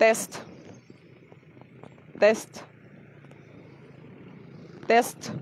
test test test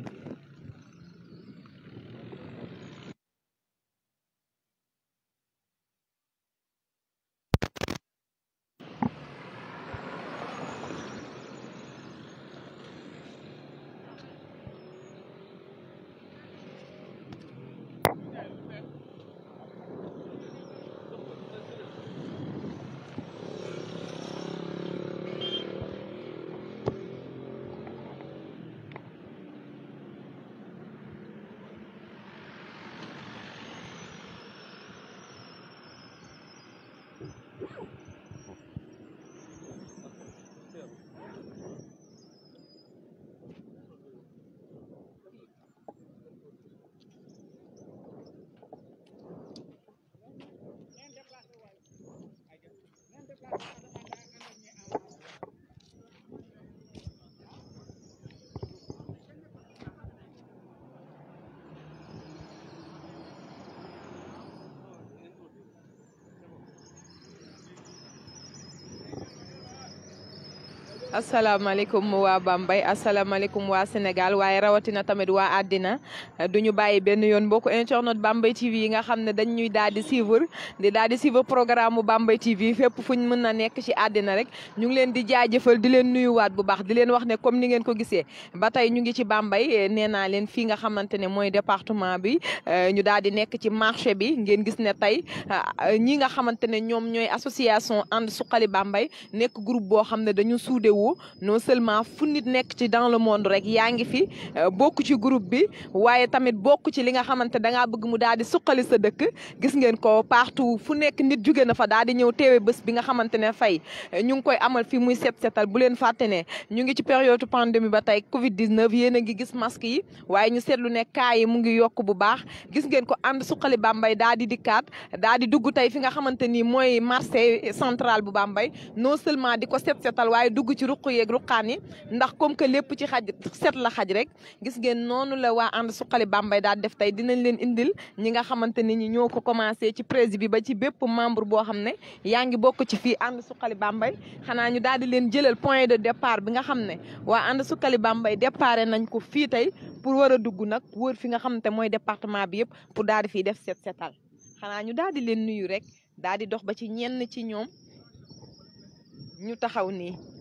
asalaamaaleykum waa Bambey asalaamaaleykum waa Sénégal waaye rawatina tamit waa àddina du ñu bàyyi benn yoon mbokku internet Bambey TV yi nga xam ne dañ ñuy daal di suivre di daal di suivre programme bambay Bambey TV fépp fuñ mën na nekk ci àddina rek ñu ngi leen di jaajëfal di leen nuyuwaat bu baax di leen wax ne comme ni ngeen ko gisee ba tey ñu ngi ci Bambey nee naa leen fii nga xamante ne mooy département bi euh, ñu daal di nekk ci marché bi ngeen gis ne tey euh, ñi nga xamante ne ñoom ñooy association ànd suqali Bambey nekk groupe boo xam ne dañu suudewu boobu non seulement fu nit nekk ci dans le monde rek yaa ngi fi euh, bokk ci groupe bi waaye tamit bokk ci li nga xamante dangaa bëgg mu daal di suqali sa dëkk gis ngeen ko partout fu nekk nit jóge na fa daal di ñëw teewe bés bi nga xamante ne fay euh, ñu ngi koy amal fi muy set setal bu leen fàtte ne ñu ngi ci période pandémie ba tey covid 19 yéen a ngi gis masque yi waaye ñu seetlu ne cas yi mu ngi yokk bu baax gis ngeen ko ànd suqali Bambey daal di dikkaat daal di dugg tey fi nga xamante ni mooy marché central bu Bambey ruq yeeg ruqaan yi ndax comme que lépp ci xaj set la xaj rek gis ngeen noonu la waa ànd suqali Bambey daal def tey dinañ leen indil ñi nga xamante ni ñi ñoo ko commencé ci président bi ba ci bépp membre boo xam ne yaa ngi bokk ci fii ànd suqali Bambey xanaa ñu daal di leen jëlal point de départ bi nga xam ne waa ànd suqali Bambey déparé nañ ko fii tey pour war a dugg nag wër fi nga xamante mooy département bi yëpp pour daal di fiy def set setal xanaa ñu daal di leen nuyu rek daal di dox ba ci ñenn ci ñoom ñu taxaw nii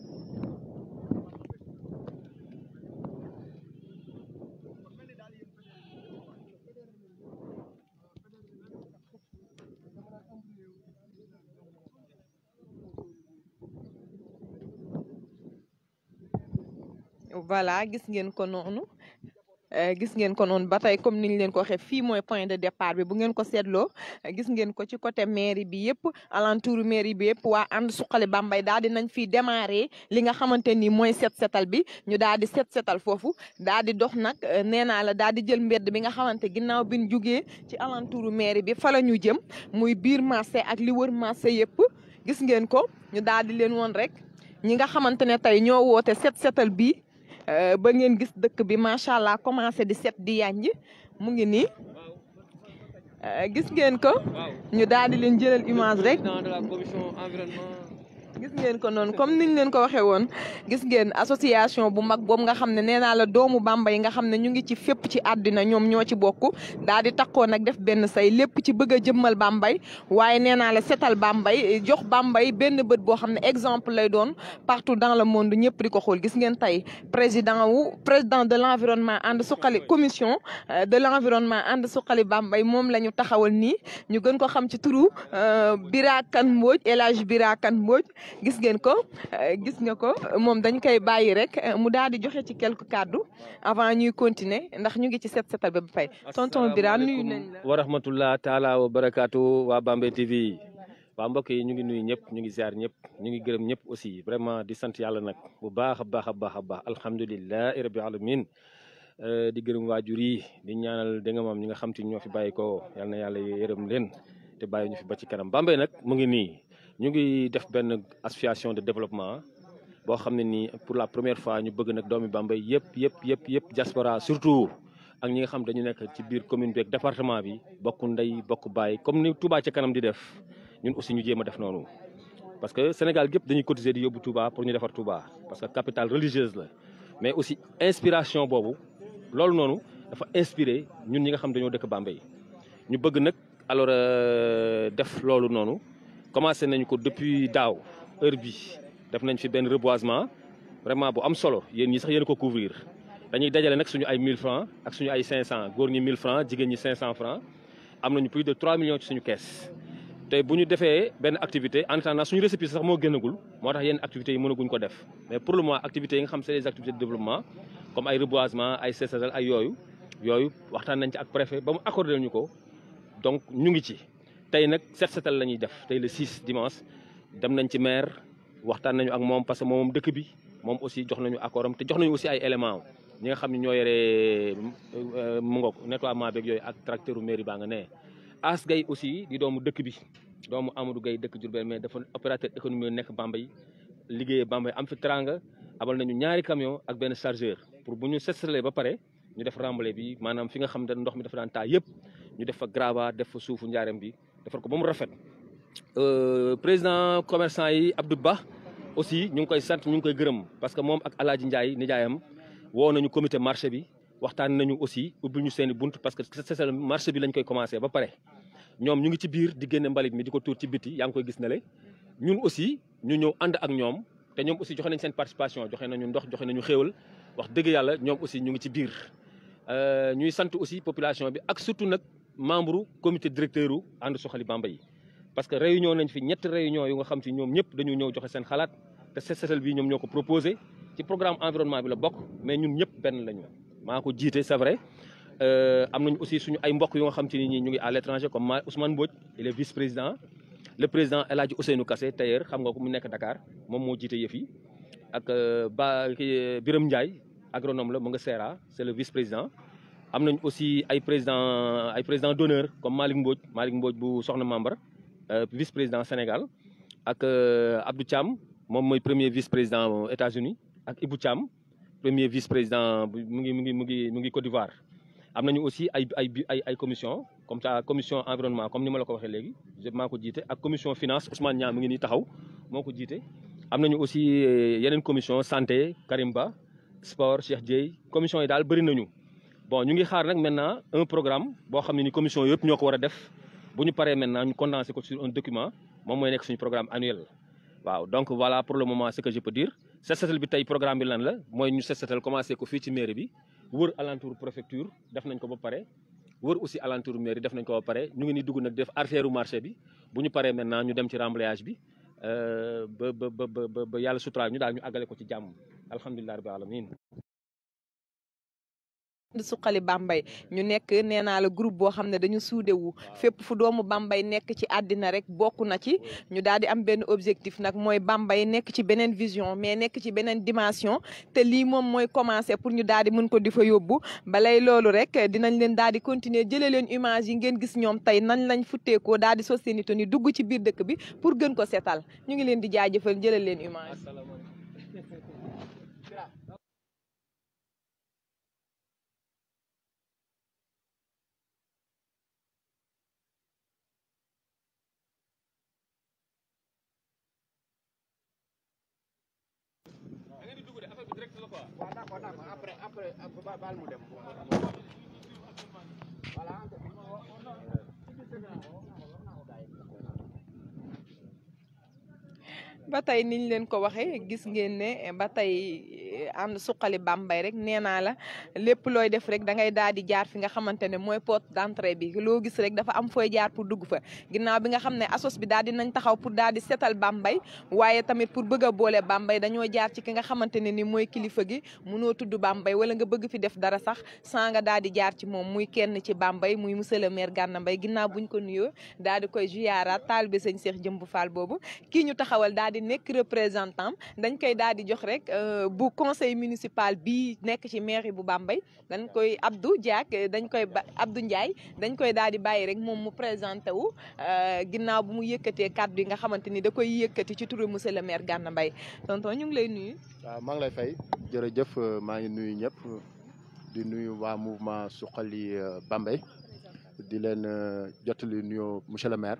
voilà gis ngeen ko euh gis ngeen ko non batay comme niñ leen ko waxe fi moy point de départ bi bu ngeen ko setlo gis ngeen ko ci côté mairie bi yépp alentour mairie bi yëpp waa ànd suqali bambay dal di nañ fi démarrer li nga xamanteni moy set setal bi ñu dal di set setal fofu dal di dox nak eh, néna la dal di jël mbéd bi nga xamanté ginnaw biñ juggé ci alentour mairie bi fa la ñu jëm muy bir marché ak li wër marché yépp gis ngeen ko ñu dal di leen won rek ñi nga xamantene tay ñoo wote set setal bi Euh, ba ngeen gis dëkk bi macha allah commencé di set di yànj mu ngi nii euh, gis ngeen ko ñu daal di leen jëlal image rek. gis ngeen ko noonu comme niñ leen ko waxee woon gis ngeen association bu mag boobu nga xam ne nee naa la doomu Bamba yi nga xam ne ñu ngi ci fépp ci àddina ñoom ñoo ci bokk daal di takkoo nag def benn say lépp ci bëgg a jëmmal Bambay waaye nee naa la setal Bambay jox Bambay benn bët boo xam ne exemple lay doon partout dans le monde ñëpp di ko xool gis ngeen tey président wu président de l'environnement ànd suqali commission euh, de l'environnement ànd suqali Bambay moom la ñu taxawal nii ñu gën ko xam ci turu euh, Bira Kane Mbodj El Hadj gis ngeen ko eh, gis nga ko moom dañ koy bàyyi rek eh, mu daal joxe ci quelques kàddu avant ñuy continuer ndax ñu ngi ci set setal ba fay tonton Birane nuyu nañ la wa rahmatullah taala wa barakaatu waa Bambey TV waa mbokk yi ñu ngi nuyu ñëpp ñu ngi ziar ñëpp ñu ngi gërëm ñëpp aussi vraiment di sant yàlla nag bu baax a baax a baax a alamin eh, di gërëm waajur yi di ñaanal da nga maam ñi nga xam te ñoo fi ko yal na yàlla yërëm leen te bàyyi ñu fi ba ci kanam Bambey nag mu ngi nii ñu ngi def benn association de développement boo xam ne pour la première fois ñu bëgg nag doomi bambay Yep, yep, yep, yep, diaspora surtout ak ñi nga xam dañu nekk ci biir commune bi ak département bi bokku ndey bokku baay comme ni Touba ci kanam di def ñun aussi ñu jéem a def noonu. parce que Sénégal gépp dañuy cotiser di yóbbu Touba pour ñu defar Touba parce que capitale religieuse la mais aussi inspiration boobu loolu noonu dafa inspiré ñun ñi nga xam dañoo dëkk Bambey ñu bëgg nag alors euh, def loolu noonu commencé depuis DAO, heure bi def reboisement vraiment bu am solo fait ñi couvrir 1000 francs ak 500 1000 francs 500 francs am plus de 3 millions de suñu kees te bu nous activité en attendant suñu récépissé sax moo génnagul activités mais pour le moment activités activités de développement comme ay reboisement ay les ay les nous préfet accordé donc tey nag set setal la ñuy def tey le 6 dimanche dem nañ ci maire waxtaan nañu ak moom parce que moom dëkk bi moom aussi jox nañu accord te jox nañu aussi ay éléments ñi nga xam ne ñoo yore euh, mu ngoog nettoiement beeg yooyu ak tracteur mairie baa nga nee. As Gaye aussi di doomu dëkk bi doomu Amadou Gaye dëkk Diourbel mais dafa opérateur économique nekk Bambey liggéeyee Bambey am fi teranga abal nañu ñaari camion ak benn chargeur pour bu ñu set setalee ba pare. ñu def remblai bi maanaam fi nga xam ne ndox mi dafa daan yëpp ñu def fa grava def fa suufu njaaram bi defar ko ba mu rafet euh, président commerçant yi Abdou Ba aussi ñu ngi koy sant ñu ngi koy gërëm parce que mom ak Alaaji Ndiaye nijaayam wo nañu comité marché bi waxtaan nañu aussi ubbi ñu seen buntu parce que c'est marché bi lañ koy commencer ba paré ñom ñu ngi ci biir di gënne mbalit mi diko tour ci biti yang koy gis na le ñun aussi ñu ñew and ak ñom té ñom aussi joxé nañ seen participation joxe nañu ndox joxé nañu xéewal wax dëgg yalla ñom aussi ñu ngi ci biir euh ñuy sant aussi population bi ak surtout nak membre comité directeur u ànd Suxali parce que réunion nañ fi ñetti réunion yu nga xam si ñoom ñëpp dañu ñëw joxe seen xalaat te set setal bii ñoom ñoo ko proposé ci programme environnement bi la bokk mais ñun ñëpp benn lañu maa ko c'est vrai euh, am nañu aussi suñu ay mbokk yu nga xam si ni ñu ngi à l'étranger comme ma Ousmane Mbodj il est vice président le président El Hadj Ousseynou Kassé tailleur xam nga ko mu nekk Dakar moom moo jiite yëf yi ak euh, ba Biram Ndiaye agronome la mu nga Serra c'est le vice président nous avons aussi ay président président d'honneur comme Malik Mbodj Malik Mbodj membre euh, vice président Sénégal ak euh, Abdou Cham, premier vice président États-Unis ak Ibou Cham, premier vice président de Côte d'Ivoire. Nous avons aussi ay ay commission comme ça commission environnement comme nous ma la je la léegi commission finance Ousmane Niang mu ngi dit, taxaw aussi une euh, commission santé Karim sport Cheikh commission yi bon ñu ngi xaar nag maintenant un programme boo xam ne ni commission yëpp ñoo ko war a def bu ñu maintenant ñu condensé ko sur un document moom mooy nekk suñu programme annuel waaw donc voilà pour le moment ce que je peux dire c'est setal bi tey programme bi lan la mooy ñu set setal commencé ko fii ci mairie bi wër alentour préfecture def nañ ko ba pare wër aussi alentour mairie def nañ ko ba pare ñu ngi ni dugg nag def artère marché bi bu ñu paree maintenant ñu dem ci remblayage bi euh, ba ba ba ba yàlla sutural ñu daal ñu àggale ko ci jàmm alhamdulilah rabbi alamin suqali bambay ñu nekk nee naa la group boo xam ne dañu suudewu fépp fu doomu bambay nekk ci àddina rek bokk na ci ñu daal di am benn objectif nag mooy bambay nekk ci beneen vision mais nekk ci beneen dimension te lii moom mooy commencé pour ñu daal mën ko di fa yóbbu balay loolu rek dinañ leen daal di continuer jëlee leen image yi ngeen gis ñoom tey nan lañ futteekoo daal di sostenito ni dugg ci biir dëkk bi pour gën ko setal ñu ngi leen di jaajëfal jëlee leen image waaw d'accord d'accord après après euh, baal mu dem voilà ba tey niñ leen ko waxee gis ngeen ne eh, ba tey eh, ànd suqali Bambey rek nee naa la lépp looy def rek da ngay daal di jaar fi nga xamante ne mooy porte d'entrée bi loo gis rek dafa am fooy jaar pour dugg fa ginnaaw bi nga xam ne asos bi daal di nañ taxaw pour daal di setal Bambey waaye tamit pour bëgg a boole Bambey dañoo jaar ci ki nga xamante ne ni mooy kilifa gi munoo tudd Bambey wala nga bëgg fi def dara sax sans nga daal di jaar ci moom muy kenn ci Bambey muy monsieur le maire Gana Mbaye ginnaaw buñ ko nuyoo daal di koy juyaaraat taal bi sëñ Cheikh Jëmb Fall boobu kii ñu taxawal daal di nekk représentant dañ koy daldi jox rek euh, bu conseil municipal bi nek ci mairie bu Bambay dañ koy Abdou Diak dañ koy Abdou Ndiaye dañ koy daldi di rek mom mu présenté wu euh, ginnaw bu mu yëkkatee kàddu yi nga xamanteni da koy yëkkati ci turu monsieur le maire Gana Mbaye tonton ñu ngi lay nuyu. waaw ma ngi lay fay jërëjëf euh, ma ngi nuyu ñëpp di nuyu wa mouvement Suxali Bambay di len jotali nuyu monsieur le maire.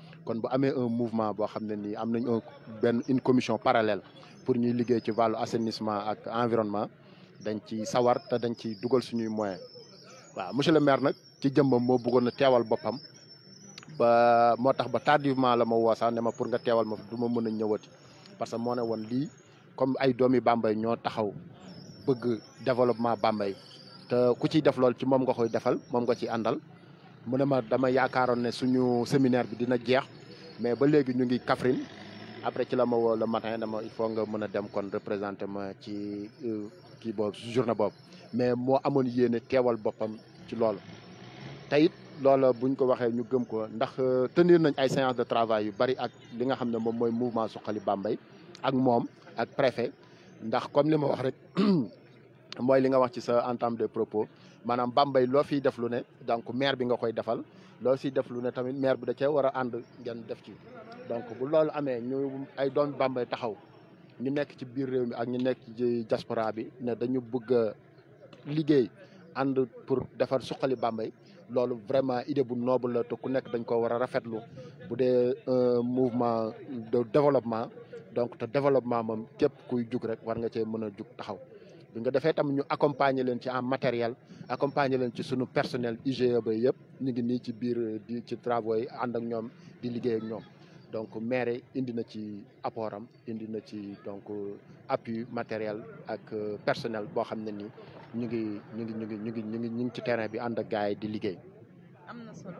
kon bu amé un mouvement bo xamné ni nii un benn une commission parallèle pour ñuy liggé ci walu assainissement ak environnement dañ ci sawar ta dañ ci duggal suñuy moyens wa monsieur le maire nak ci jëmbam mo bëggoon a teewal boppam ba motax ba tardivement la ma woo sax ne ma pour nga téwal ma duma mëna ñëwati parce que mo né won li comme ay doomi Bambey ñoo taxaw bëgg développement Bambey te ku ci def lool ci mom nga koy defal mom nga ci andal mu ne ma dama yaakaaroon ne suñu séminaire bi dina jeex mais ba léegi ñu ngi Kaffrine après ci la ma woo le matin dama il faut nga mën a dem kon représenté ma ci euh, kii boobu journée boobu mais moo amoon yéene teewal boppam ci loolu te it buñ ko waxee ñu gëm ko ndax euh, tenir nañ ay séance de travail yu bari ak li nga xam ne moom mooy mouvement suqali bambay ak moom ak préfet ndax comme li ma wax rek mooy li nga wax ci sa entame de propos manam bambay lo fi def lu ne donc maire bi nga koy defal lo ci def lu ne tamit maire bi da ci wara and ànd ngeen def ci donc bu loolu amé ñu ay doon bambay taxaw ñu nekk ci biir réew mi ak ñu nekk ci diaspora bi ne dañu bëgg liggéey and pour défar suqali bambay loolu vraiment idée bu noble la te ku nekk dañ ko wara a rafetlu bu dee un mouvement de développement donc te développement mom képp kuy juk rek war nga cee mëna juk taxaw bi nga defee tam ñu accompagner leen ci en matériel accompagner leen ci suñu personnel IGE ba yëpp ñu ngi ni ci biir di ci travaux and ak ñom di liggéey ak ñom donc maire indi na ci apportam indi na ci donc appui matériel ak personnel bo xamné ni nii ñu ngi ñu ngi ñu ngi ñu ngi ñu ci terrain bi and ak gaay di liggéey. amna solo.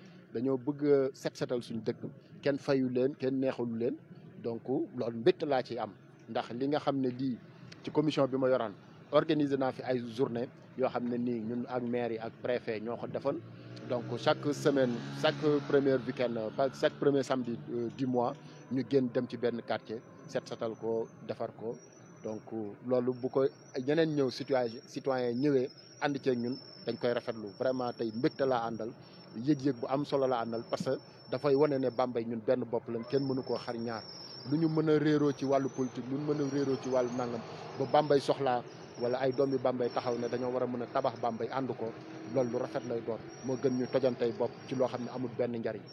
dañoo bëgg set setal suñu dëkk kenn fayu leen kenn neexalu leen donc loolu mbégte laa ci am ndax li nga xam ne lii ci commission bi ma yoraan organiser naa fi ay journée yoo xam ne nii ñun ak maire yi ak préfet ñoo ko defoon donc chaque semaine chaque premier weekend end chaque premier samedi euh, du mois ñu génn dem ci benn quartier set setal ko defar ko donc loolu bu ko ñeneen ñëw citoyen citoyen ñëwee ànd ceeg ñun dañ koy rafetlu vraiment tey mbégte laa àndal yéeg yéeg bu am solo la àndal parce que dafay wane ne bambay ñun benn bopp lañ kenn mënu koo xar ñaar lu ñu mën a réeroo ci wàllu politique lu ñu mën a réeroo ci wàllu nangam ba bambay soxlaa wala ay doom yu bambay taxaw ne dañoo war a mën a tabax bambay ànd ko loolu lu rafet lay doon moo gën ñu tojantey bopp ci loo xam ne amul benn njariñ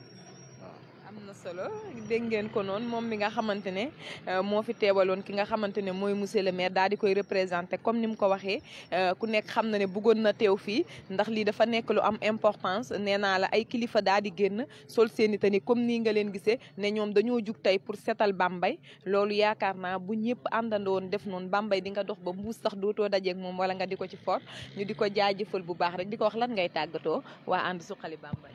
am na solo dégg ngeen ko noonu moom mi nga xamante ne euh, moo fi teewaloon ki nga xamante ne mooy monsieur le maire daal di koy représenté comme ni mu ko waxee euh, ku nekk xam na ne buggoon na teew fii ndax lii dafa nekk lu am importance nee naa la ay kilifa daal di génn sol seeni tani comme nii nga leen gisee ne ñoom dañoo jug tey pour seetal bambay loolu yaakaar naa bu ñëpp àndandoon def noonu bambay di nga dox ba mbuus sax dootoo dajeeg moom wala nga di ko ci fort di ko jaajëfal bu baax di ko wax lan ngay tàggatoo waa ànd suqali Bambey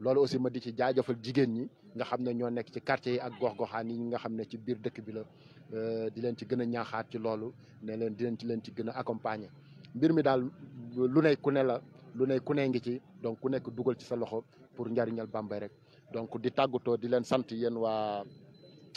loolu aussi ma di ci jaajëfal jigéen ñi nga xam ne ñoo nekk ci quartier yi ak gox-goxaan yi nga xam ne ci biir dëkk bi la euh, di leen ci gën a ñaaxaat ci loolu ne leen di leen ci leen ci gën a mbir mi daal lu ne ku ne la lu ne ku ne ngi ci donc ku nekk dugal ci sa loxo pour njariñal Bambey rek donc di tàggatoo di leen sant yéen waa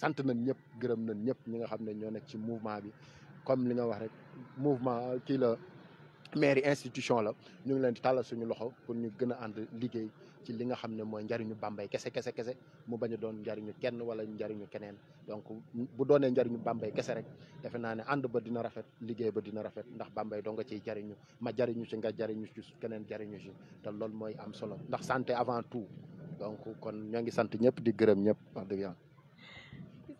sant nañ ñëpp gërëm nañ ñëpp ñi nga xam ne ñoo nekk ci mouvement bi comme li nga wax rek mouvement kii la mairie institution la ñu ngi leen di tàllal suñu loxo pour ñu gën a ànd liggéey ci li nga xam ne mooy njariñu bambay kese kese kese mu bañ doon njariñu kenn wala njariñu keneen donc bu doonee njariñu Bambey kese rek defe naa ne ànd ba dina rafet liggéey ba dina rafet ndax bambay doo ci ciy jariñu ma jariñu ci nga jariñu ci keneen jariñu ci te loolu mooy am solo ndax santé avant tout donc kon ñoo ngi sant ñëpp di gërëm ñëpp wax dëgg yàlla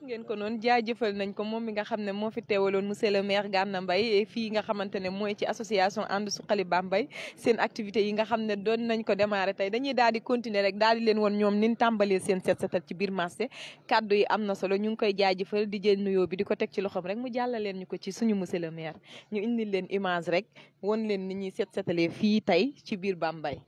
ngeen ko noonu jaajëfal nañ ko moom mi nga xam ne moo fi teewaloon monsieur le maire Gana Mbaye fii nga xamante ne mooy ci association ànd suqali Bambey seen activité yi nga xam ne doon nañ ko démarré tey dañuy daal di continuer rek daal di leen woon ñoom nin tàmbalee seen set setal ci biir marché kàddu yi am na solo ñu ngi koy jëfal di jël nuyoo bi di ko teg ci loxoom rek mu jàlla leen ñu ko ci suñu monsieur le ñu indi leen image rek won leen ni ñuy set setalee fii tey ci biir Bambey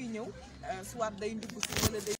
kuy ñëw euh, soit day ndugg si wala day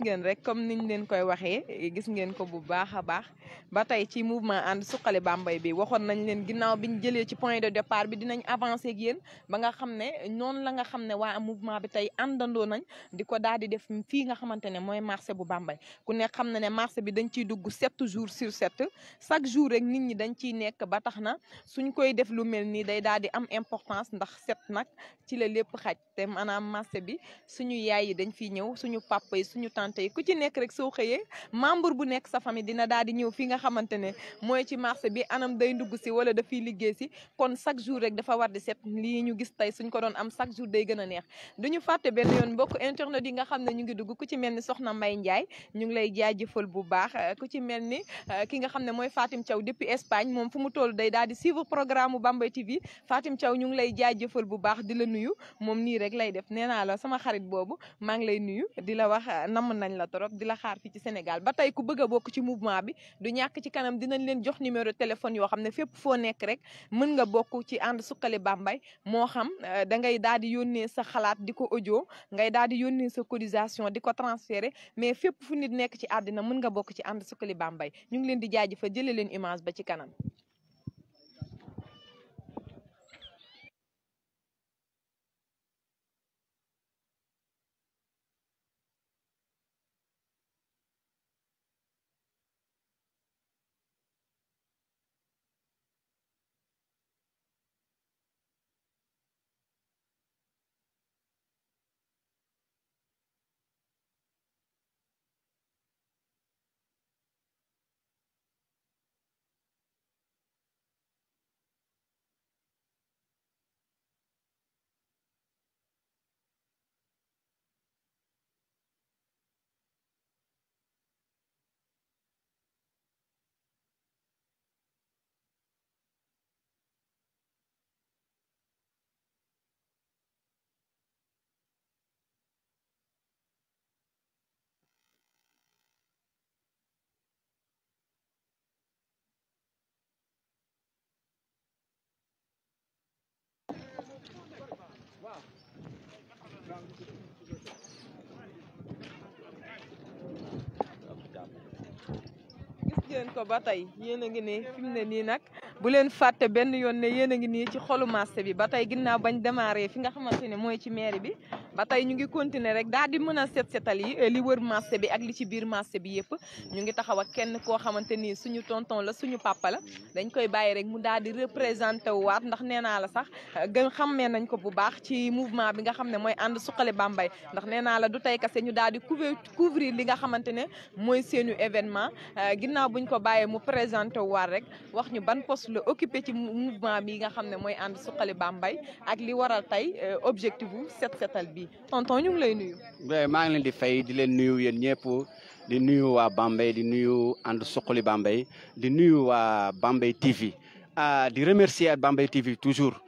ngeen rek comme niñ leen koy waxee gis ngeen ko bu baax a baax ba tey ci mouvement ànd suqali Bambey bi waxoon nañ leen ginnaaw biñ jëlee ci point de départ bi dinañ avancer ak yéen ba nga xam ne noonu la nga xam ne waa mouvement bi tey àndandoo nañ di ko daal di def fii nga xamante ne mooy marché bu Bambey ku ne xam na ne marché bi dañ ciy dugg sept jours sur sept chaque jour rek nit ñi dañ ciy nekk ba tax na suñ koy def lu mel nii day daal di am importance ndax sept nag ci la lépp xaj respecté maanaam marché bi suñu yaay yi dañ fiy ñëw suñu papa yi suñu tante yi ku ci nekk rek soo xëyee membre bu nekk sa famille dina daal di ñëw fi nga xamante ne mooy ci marché bi anam day ndugg si wala dafiy liggéey si kon chaque jour rek dafa war di lii ñu gis tey suñ ko doon am chaque jour day gën a neex duñu fàtte benn mbokk internet yi nga xam ne ñu ngi dugg ku ci mel ni soxna Mbay Njaay ñu lay jaajëfal bu baax euh, ku ci mel ni euh, ki nga xam ne mooy Fatim Thiaw depuis Espagne moom fu mu toll day daal di suivre programme Bambay TV Fatim Thiaw ñu ngi lay jaajëfal bu baax di la nuyu moom nii rek rek lay def nee naa la sama xarit boobu maa ngi lay nuyu di la wax eh, namm nañ la trop di la xaar fii ci Sénégal ba tey ku bëgg a bokk ci mouvement bi du ñàkk ci kanam dinañ leen jox numéro téléphone yoo xam ne fépp foo nekk rek mën nga bokk ci ànd suqali bambay moo xam eh, da ngay daal di yónnee sa xalaat di ko audio ngay daal yónnee sa cotisation di ko mais fépp fu nit nekk ci àddina mën nga bokk ci ànd suqali bambay ñu ngi leen di jaajëfal jëlee leen image ba ci kanam ngeen ko ba tey yéen a ngi ne fi nii nag bu leen fàtte benn yoon ne yéen a ngi nii ci xolu marché bi ba tey ginnaaw bañ démarré fi nga xamante ne mooy ci mairie bi ba tey ñu ngi continuer rek daal di mën a set setal yi eh, li wër marché bi ak li ci biir marché bi yépp ñu ngi taxaw ak kenn koo xamante ni suñu tonton la suñu papa la dañ koy bàyyi rek mu daal di représenté waat ndax nee naa la sax eh, gën xammee nañ ko bu baax ci mouvement bi nga xam ne mooy ànd suqali Bambey ndax nee naa la du tey kase ñu daal di couvrir li nga xamante ne mooy seenu événement eh, ginnaaw buñ ko bàyyee mu présenté waat rek wax ñu ban poste la occupé ci mouvement bi nga xam ne mooy ànd suqali Bambey ak li waral tey objectif bu set setal bi tonton ñu ngi lay nuyu. Ben, ma ngi leen di fay di leen nuyu yéen ñepp di nuyu wa bambay di nuyu and suqali bambay di nuyu wa bambay TV ah di remercier bambay TV toujours.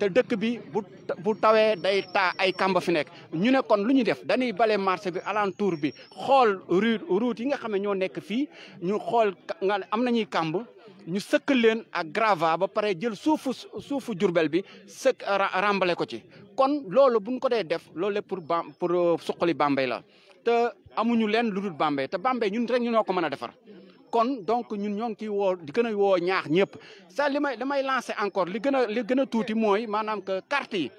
te dëkk bi bu bu tawee day taa ay kamba fi nekk ñu ne kon lu ñu def dañuy bale marché bi alentour bi xool route route yi nga xam ne ñoo nekk fii ñu xool nga am nañuy kàmb ñu sëkk leen ak grava ba pare jël suufu suufu jurbel bi sëkk rambale ko ci kon loolu buñ ko dee def loolu lépp pour ba pour euh, suqali Bambey la te amuñu leen lu dul Bambey te Bambey ñun rek ñu noo ko mën a defar kon donc ñun ñong ki wo di gëna wo ñaax ñëpp sa limay may damay lancer encore li gëna li gëna a tuuti mooy que carte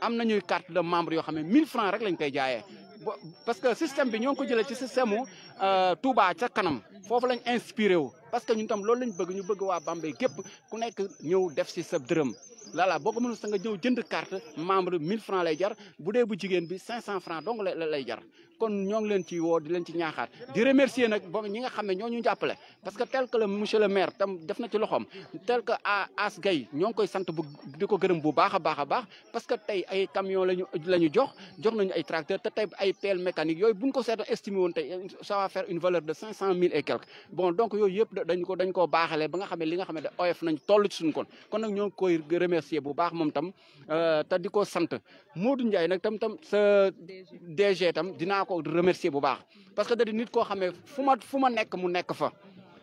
amna ñuy carte de membre yo xamé 1000 francs rek lañ koy jaayé parce que système bi ñong ko jël ci système Eh, Touba ca kanam fofu lañ inspiré wu parce que ñun tam loolu lañ bëgg ñu bëgg wa Bambey gep ku nekk ñew def ci sa dërëm la la boko mënu sa nga ñew jënd carte membre 1000 francs lay jar bu dee bu jigen bi 500 francs donc la lay jar kon ñoo ngi leen ci wo di leen ci ñaaxaat di remercier nak bo ñi nga xamné ñoo ñu jappalé parce que tel que le monsieur le maire tam def na ci loxom tel que a As Gay ñoo ngi koy sante bu diko gëreum bu baaxa baaxa baax parce que tay ay camion lañu lañu jox jox nañu ay tracteur te tay ay pelle mécanique yoy buñ ko seeto estimé won tay ça va faire une valeur de cinq cent et quelque bon donc yooyu yëpp dañ ko dañ koo baaxalee ba nga xam ne li nga xam ne oyof nañ toll ci suñu kon kon nag ñoo ngi koy remercier bu baax moom tam euh, te di ko sant Modou Ndiaye nag tam tam sa DG tam dinaa ko remercier bu baax parce que da di nit koo xam ne fu ma mu nekk fa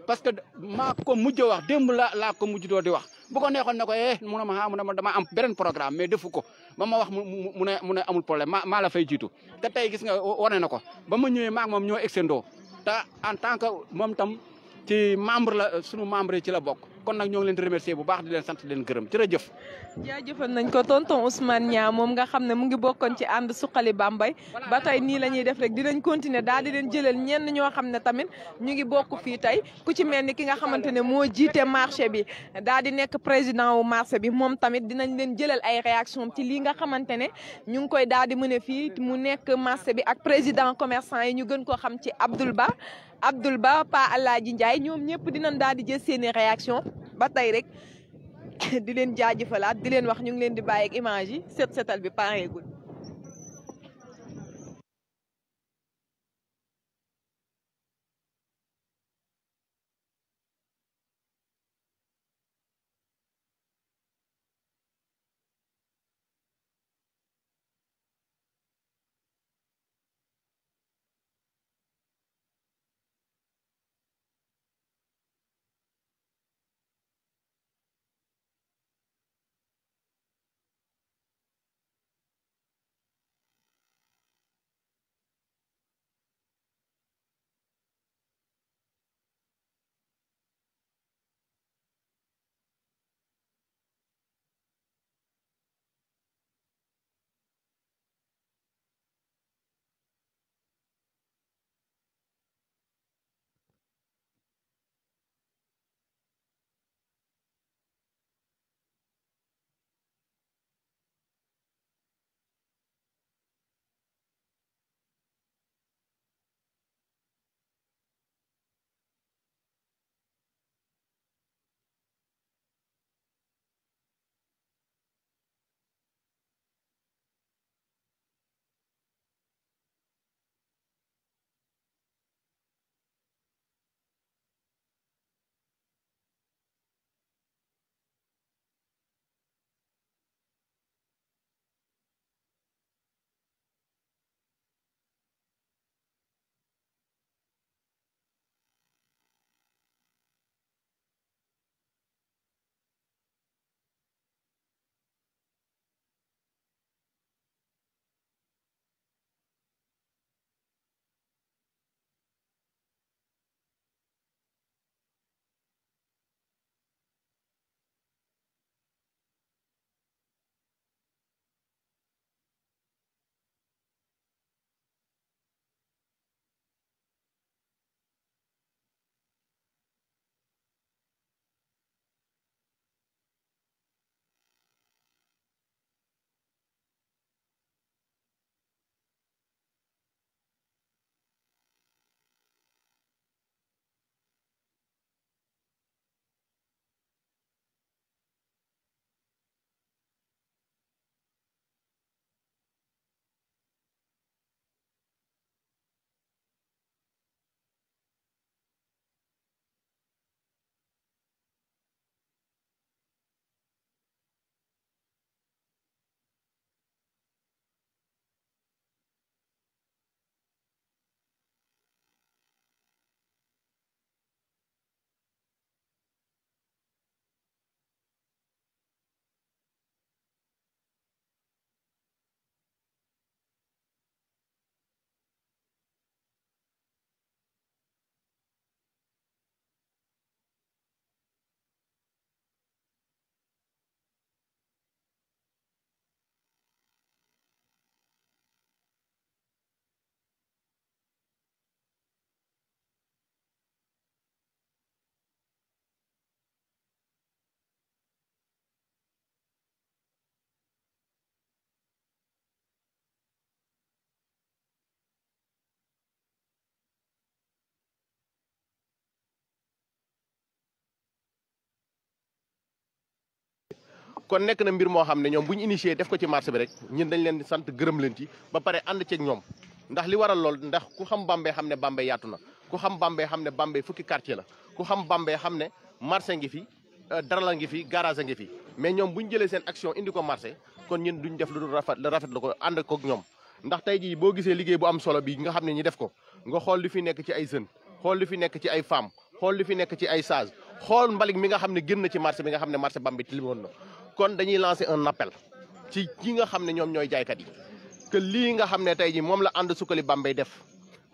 parce que ma ko mujj wax démb la laa ko mujj doo di wax bu ko neexoon ne ko eh mu ne ma ah mu ma dama am beneen programme mais defu ko ba ma wax mu mu ne amul problème Ma la fay jiitu te tey gis nga wane na ko ba ma ñëwee maak moom ñoo extendoo te en tant que moom tam ci membre la sunu membre yi ci la bokk kon nag ñoo leen di remercier bu baax di leen sant di leen gërëm jërëjëf. jaajëfal nañ ko tonton Ousmane Niang moom nga xam ne mu ngi bokkoon ci ànd suqali Bambey ba tey nii la ñuy def rek dinañ continuer daal di leen jëlal ñenn ñoo xam ne tamit ñu ngi bokk fii tey ku ci mel ni ki nga xamante ne moo jiite marché bi daal di nekk président wu marché bi moom tamit dinañ leen jëlal ay réaction ci lii nga xamante ne ñu ngi koy daal di mën fii mu nekk marché bi ak président commerçant yi ñu gën koo xam ci Abdoul Ba Abdoul Ba Pa Alaaji Ndiaye ñoom ñëpp dinañ daal di jël seeni réaction ba tey rek di leen jaajëfalaat di leen wax ñu ngi leen di bàyyi ak image yi set setal bi pareegul kon nekk na mbir moo xam ne ñoom bu ñu def ko ci marché bi rek ñun dañ leen di sant gërëm leen ci ba pare ànd ceeg ñoom ndax li waral lool ndax ku xam Bambey xam ne Bambey yaatu na ku xam bambee xam ne Bambey fukki quartier la ku xam Bambey xam ne marché ngi fi euh, dara la ngi fi garage ngi fi mais ñoom bu ñu jëlee seen action indi ko marché kon ñun duñ def lu dul rafet la rafet la ko ànd koog ñoom ndax tey jii boo gisee liggéey bu am solo bi nga xam ne ñi def ko nga xool li fi nekk ci ay jeunes xool li fi nekk ci ay femmes xool li fi nekk ci ay sages xool mbalit mi nga xam ne génn ci marché bi nga xam ne marché Bambey tilimoon na kon dañuy lancer un appel ci ñi nga xam ne ñoom ñooy jaaykat yi que lii nga xam ne tey jii moom la ànd sukkali bambay def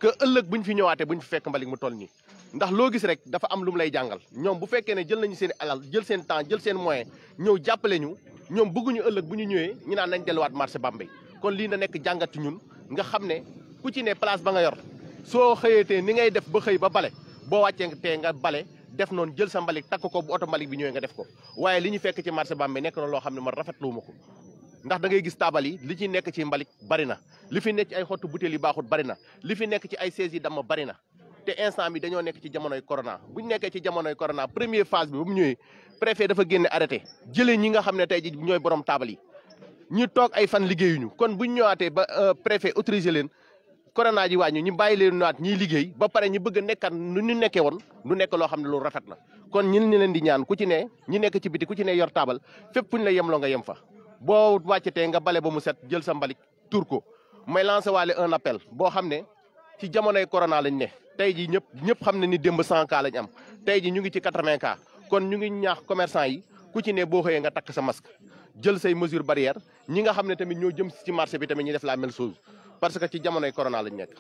que ëllëg bu ñu fi ñëwaatee bu ñu fi fekk mbalit mu toll nii. ndax loo gis rek dafa am lumu lay jàngal ñoom bu fekkee ne jël nañu seen alal jël seen temps jël seen moyen ñëw jàppale ñu ñoom bëgguñu ëllëg bu ñu ñëwee ñu naan nañ delluwaat marché bambay kon lii na nekk jàngat ñun nga xam ne ku ci ne place ba nga yor soo xëyatee ni ngay def ba xëy ba bale boo wàccee tee nga bale def noonu jël sa mbalit takk ko bu oto mbalit bi ñëwee nga def ko waaye li ñu fekk ci marché Bambey nekk na loo xam ne man rafetlu ma ko ndax da gis taabal yi li ci nekk ci mbalit bari li fi nekk ci ay xottu butéel yi bari na li fi nekk ci ay sées yi dama bari na te instant bi dañoo nekk ci jamonoy corona bu ñu nekkee ci jamonoy corona première phase bi ba mu ñëwee préfet dafa génne arrêté jëlee ñi nga xam ne tey ji ñooy borom taabal yi ñu toog ay fan liggéeyuñu kon bu ñu ñëwaatee ba euh, préfet autorisé leen corona ji wàññi ñu bàyyi leen naat ñiy liggéey ba pare ñu bëgg a nekkat nu ñu nekke woon lu nekk loo xam ne lu rafet na kon ñun ñu leen di ñaan ku ci ne ñi nekk ci biti ku ci ne yor taabal fépp fu ñu la yemloo nga yem fa boo wàccee wàccatee nga bale ba mu set jël sa mbalik tuur ko may lancé waale un appel boo xam ne ci jamonoy corona lañ ne tey ji ñëpp ñëpp xam ne ni démb 100 cas lañ am tey ji ñu ngi ci 80 cas kon ñu ngi ñaax commerçant yi ku ci ne boo xëyee nga takk sa masque jël say mesures barrières ñi nga xam ne tamit ñoo jëm si marché bi tamit ñu def la même chose parce que ci jamonoy corona lañ nekk.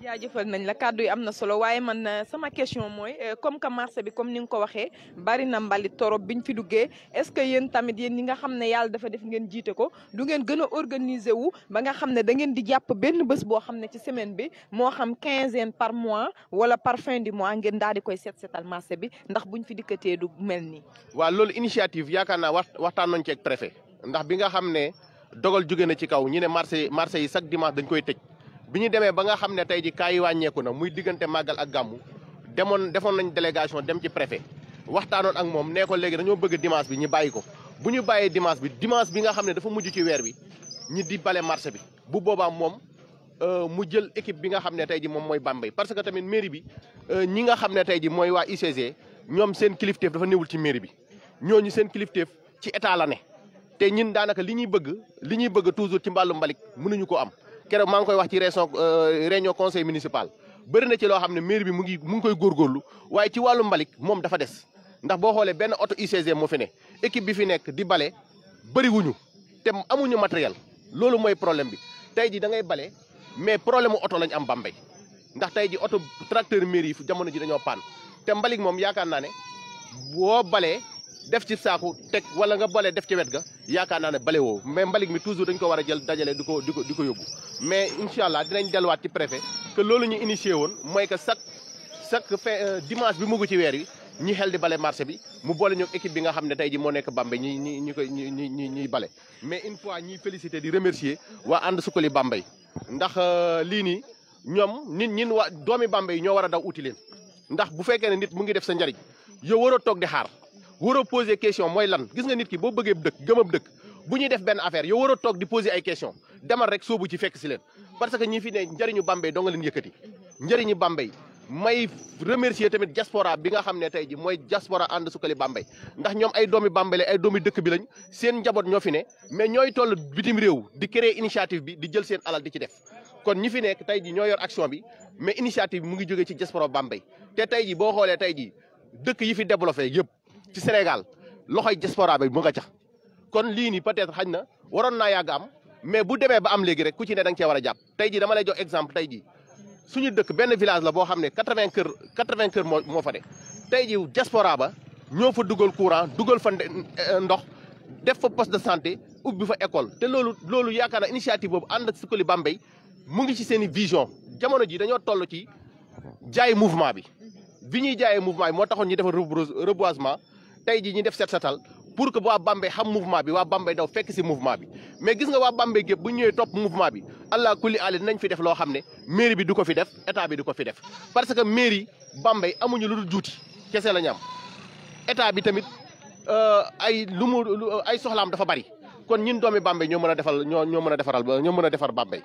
jaajëfal nañ la kàddu yi am na solo waaye man na euh, sama question mooy euh, comme que marché bi comme ni nga ko waxee bari na mbalit bi biñ fi duggee est-ce que yéen tamit yéen ñi nga xam ne yàlla dafa def ngeen jiite ko du ngeen gën a organiser wu ba nga xam ne da ngeen di jàpp benn bés boo xam ne ci semaine bi moo xam quinzaine par mois wala par fin du mois ngeen daal di koy seet seetal marché bi ndax buñ fi dikkatee du mel nii. waa loolu initiative yaakaar naa wax waxtaan nañ ci ak ndax bi nga xam ne dogal jóge na ci kaw ñu ne marché marché yi chaque dimanche dañ koy tëj. bi ñu demee ba nga xam ne tey ji kaa yi wàññeeku na muy diggante màggal ak gàmmu demoon defoon nañ délégation dem ci préfet waxtaanoon ak moom nee ko léegi dañoo bëgg dimanche bi ñu bàyyi ko bu ñu bàyyee dimance bi dimanche bi nga xam ne dafa mujj ci weer bi ñi di bale marché bi bu boobaa moom euh, mu jël équipe bi nga xam ne tey ji moom mooy bambay parce que tamit mairie bi euh, ñi nga xam ne tey ji mooy waa UCG ñoom seen kilifteef dafa néewul ci mairie bi ñoo ñooñu seen kilifteef ci état la te ñun daanaka li ñuy bëgg li ñuy bëgg toujours ci mbàllu mbalik mënuñu ko am keroog maa ngi koy wax ci région euh, réunion conseil municipal bëri na ci loo xam ne maire bi mu ngi mu ngi koy góorgóorlu waaye ci wàllu mbalik moom dafa des ndax boo xoolee benn oto UCG moo fi ne équipe bi fi nekk di bale bëriwuñu te amuñu matériel loolu mooy problème bi tey ji dangay bale mais problème oto lañ am Bambey ndax tey ji oto tracteur mairie yi jamono ji dañoo paan te mbalik moom yaakaar naa ne boo balee def ci saaku teg wala nga bale def ci wet ga yaakaar naa ne bale woo mais mbalit mi toujours dañ ko war a jël dajale di ko di ko di ko yóbbu mais incha allah dinañ delluwaat ci préfet que loolu ñu initié woon mooy que chaque chaque fin euh, dimanche bi mugu ci weer yi ñi xel di bale marché bi mu boole ñoog équipe bi nga xam ne tey ji moo nekk Bambey ñi ñi ñi koy ñi ñi ñuy bale mais une fois ñuy félicité di remercier waa ànd sukkali bambay ndax euh, lii nii ñoom nit ñin wa doomi Bambey ñoo wa a daw uti leen ndax bu fekkee ne nit mu ngi def sa njariñ yow waroo toog di xaar war a poser question mooy lan gis nga nit ki boo bëggee dëkk gëmab dëkk bu ñuy def benn affaire yow war a toog di poser ay question demal rek soobu ci fekk sileen leen parce que ñi fi ne njëriñu Bambey doo nga leen yëkkati Bambey may remercier tamit diaspora bi nga xam ne tey ji mooy diaspora ànd sukkali Bambey ndax ñoom ay doomi Bambey ay doomi dëkk bi lañ seen njaboot ñoo fi ne mais ñooy toll bitim réew di créer initiative bi di jël seen alal di ci def kon ñi fi nekk tey ji ñoo action bi mais initiative mu ngi jógee ci diaspora Bambey te tey ji boo xoolee tey ji dëkk yi fi développé yëpp ci Sénégal loxoy diaspora bi mu nga cax kon lii nii peut-être xañ na waroon naa yàgg am mais bu demee ba am léegi rek ku ci ne da cee war a jàpp tey jii dama lay jox exemple tey jii suñu dëkk benn village la boo xam ne quatre-vingts kër quatre-vingts moo moo fa de tey ji diaspora ñoo fa dugal courant dugal fa euh, ndox def fa poste de santé ubbi fa école te loolu loolu yaakaar na initiative boobu ànd ak Suxali Bambey mu ngi ci seen i vision jamono ji dañoo toll ci jaay mouvement bi bi ñuy jaayee mouvement bi moo taxoon ñu defal reboisement tey ji ñu def set setal pour que waa Bambey xam mouvement bi waa Bambey daw fekk si mouvement bi mais gis nga waa Bambey gépp bu ñu ñëwee topp mouvement bi allah kulli ali nañ fi def loo xam ne mairie bi du ko fi def état bi du ko fi def parce que mairie Bambey amuñu lu dul juuti kese la ñu am état bi tamit euh, ay lu mu ay soxlaam dafa bari kon ñun doomi Bambey ñoo mën a defal ñoo ñoo mën a defaral ñoo mën a defar Bambey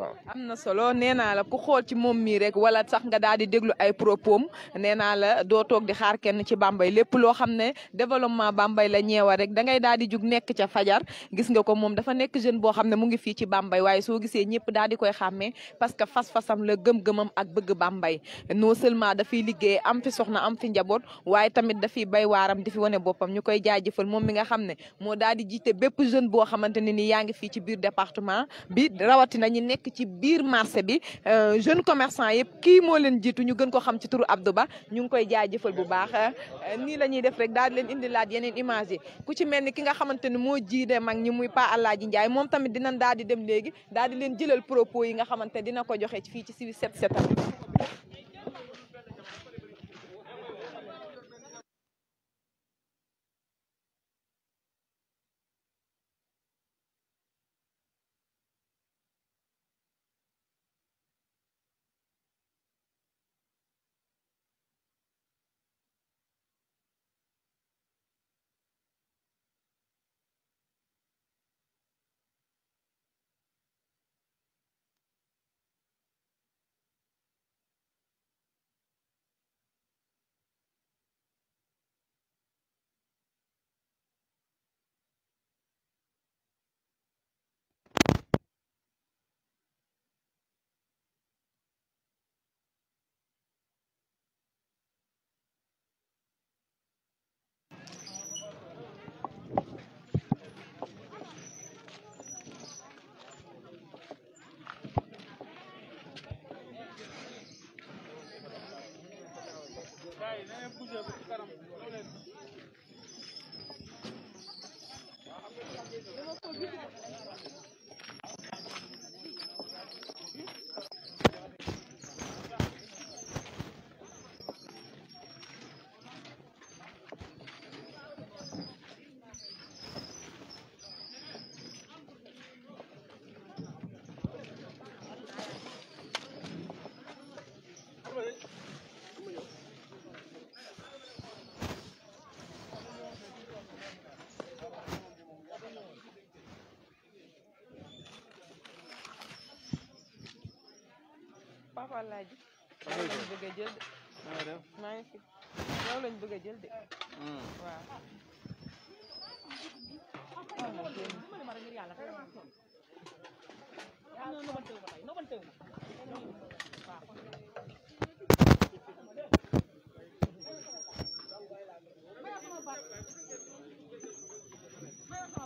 waaw. am na solo nee naa la ku xool ci moom mii rek wala sax nga daal di déglu ay propos nee naa la doo toog di xaar kenn ci Bambey lépp loo xam ne développement Bambey la ñeewa rek da daal di jug nekk ca fajar gis nga ko moom dafa nekk jeune boo xam ne mu ngi fii ci Bambey waaye soo gisee ñëpp daal di koy xàmmee parce que fas-fasam la gëm-gëmam ak bëgg Bambey non seulement dafiy liggéey am fi soxna am fi njaboot waaye tamit dafiy bay waaram di fi wane boppam ñu koy jaajëfal moom mi nga xam ne moo daal di jiite bépp jeune boo xamante ne ni yaa ngi fii ci biir département bi rawatina ñi nekk ci biir marché bi euh, jeune commerçant yëpp kii moo leen jiitu ñu gën ko xam ci turu Abdou Ba ñu ngi koy jaajëfal bu baax euh, nii la ñuy def rek daal di leen indilaat yeneen image ku ci mel ni ki nga xamante ni moo jiite mag ñi muy Pa Alaaji Njaay moom tamit dina daal di dem léegi daal di leen jëlal propos yi nga xamante dina ko joxe fii ci si set setal é puja, caramba. Papa Alaaji. loolu lañ bëgg a jël de. maa ngi fi maa ngi fi loolu lañ bëgg a jël de. Hmm. waaw.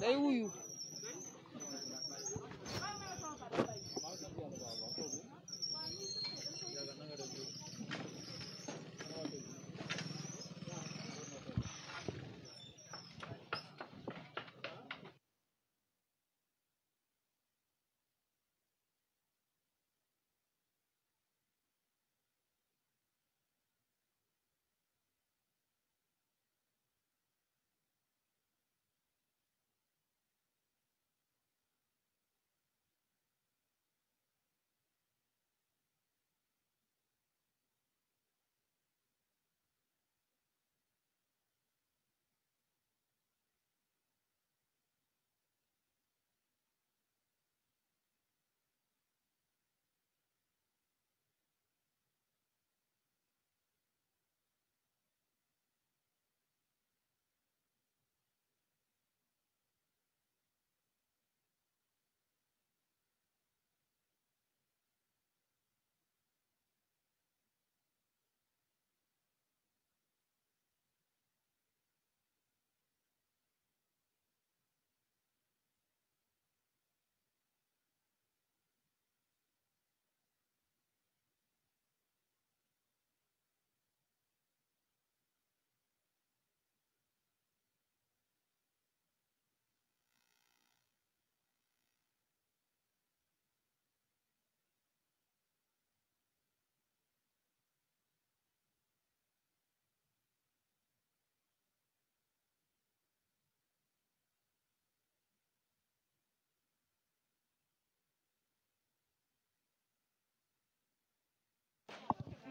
day wuyu.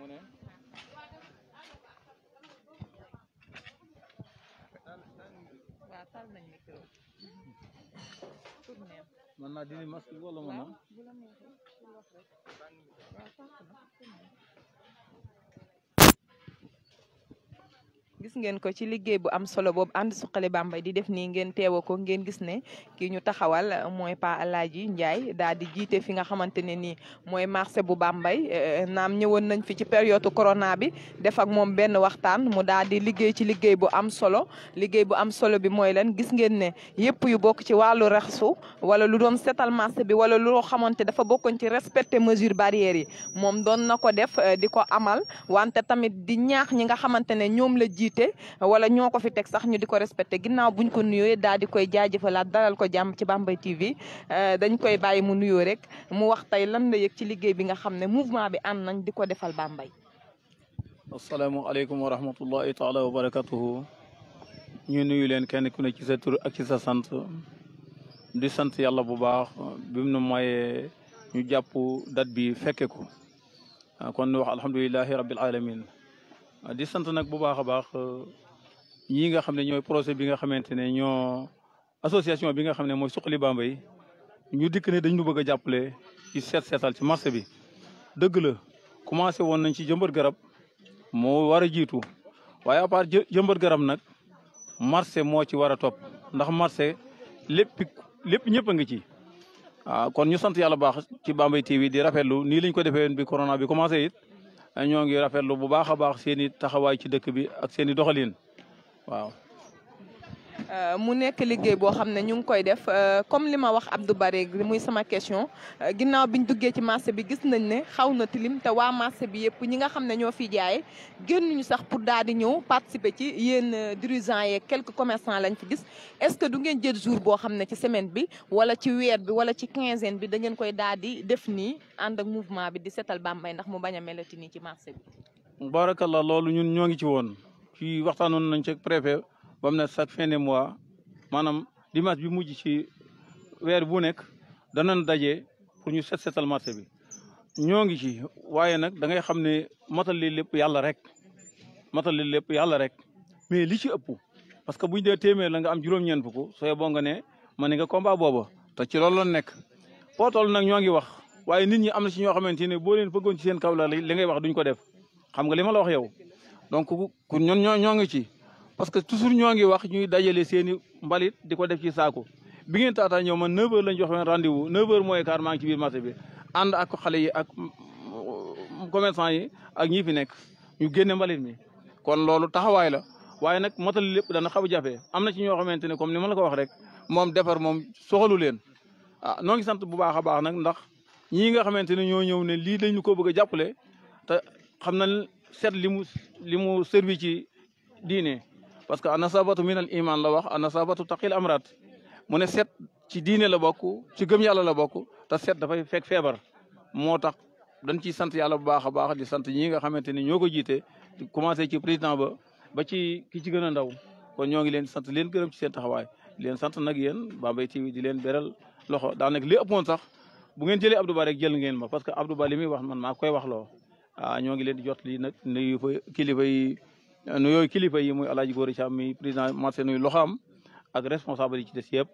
mu ne waaw tal nañ micro mana gis ngeen ko ci liggéey bu am solo boobu ànd suqali Bambey di def nii ngeen teewa ko ngeen gis ne kii ñu taxawal mooy Pa Alaaji Ndiaye daal di jiite fi nga xamante ne nii mooy marché bu Bambey eh, naam ñëwoon nañ fi ci période corona bi def ak moom benn waxtaan mu daal di liggéey ci liggéey bu am solo liggéey bu am solo bi mooy lan gis ngeen ne yëpp yu bokk ci wàllu raxsu wala lu doon setal marché bi wala loo xamante dafa bokkoon ci respecter mesure barrières yi moom doon na ko def eh, di ko amal wante ne ñoom la te wala ñoo ko fi teg sax ñu di ko respecté ginnaaw buñ ko nuyoo daal di koy jaajëfalaat dalal ko jàmm ci Bambey TV euh, dañ koy bàyyi mu nuyoo rek mu wax tey lan la yëg ci liggéey bi nga xam ne mouvement bi ànd nañ di ko defal Bambey. asalaamaaleykum wa rahmatullahi taala wa barakatuhu ñu nuyu leen kenn ku ne ci sa tur ak ci sa sant di sant yàlla bu baax bi mu nu mayee ñu jàpp date bi fekke ko kon nu wax alhamdulilahi rabbil alamin Ah, di sant nag bu baax a baax euh, ñi nga xam ne ñooy projet bi nga xamante ne ñoo association bi nga xam ne mooy suqali Bambey ñu dikk ne dañu bëgg a jàppale ci seet seetal ci marché bi dëgg la commencé woon nañ ci jëmbat garab moo war a jiitu waaye à part jëmbat garab nag marché moo ci war a topp ndax marché lépp lépp ñëpp a ngi ci waaw ah, kon ñu sant yàlla baax ci Bambey TV di rafetlu nii lañ ko defee bi corona bi commencé it ñoo ngi rafetlu bu baax a baax seen i taxawaay ci dëkk bi ak seen i doxalin waaw Euh, mu nekk liggéey boo xam ne ñu ngi koy def euh, comme li ma wax Abdou Baré muy sama question euh, ginnaaw ñu duggee ci marché bi gis nañ ne xaw na tilim te waa marché bi yëpp ñi nga xam ne ñoo fiy jaay génnuñu sax pour daal di ñëw participer ci yéen dirigeants yee quelques commercant lañu ci gis est-ce que du ngeen jël jour boo xam ne ci semaine bi wala ci weer bi wala ci quinzaine bi dangeen koy daal di def nii ànd ak mouvement bi di seetal Bambey ndax mu bañ a melati nii ci marché bi. Barakallah loolu ñun ñoo ngi ci woon ci waxtaanoon nañ ci préfet. ba mu ne chaque fin de mois maanaam dimanche bi mujj ci weer bu nekk danañ daje pour ñu set setal marché bi. ñoo ngi ci waaye nag da ngay xam ne matal li lépp yàlla rek matal li lépp yàlla rek mais li ci ëpp parce que bu ñu dee téeméer la nga am juróom bu ko sooy boo nga ne ma ne nga combat booba te ci loolu la nekk. pootol nag ñoo ngi wax waaye nit ñi am na ci ñoo xamante ne boo leen bëggoon ci seen kaw la li ngay wax duñ ko def xam nga li ma la wax yow donc ku parce que toujours ñoo ngi wax ñuy dajale seen i mbalit di ko def ci saako bi ngeen taataa ñëw man 9h lañ jox leen rendez-vous 9h mooy quart maa ci biir marché bi ànd ak xale yi ak commerçant yi ak ñi fi nekk ñu génne mbalit mi. kon loolu taxawaay la waaye nag motal lépp dana xaw a jafe am na ci ñoo xamante ne comme ni ma la ko wax rek moom defar moom soxalu leen ah noo ngi sant bu baax a baax nag ndax ñii nga xamante ne ñoo ñëw ne lii lañu ko bëgg a jàppale te xam na seet li mu li mu servi ci diine. parce que anasabatu min al iman la wax anasabatu taqil amrat mune set ci diine la bokku ci gëm yàlla la bokku ta set da fay fek febar motax dañ ci sante yàlla bu baakha a baax di sante ñi nga xamanteni ñoko jité ko jiite commencé ci président ba ba ci ki ci gëna ndaw kon ñoo ngi leen sante leen gërëm ci seen taxaway leen sante nak yéen babay TV di leen beral loxo da daanaka li ëppoon sax bu ngeen jëlé Abdou barek jël ngeen ma parce que Abdou Ba li wax man ma koy wax lo ah ñoo ngi leen di jot li nak ne yu kilifa yi nu yooyu kilifa yi muy alaaji góori Caam mi président marché nuy loxo am ak responsable yi ci des yëpp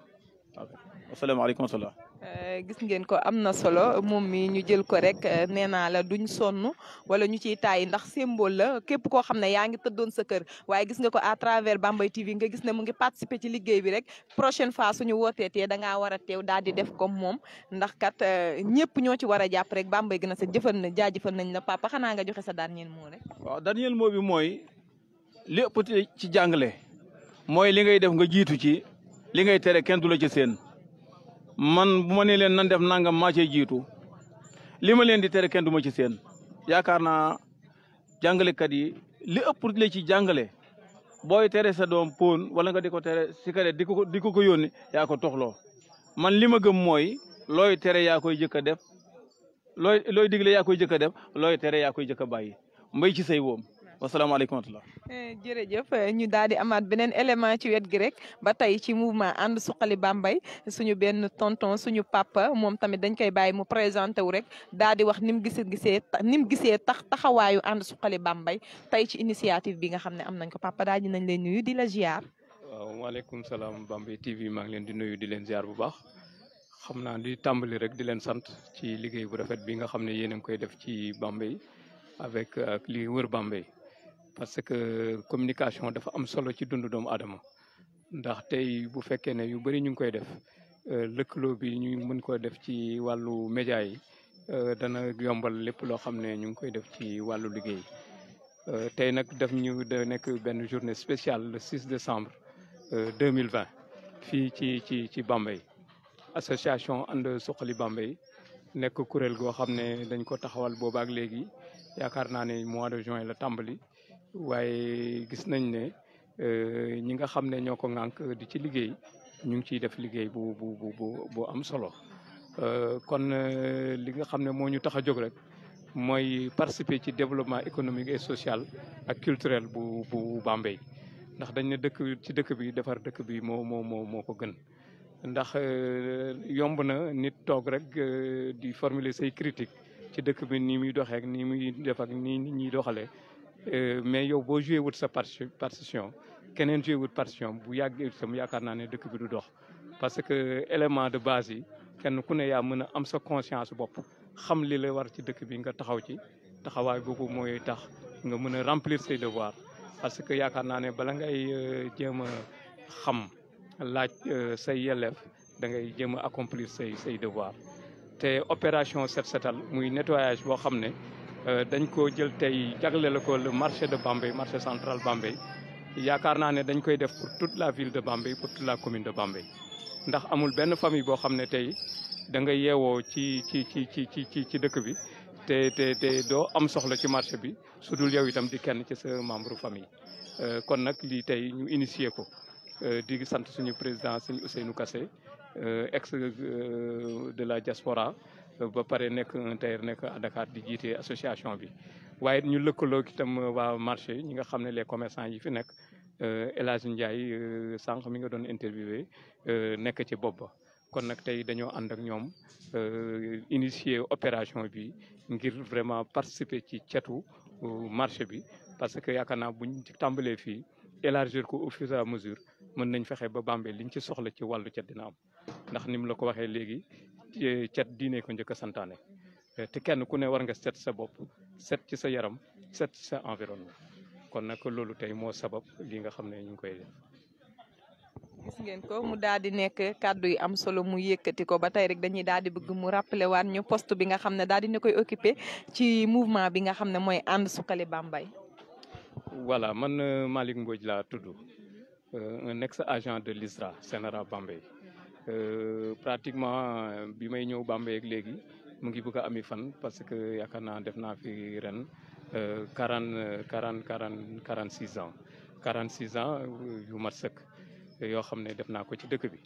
asalaamaaleykum wa salaam euh, gis ngeen ko am na solo moom mi ñu jël ko rek euh, nee naa la duñ sonn wala ñu ciy taay ndax symbole la képp koo xam ne yaa ngi tëddoon sa kër waaye gis nga ko à travers Bambey TV nga gis ne mu ngi participer ci liggéey bi rek prochaine fois suñu wootee tee da ngaa war a teew daal di def comme moom ndax kat euh, ñëpp ñoo ci war a jàpp rek Bambey gën a sa jëfal na jaajëfal nañ la papa xanaa nga joxe sa dernier mot rek. li ëpp ci jàngale mooy li ngay def nga jiitu ci li ngay tere kenn du ci seen man bu ma nee leen nan def nangam maa jiitu li ma leen di tere kenn du ma ci seen yaakaar naa jàngalekat yi li ëpp la ci jàngale booy tere sa doom pon wala nga di ko tere sigaret di ko di ko ko yónni yaa ko man li ma gëm mooy looy tere yaa koy jëkk a def looy looy digle yaa koy jëkk a def looy tere yaa koy jëkk a bàyyi mbay ci say woom Wassalamualaikum. wa rahmatulah. Eh, jërëjëf ñu daal di amaat beneen élément ci wet gi rek ba tey ci mouvement ànd suqali Bambey suñu benn tonton suñu papa moom tamit dañ koy bàyyi mu présenté wu rek daal di wax ni mu gisee gisee ni mu gisee tax taxawaayu ànd suqali Bambey tey ci initiative bi nga xam am nañ ko papa daal nañ nuyu di la ziar. waaw salam salaam TV maa ngi di nuyu di leen ziar bu baax. xam di tàmbali rek di leen sant ci liggéey bu rafet bi nga xam ne ngi koy def ci Bambey avec li wër Bambey parce que communication dafa am solo ci dundu doomu aadama ndax tay bu fekkee ne yu bari ñu ngi koy def euh, lëkkaloo bi ñu mën ko def ci walu média yi euh, dana yombal lepp lo xam ñu ngi koy def ci wàllu liggéey euh, tay nak daf ñu de nek ben journée spéciale le 6 décembre 2020 fi ci ci ci Bambey association And Suxali Bambey nek kurel go xam dañ ko taxawal boobaak léegi yaakaar naa ne mois de juin la tambali waaye gis nañ ne euh, ñi nga xam ne ñoo ko ŋànk di ci liggéey ñu ngi ciy def liggéey bu bu bu bu am solo euh, kon euh, li nga xam ne moo ñu tax a jóg rek mooy participer ci développement économique et social ak culturel bu bu Bambey ndax dañ ne dëkk ci dëkk bi defar dëkk bi moo moo moo moo ko gën ndax yomb na nit toog rek di formuler say critique ci dëkk bi nii muy doxeek ak nii muy def ak nii nit ñuy doxalee Euh, mais yow boo joué wut sa partition keneen joué wut partition bu yàgg itam yaakaar naa ne dëkk bi du dox parce que élément de base yi kenn ku ne yaa mën a am sa conscience bopp xam li la war ci dëkk bi nga taxaw ci taxawaay boobu mooy tax nga mën a remplir ses devoir parce que yaakaar naa ne bala ngay euh, jéem a xam laaj euh, say yelleef da ngay jéem a accomplir say say devoir te opération set setal muy nettoyage boo xam ne Euh, dañ ko jël tey jagleel ko le marché de Bambey marché centrale Bambey yaakaar naa ne dañ koy def pour toute la ville de Bambey pour toute la commune de Bambey ndax amul benn famille boo xam ne tey da nga yeewoo ci ci ci ci ci ci dëkk bi te te te doo am soxla ci marché bi su dul yow itam di kenn ci se membre famille. Euh, kon nag lii tey ñu initier ko euh, di sant suñu président sëñ Ousseynou Kassé ex de la diaspora ba paré nek un tailleur nekk à Dakar di jité association bi waye ñu lëkkaloo itam wa marché ñi nga xam les commerçants yi fi nek euh Hadj Ndiaye euh, sank mi nga doon interviewé euh, nek ci bopp ba kon nak tay dañoo and ak ñom euh initier opération bi ngir vraiment participer ci ciatu euh, marché bi parce que yaakaar naa buñ ci tàmbalee fii élargir ko au fur et à mesure mën nañ fexé ba Bambey liñ ci soxla ci walu cet dina am ndax nim la ko waxé légui cet diine ko njëkk a santaane eh, te kenn ku ne war nga set sa bopp set ci sa yaram set ci sa environnement kon nag loolu tey moo sabab li nga xam ne ñu ngi koy def. gis ngeen ko mu daal di nekk kàddu yi am solo mu yëkkati ko ba tey rek dañuy daal di bëgg mu rappeler waat ñu poste bi nga xam ne daal di na koy occupé ci mouvement bi nga xam ne mooy ànd suqali bambay voilà man euh, Malick Mbodj laa tudd euh, un ex agent de l'ISRA Sénéral Bambey. Euh, pratiquement euh, bi may ñëw Bambey ak léegi mu ngi bëgg ami fan parce que yaakaar naa def naa fi ren euh, quarante quarante quarante quarante six ans quarante six ans yu mat sëkk yoo xam ne def naa ko ci dëkk bi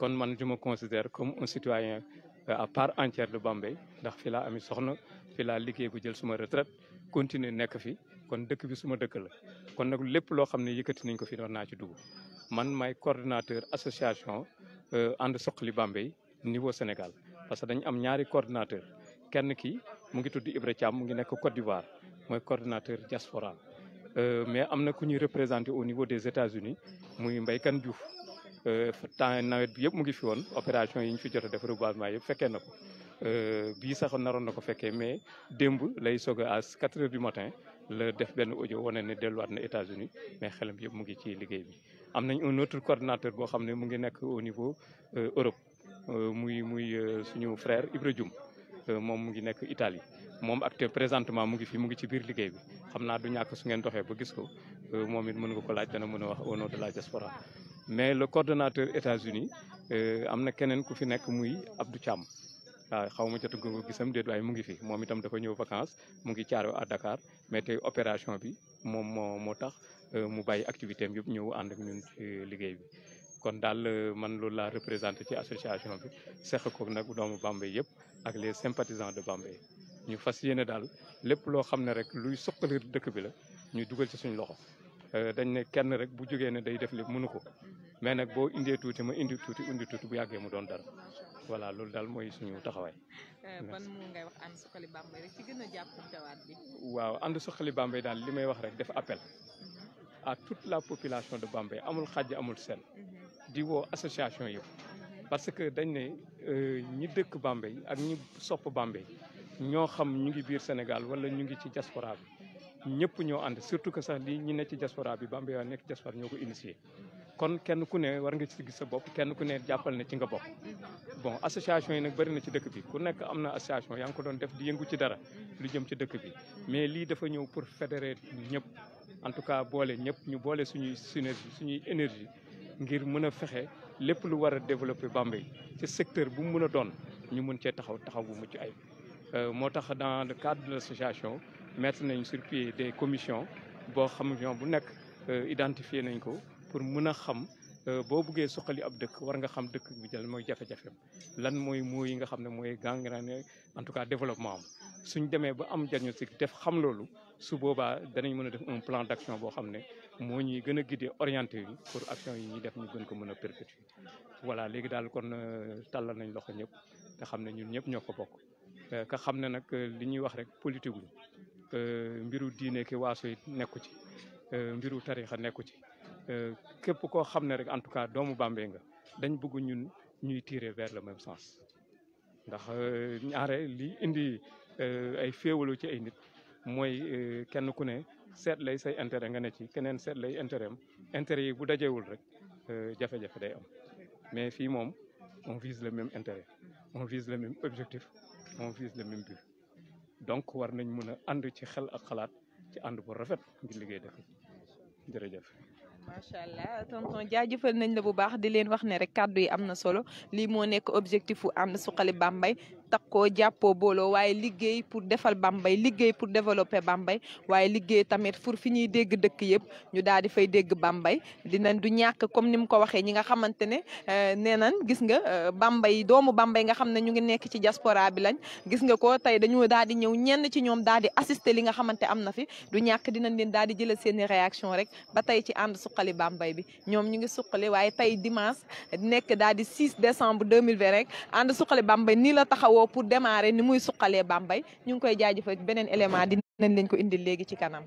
kon man je me considère comme un citoyen à part entière de Bambey ndax fi laa ami soxna fi laa liggéey bu jël suma retraite continuer nekk fi kon dëkk bi suma dëkk la kon nag lépp loo xam ne yëkkati nañ ko fi doon naa ci dugg man may coordinateur association Euh, ànd suqali Bambey niveau Sénégal parce que dañu am ñaari coordinateur kenn ki mu ngi tudd Ibra Thiam mu ngi nekk Côte d'Ivoire mooy coordinateur diaspora euh, mais am na ku ñuy représenté au niveau des États-Unis muy Mbaykan Diouf euh, temps nawet bi yëpp mu ngi fi woon opération yi ñu fi jot a def reboisement yëpp fekkee na ko bii sax naroon na ko fekkee mais démb lay soog a à 4 heures du matin la def benn audio wane ne delluwaat na États-Unis mais xelam yëpp mu ngi ci liggéey bi. am nañ un autre coordinateur boo xam ne mu ngi nekk au niveau euh, Europe euh, muy muy euh, suñu frère Ibra Dioum moom mu ngi nekk itali moom acteur présentement mu ngi fi mu ngi ci biir liggéey bi xam naa du ñàkk su ngeen doxee ba gis ko moom it mën nga ko laaj dana mën a wax au nom de la diaspora mais le coordonnateur États-Unis am na keneen ku fi nekk muy Abdou Thiam waaw xaw ma jot ko gisam déet waaye mu ngi fi moom itam dafa ñëw vacances mu ngi caaro à Dakar mais opération bi moom moo moo tax euh, mu bàyyi activité am yëpp ñëw ànd ak ñun liggéey bi. kon daal euh, man loolu laa représenté ci association bi seq ko nag doomu Bambey yëpp ak les sympathisants de yi ñu fas yéene daal lépp loo xam ne rek luy suqali dëkk bi la ñu dugal ci suñ loxo euh, dañ ne kenn rek bu jógee day def lépp mënu mais nag boo indee tuuti ma indi tuuti indi tuuti bu yàggee mu doon dara voilà loolu daal mooy suñu taxawaay. Euh, ban mu ngay wax ànd waaw ànd suqali Bambey daal li may wax rek def appel a mhm. toute la population de Bambey amul xaj amul seen mhm. di woo association yëpp. Mhm. parce que dañ ne euh, ñi dëkk Bambey ak ñi sopp Bambey ñoo xam ñu ngi biir Sénégal wala ñu ngi ci diaspora bi ñëpp ñoo ànd surtout que sax lii ñi ne ci diaspora bi Bambey waa nekk diaspora ñoo ko initié. kon kenn ku ne war nga ci sa kenn bon association yi na ci bi mais pour fédérer en tout cas boole ñëpp ñu boole synergie énergie ngir a fexe lu développer Bambey secteur bu doon dans le cadre de l'association, association mettre nañ sur pied des commissions boo xam bu euh, identifier nañ pour mën a xam euh, boo buggee suqali ab dëkk war nga xam dëkk bi mooy jafe-jafeem lan mooy mooy yi nga xam ne mooy gangrène en tout cas développement am suñ demee ba am diagnostic def xam loolu su boobaa danañ mën a def un plan d'action boo xam ne moo ñuy gën a guider orienté yi pour action yi ñuy def ñu gën ko mën a perpétuer voilà léegi daal kon euh, tàllal nañ loxo ñëpp te xam ne ñun ñëpp ñoo ko bokk euh, ka xam ne nag li ñuy wax rek politique wuñ mbiru diine ki waaso yi nekku ci mbiru tarixa nekku ci Euh, képp koo xam ne rek en tout cas doomu bambe nga dañ bëgg ñun ñuy tirer vers le même sens ndax euh, ñaare li indi euh, ay féewalu ci ay nit mooy kenn ku ne seet lay say intérêt nga ne ci keneen seet lay intérêt am intérêt yi bu dajewul rek jafe-jafe day am mais fii moom on vise le même intérêt on vise le même objectif on vise le même but donc war nañ mën a ànd ci xel ak xalaat ci ànd bu rafet ngir liggéey def jërëjëf macha allah tonton jaajëfal nañ la bu baax di leen wax ne rek kàddu yi am na solo lii moo nekk objectif fu ànd suqali Bambey takkoo jàppoo booloo waaye liggéey pour defal Bambey liggéey pour développer bambay waaye liggéey tamit pour fi ñuy dégg dëkk yëpp ñu daal di fay dégg Bambey dinañ du ñàkk comme ni mu ko waxee ñi nga xamante ne eh, nee nañ gis nga eh, Bambey doomu bambay nga xam ne ñu ngi nekk ci diaspora bi lañ gis nga ko tey dañu daal di ñëw ñenn ci ñoom daal di assister li nga xamante am na fi du ñàkk dinañ leen daal di jëlal seeni réaction rek ba tey ci ànd suqali Bambey bi ñoom ñu ngi suqali waaye tey dimanche nekk daal di 6 décembre 2020 rek taxawoo pour démarrer ni muy suqalee Bambey ñu ngi koy jaajëfal beneen élément dinañ leen ko indi léegi ci kanam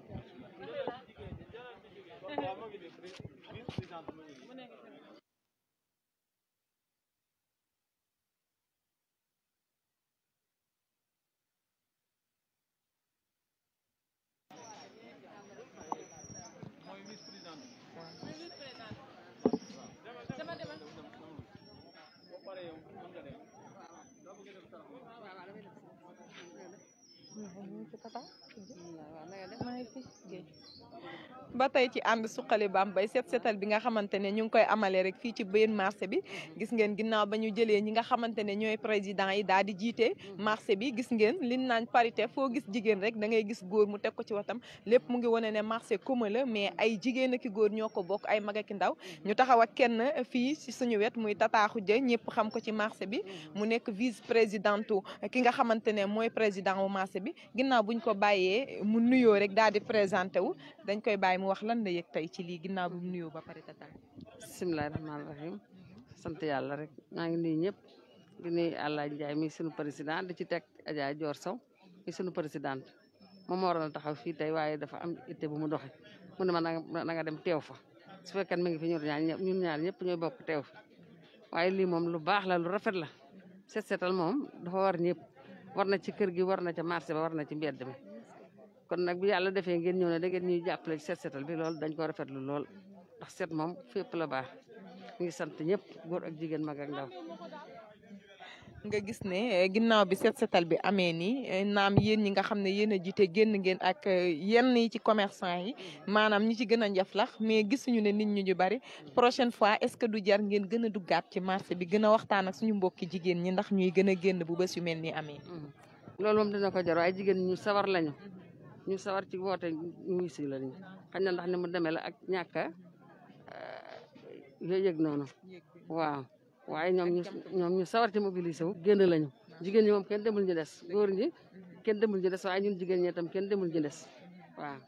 嗯，好，你去打打。ba tey ci ànd suqali bay set setal bi nga xamante ne ñu ngi koy amalee rek fii ci biir marché bi gis ngeen ginnaaw ba ñu jëlee ñi nga xamante ne ñooy président yi daal di jiite marché bi gis ngeen liñ naañ parité foo gis jigéen rek da ngay gis góor mu teg ko ci watam lépp mu ngi wone ne marché commun la mais ay jigéen ak góor ñoo ko bokk ay magaki ndaw ñu taxaw ak kenn fii si suñu wet muy tataaxu jë ñëpp xam ko ci marché bi mu nekk vice ki nga xamante ne président wu marché bi bàyyee mu nuyo rek daal di présenté wu dañ koy bàyyi mu wax lan la yek tay ci li ginnaw bu nuyo ba paré tata bisimilahi rahmaani rahim sant yalla rek nga ngi nuyu ñep di nuy allah ndjay mi suñu président di ci tek Adja jor saw mi suñu président mo mo waroon taxaw fi tay waye dafa am ité bu mu doxé mu ne ma na nga dem teew fa su fekkee mi ngi fi ñun ñaan ñep ñun ñaar ñep ñoy bokk teew waye li mom lu bax la lu rafet la set setal mom dafa war ñep warna ci kër gi warna ci marché ba warna ci mbedd mi kon nak bu yalla defé ngeen ñëw na da ngeen ñuy jàppale seet seetal bi lool dañ ko rafetlu lool ndax seet mom fepp la baax ñu ngi sant ñëpp goor ak jigen mag ak ndaw. nga gis né eh, ginnaw bi seet seetal bi amé ni eh, naam yeen ñi nga xamné yeen yéen a jiite génn ngeen ak eh, yenn yi ci commerçant yi manam ñi ci gëna a lax mais gisuñu né nit ñi ñu bari prochaine fois est-ce que du jar ngeen gëna a duggaat ci marché bi gëna waxtaan ak suñu mbokk jigen ñi ndax ñuy gëna genn bu bëss yu melni amé mm. lool mom dina ko jaro ay jigen ñu sawar lañu. ñu sawar ci woote ñu si la ni xañ na ndax ni mu demee la ak ñàkk euh, yooyu yëg noonu waaw waaye ñoom ñu ñoom ñu sawar ci mobiliser wu génn lañu jigéen ñi moom kenn demul ñu des góor ñi kenn demul ñu des waaye ñun jigéen ñi tam kenn demul ñu des waaw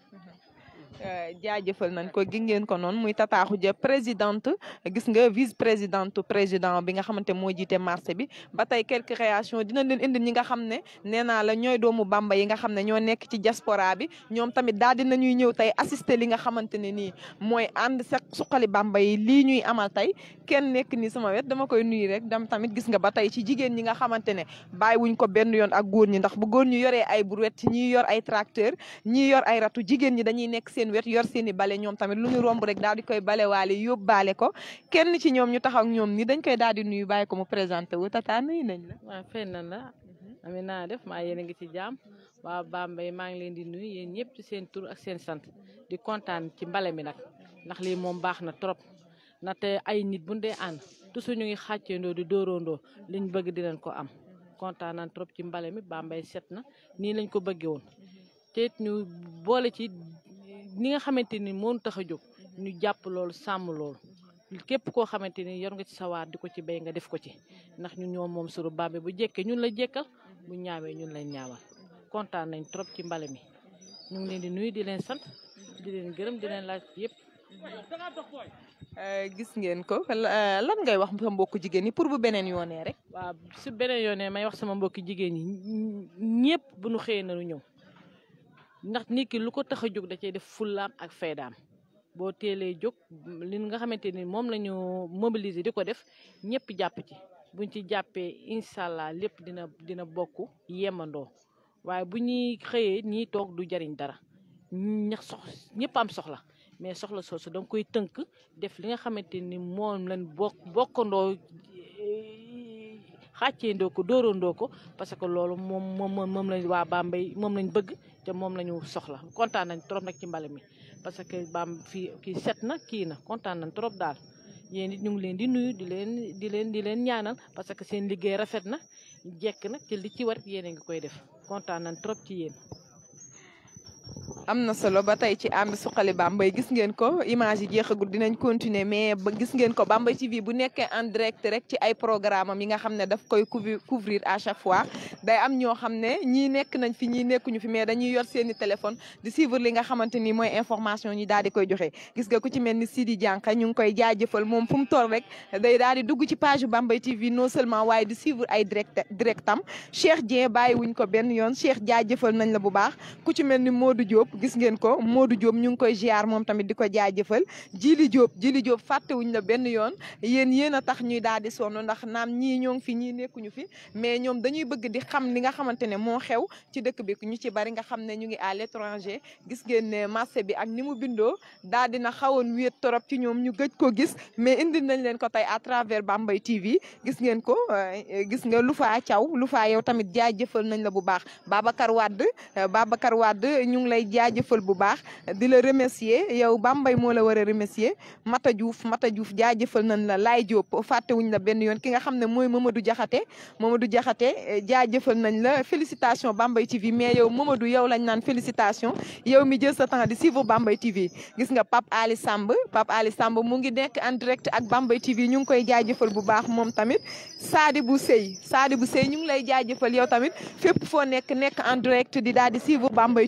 Euh, jaajëfal nañ ko gi ngeen ko noonu muy Tata ja présidente gis nga vice présidente président bi nga xamante moo jiite marché bi ba tey quelques réactions dina leen indi ñi nga xam ne nee naa la ñooy doomu Bamba yi nga xam ne ñoo nekk ci diaspora bi ñoom daal dina ñuy ñëw tey assister li nga xamante ne nii mooy ànd sa suqali Bamba yi lii ñuy amal tey kenn nekk ni sama wet dama koy nuyu rek dam tamit gis nga ba tey ci jigéen ñi nga xamante ne bàyyi wuñ ko benn yoon a góor ñi ndax bu góor ñu yoree ay brouette ñi yor ay tracteur ñi yor ay ratu jigéen ñi dañuy nekk seen wet yor i bale ñoom tamit lu ñu romb rek daal di koy balewaale yóbbaale ko kenn ci ñoom ñu taxaw ñoom ni dañ koy daal di nuyu bàyyi ko mu présenté wu tata nuyu nañ la. waaw na na la naa def maa yéen a ngi ci jàmm waa Bambey maa ngi leen di nuyu yéen ñëpp ci seen tur ak seen sant di kontaan ci mbale mi nag ndax li moom baax na trop ndaxte ay nit bu ñu dee ànd toujours ñu ngi xàcceendoo di dóoróondoo liñ bëgg di dinañ ko am kontaan nañ trop ci mbale mi Bambey set na nii lañ ko bëggee woon ni nga xamante ni moonu tax a jóg ñu jàpp loolu sàmm loolu képp koo xamante ni yor nga ci sawaar di ko ci béy nga def ko ci ndax suru bu jekkee ñun la jekkal bu ñaawee ñun lay ñaawal kontaan nañ trop ci mbale mi ñu ngi leen di nuyu di leen sant di leen gërëm di leen laaj yëpp. Eh, gis ngeen ko eh, lan ngay wax pour bu rek. waaw su beneen yoonee may wax sama mbokku jigéen ñi bu nu na ndax nit lu ko tax a jóg da cee def fullaam ak faydaam boo teelee jóg li nga xamante ni moom la ñu mobiliser di ko def ñëpp jàpp ci buñ ci jàppee incha allah lépp dina dina bokk yemandoo waaye bu ñuy xëyee ñiy toog du jariñ dara ñax sox ñëpp am soxla mais soxla soosu da nga koy tënk def li nga xamante ni moom lañ bokk bokkandoo xàccee ko dóorandoo ko parce que loolu moom moom moom lañ waa Bambey moom lañ bëgg te moom la ñu soxla kontaan nañ trop nag ci mbale mi parce que baam fii kii set na kii na kontaan nañ trop daal yéen it ñu ngi leen di nuyu di leen di leen di leen ñaanal parce que seen liggéey rafet na jekk na te li ci war yéen a ngi koy def kontaan nañ trop ci yéen am na solo ba tey ci àmbi suqali Bambey gis ngeen ko image yi jeexagul dinañ continuer mais ba gis ngeen ko Bambey TV bu nekkee en direct rek ci ay programme am yi nga xam ne daf koy couvrir à chaque fois day am ñoo xam ne ñii nekk nañ fi ñii nekkuñu fi mais dañuy yor seen téléphone di suivre li nga xamante ni mooy information ñi daal di koy joxe gis nga ku ci mel ni di Dianka ñu ngi koy jaajëfal moom fu mu toll rek day daal di dugg ci page Bambey TV non seulement waaye di suivre ay direct directam Cheikh Dieng bàyyi wuñ ko benn yoon Cheikh jaajëfal nañ la bu baax ku ci mel ni Modou Diop gis ngeen ko Modou Diop ñu ngi koy ziar moom tamit di ko jaajëfal Jili Diop Jili Diop fàttewuñ la benn yoon yéen yéen a tax ñuy daal di sonn ndax naam ñii ñoo ngi fi ñii nekkuñu fi mais ñoom dañuy bëgg di xam li nga xamante ne moo xew ci dëkk bi ñu ci bari nga xam ne ñu ngi à l'étranger gis ngeen ne marché bi ak ni mu bindoo daal dina xawoon wéet torop ci ñoom ñu gëj ko gis mais indi nañ leen ko tey à travers Bambay TV gis ngeen ko euh, gis nga lu faa caw lu faa yow tamit jaajëfal nañ la bu baax euh, ngi lay jaajëfal bu baax di la remercier yow Bambey moo la war a remercier Mata Diouf Mata Diouf jaajëfal nañ la Laay Diop fàttewuñ la benn yoon ki nga xam ne mooy jaxate Diakhaté jaxate Diakhaté eh, jaajëfal nañ la félicitation Bambey TV mais yow Mamadou yow lañ naan félicitation yow mi jël sa temps di suivre Bambey TV gis nga pap Ali Samb Pape Ali Samb mu ngi nekk en direct ak Bambey TV ñu ngi koy jaajëfal bu baax moom tamit Sadi bu Sey Sadi bu Sey ñu ngi lay jaajëfal yow tamit fépp foo nekk nekk en di daal di suivre Bambey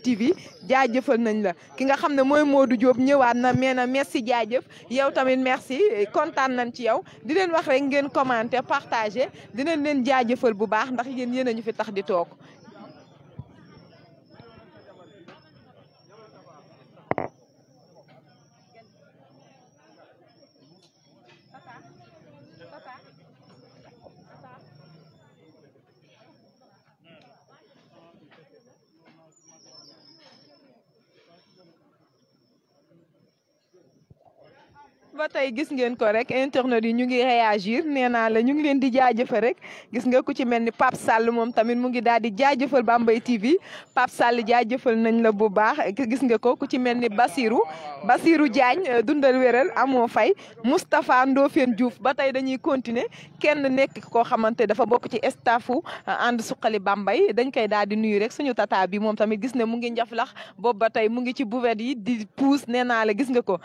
jaajëfal nañ la ki nga xam ne mooy Modou Diop ñëwaat na mais na merci jaajëf yow tamit merci kontaan nañ ci yow di leen wax rek ngeen commenter partager dinañ leen jaajëfal bu baax ndax yéen yéen a ñu fi tax di toog ba tey gis ngeen ko rek internet yi ñu ngi réagir nee naa la ñu ngi leen di jaajëfal rek gis nga ku ci mel ni Pape Sall moom tamit mu ngi daal di jaajëfal Bambey TV Pape Sall jaajëfal nañ la bu baax gis nga ko ku ci mel ni Basirou Basirou Diagne euh, dundal wéral amoo fay Moustapha Ndofène Diouf ba tey dañuy continuer kenn nekk koo xamante dafa bokk ci staffu ànd euh, suqali bambay dañ koy daal di nuyu rek suñu tata bi moom tamit gis ne mu ngi njaflax boobu ba tey mu ngi ci buvet yi di puus nee naa la gis nga ko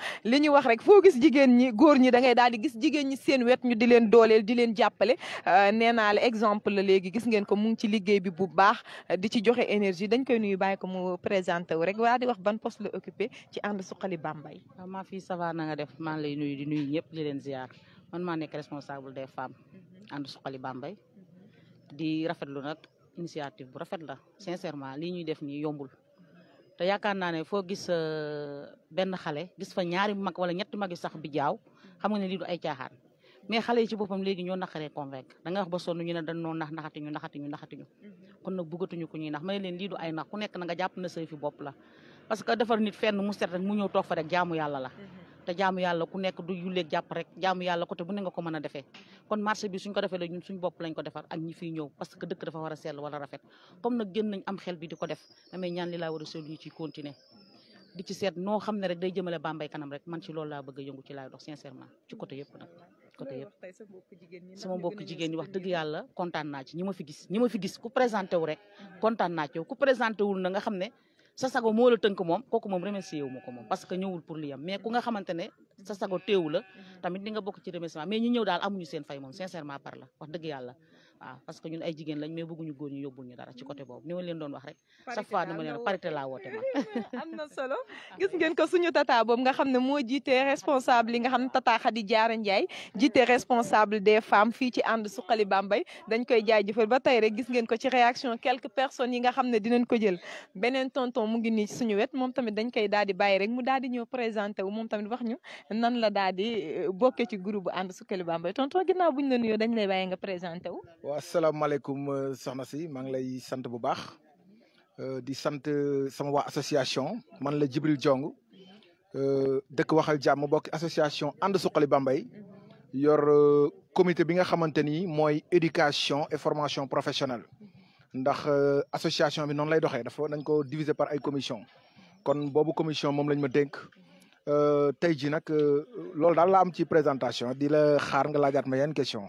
jigen ñi goor ñi da ngay daal di gis jigen ñi seen wet ñu di leen dooleel di leen jappalé euh, nee la exemple légui gis ngeen ko mu ngi ci liggéey bi bu baax di ci joxe énergie dañ koy nuyu bàyyi ko mu présenté wu rek waa di wax ban poste la occuper ci and suqali Bambey. waaw ah, maa fii ça va na nga def ma lay nuyu di nuyu ñëpp di leen ziar man ma nek responsable des femmes mhm. ànd suqali bambay di rafetlu nak initiative bu rafet la sincèrement li ñuy def ni yombul. te yaakaar naa ne foo gis euh, benn xale gis fa ñaari mag wala ñetti mag yu sax bi jaaw xam nga ne lii du ay caaxaan mais xale yi ci boppam léegi ñoo naxaree convaincre da nga wax ba sonn ñu ne dañ noo nax naxati ñu naxati ñu naxati ñu mhm. kon nag bëggatuñu ku ñuy nax ma leen lii ay nax ku nekk na nga jàpp na say bopp la parce que defar nit fenn mu set rek mu ñëw toog fa rek jaamu yàlla la mhm. te jaamu yàlla ku nekk du yuleeg jàpp rek jaamu yàlla côté bu ne ko mën a defee kon marché bi suñ ko defee la suñ bopp lañ ko defar ak ñi fiy ñëw parce que dëkk dafa war a sell wala rafet comme nag gën nañ am xel bi di ko def damay ñaan li laa war a sell ñu ciy continuer di ci seet noo xam ne rek day jëmale Bambey kanam rek man ci loolu laa bëgg a yëngu ci laay dox sincèrement ci côté yëpp nag côté yëpp sama mbokk jigéen ñi wax dëgg yàlla sa sago moo la tënk moom kooku moom remercier wu ma ko moom parce que ñëwul pour li am mais ku nga xamante ne sa sago teewu la mhm. tamit di nga bokk ci remerciement mais ñi ñëw daal amuñu seen fay moom sincèrement par la wax dëgg yàlla waaw parce que ay jigéen lañ mais bëgguñu góor ñu yóbbul ñu dara ci côté mm-hmm. boobu ni ma leen doon wax rek chaque fois dama leen parité na solo ah. gis ngeen ko suñu tata boobu nga xam ne moo jiite responsable yi nga xam ne tata Khady Diarra Ndiaye jiite responsable des femmes fii ci ànd suqali Bambey dañ koy jaajëfal ba tey rek gis ngeen ko ci réaction quelques personnes yi nga xam ne dinañ ko jël beneen tonton mu ngi nii suñu wet moom tamit dañ koy daal di bàyyi rek mu daal di ñëw présenté wu moom tamit wax ñu nan la daal di bokke ci groupe bu ànd suqali Bambey tonton ginnaaw buñ la nuyoo dañ lay bàyyi nga présenté wu salam asalaamaaleykum euh, soxna si maa ngi lay sant bu euh, di sant euh, sama association man la Jibril Jong dëkk waxal jàmm bokk association ànd suqali Bambey yor comité bi nga xamante ni éducation et formation professionnelle ndax association bi non lay doxee dafa dañ ko diviser par ay commission kon boobu commission moom lañ ma dénk tey jii nag la am ci présentation di la xaar nga laajaat ma question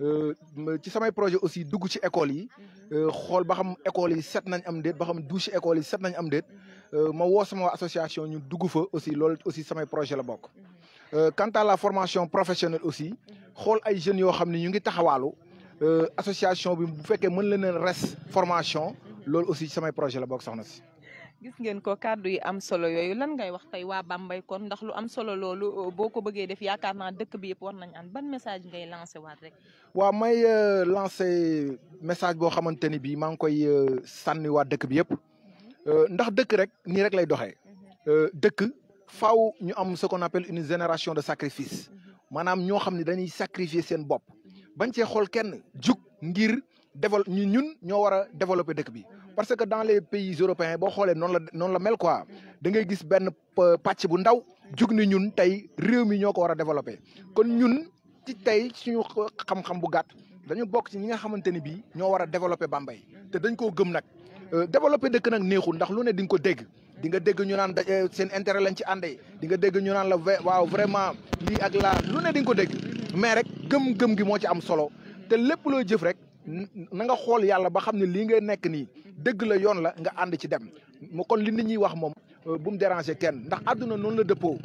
Euh, ci samay projet aussi dugg ci école yi mhm. euh, xol ba xam école yi set nañ am déet ba xam douche école yi set nañ am déet mhm. euh, ma wo sama association ñu dugg fa aussi loolu aussi samay projet la mhm. euh quant à la formation professionnelle aussi xol ay jeune yo xamni ñu ngi euh association bi bu fekkee mën la leen res formation loolu aussi samay projet la bok soxna si gis ngeen ko kàddu yi am solo yoyu lan ngay wax tay wa bambay kon ndax lu am solo loolu euh, boko beugé def yakarna naa bi yep war nañ an ban message ngay lancer waat rek. wa may euh, lancer message bo xamanteni bi mang koy euh, sanni waa dëkk bi yep mhm. ndax dëkk rek ni rek lay doxé mhm. dëkk faaw ñu am ce qu'on appelle une génération de sacrifice mhm. manam ño xamni dañuy sacrifier sen bop bañ ci xol kenn juk ngir développe ñun ño wara développer dëkk bi. parce que dans les pays européens boo xoolee noonu la noonu la mel quoi da ngay gis benn euh, pàcc bu ndaw jug ni ñun tey réew mi ñoo ko war a développé kon ñun ci tey suñu xam-xam bu gàtt dañu bokk ci ñi nga xamante ni bii ñoo war a développé Bambey te dañ koo gëm nag euh, développé dëkk nag neexul ndax lu ne di nga ko dégg di nga dégg ñu naan euh, seen intérêt lañ ci àndee dinga nga dégg ñu naan la waaw vraiment lii ak laa lu ne di nga ko dégg mais rek gëm-gëm gi moo ci am solo te lépp loo jëf rek. na nga xol yalla ba xamni li nga nekk nii dëgg la yon la nga and ci dem mo kon li nit ñi wax mom euh, bu mu déranger kenn ndax aduna non la depo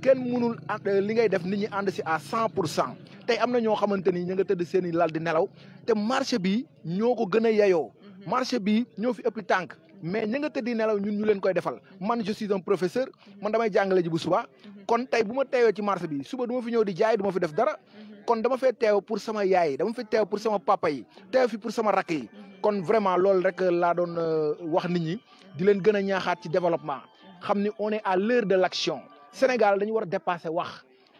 kenn mënul ah, euh, li ngay def nit ñi and ci à 100% tay amna ño xamanteni na ñoo nga tëdd seen lal di nelaw te marché bi ñoo ko gën yayo mhm. marché bi ño fi ëpp tank mais ñinga nga di nelaw ñun ñu leen koy defal man je suis un professeur man damay jàngale ji bu suba mhm. kon tay buma ma ci marché bi suba duma fi ñëw di jaay duma fi def dara mhm. kon dama fee teew pour sama yaay dama fi teew pour sama papa yi teew fi pour sama rak yi mhm. kon vraiment loolu rek laa doon euh, wax nit ñi di leen gën a ñaaxaat ci développement xam ni on à l'heure de l'action Sénégal dañu war a dépasser wax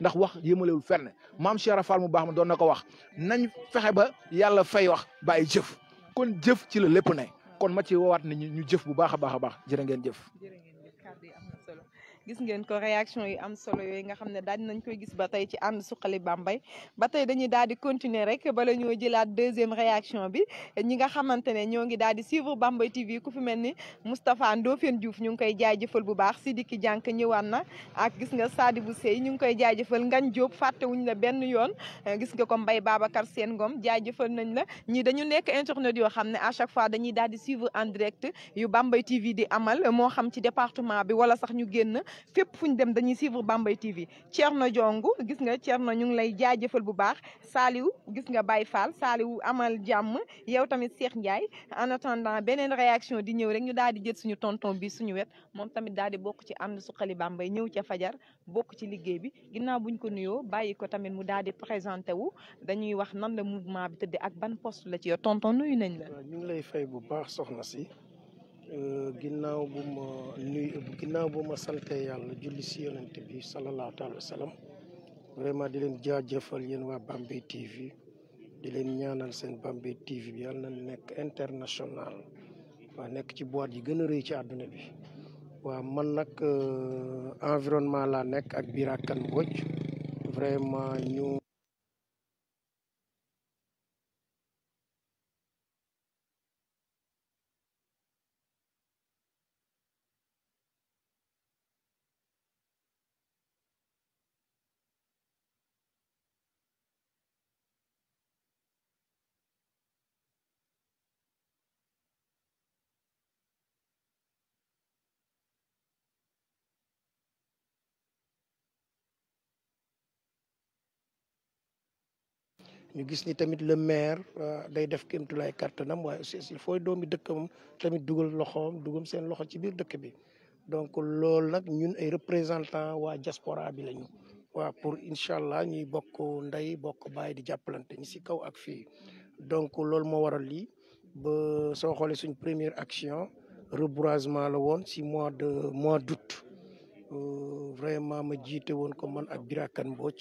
ndax wax yëmalewul fenn maam Cheikh fal mu baax ma doon na ko wax nañ fexe ba yàlla fay wax bàyyi jëf kon jëf ci la lépp ne kon ma ci woowaat nit ñi ñu jëf bu baax a baax a baax jërë jëf gis ngeen ko réaction yi am solo yooyu nga xam ne daaj nañ koy gis ba tey ci ànd suqali Bambey ba tey dañuy di continuer rek bala ñoo jëlaat deuxième réaction bi ñi nga xamante ne ñoo ngi daal di suivre Bambey TV ku fi mel ni Moustapha Ndofène ñu ngi koy jaajëfal bu baax Sidiki Diank ñëwaan na ak gis nga Sadibou Sey ñu ngi koy jaajëfal Ngagne Diop fàttewuñ ne benn yoon gis nga ko Mbaye seen ngoom Ngom jëfal nañ la ñii dañu nekk internet yoo xam ne à chaque fois dañuy daal di suivre en direct yu Bambey TV di amal moo xam ci département bi wala sax ñu génn fépp fu ñu dem dañuy suivre Bambey TV na jong gis nga na ñu ngi lay jëfal bu baax Saliou gis nga Baye Fall Saliou amal jàmm yow tamit Cheikh Ndiaye en attendant beneen réaction di ñëw rek ñu daal di jël suñu tonton bi suñu wet moom tamit daal di bokk ci ànd suqali Bambey ñëw ca fajar bokk ci liggéey bi ginnaaw buñ ko nuyoo bàyyi ko tamit mu daal di présenté wu dañuy wax nan la mouvement bi tëddee ak ban post la ci yow nuyu nañ la. ñu ngi lay fay bu baax soxna si. Euh, ginnaaw bu ma nuyu ginnaaw bu ma sante yàlla julli si yonent bi sallallahu taala wa sallam vraiment di leen jëfal yéen waa Bambey TV di leen ñaanal seen Bambey TV bi yàlla na nekk international waa nekk ci boîte yi gën a rëy ci àdduna bi waaw man nag euh, environnement laa nekk ak Birakan Mbodj vraiment ñu ñu gis ni tamit le maire euh, day def kéemtulaay kàttanam waaye aussi il faut doomi dëkkam tamit dugal loxoom dugam seen loxo ci biir dëkk bi donc loolu nag ñun ay représentant waa diaspora bi lañu waaw pour incha allah ñuy bokk ndey bokk baay di jàppalante ñi si kaw ak fii donc loolu moo waral lii ba soo xoolee suñ première action reboisement la woon si mois de mois d' août euh, vraiment ma jiite woon ko man ak Birakan Mbodj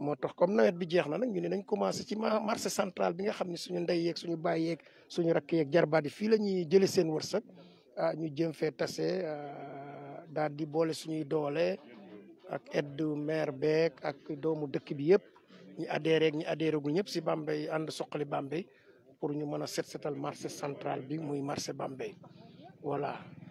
moo tax comme nawet bi jeex na nag ñu ni nañ commencé ci marché central bi nga xamni suñu ndey yeeg suñu baye yeeg suñu rakk yeeg jarbaat seen ah, ñu jëm fé tassé ah, daal di bolé suñuy doolé ak eddu maire ak doomu dëkk bi yépp ñi adéré ak adéré gu ñëpp si Bambey and soxali Bambey pour ñu mëna sét sétal marché central bi muy marché Bambey voilà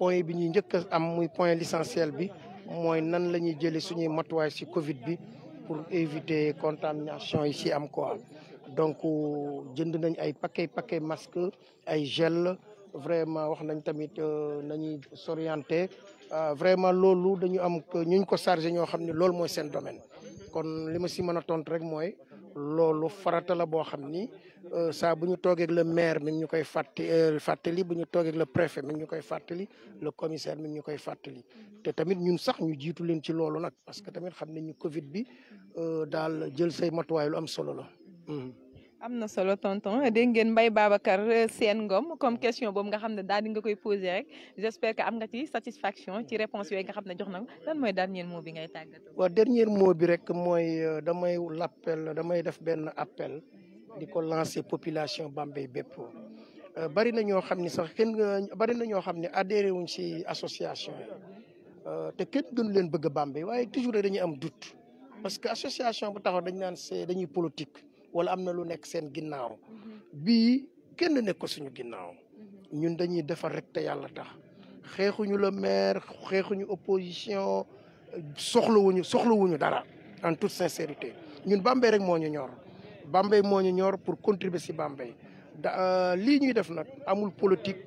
point bi ñuy njëkk am muy point l'essentiel bi moy nan lañuy ñuy suñu suñuy ci Covid bi pour éviter contamination ici am quoi donc euh, jënd nañ ay paquet paquet masque ay gel vraiment wax nañ tamit euh, nañuy s'orienter euh, vraiment lolu dañu am ñuñ ko charger ño xamni lolu moy sen domaine kon lima ma si mën a rek moy lolu farata la bo xamni euh sa buñu ñu ak le maire mi ñukoy fatte euh fàtti buñu bu ak le préfet mi ñukoy ñu le commissaire mi ñukoy ñu té tamit ñun sax ñu jitu leen ci lolu nak parce que tamit xam ñu Covid bi euh dal jël sey matuwaay lu am solo la. Hum amna solo tonton de ngeen mbay Babacar euh, sen Ngom comme question boobu nga xamne dal di nga koy poser rek j'espère que am nga ci satisfaction ci réponse yoy nga xamne ne jox na lan mooy dernier mot bi ngay tàggatoo. wa dernier mot bi rek moy euh, damay l'appel damay def ben appel diko lancer population Bambey bepp euh, bari na ñoo xam sax ken bari na ñoo xam adhéré wuñ ci association yi te ken gënu leen bëgg a waye toujours dañuy am doute parce que association bu taxaw dañ naan c'est dañuy politique wala amna lu nek sen ginnaw mm-hmm. bi kenn nek ko suñu ginnaw mm-hmm. ñun dañuy defar rek te yalla tax xexuñu le maire xexuñu opposition soxlo wuñu dara en toute sincérité ñun Bambey rek moñu ñor Bambey moñu ñor pour contribuer si Bambey euh, li ñuy def nak amul politique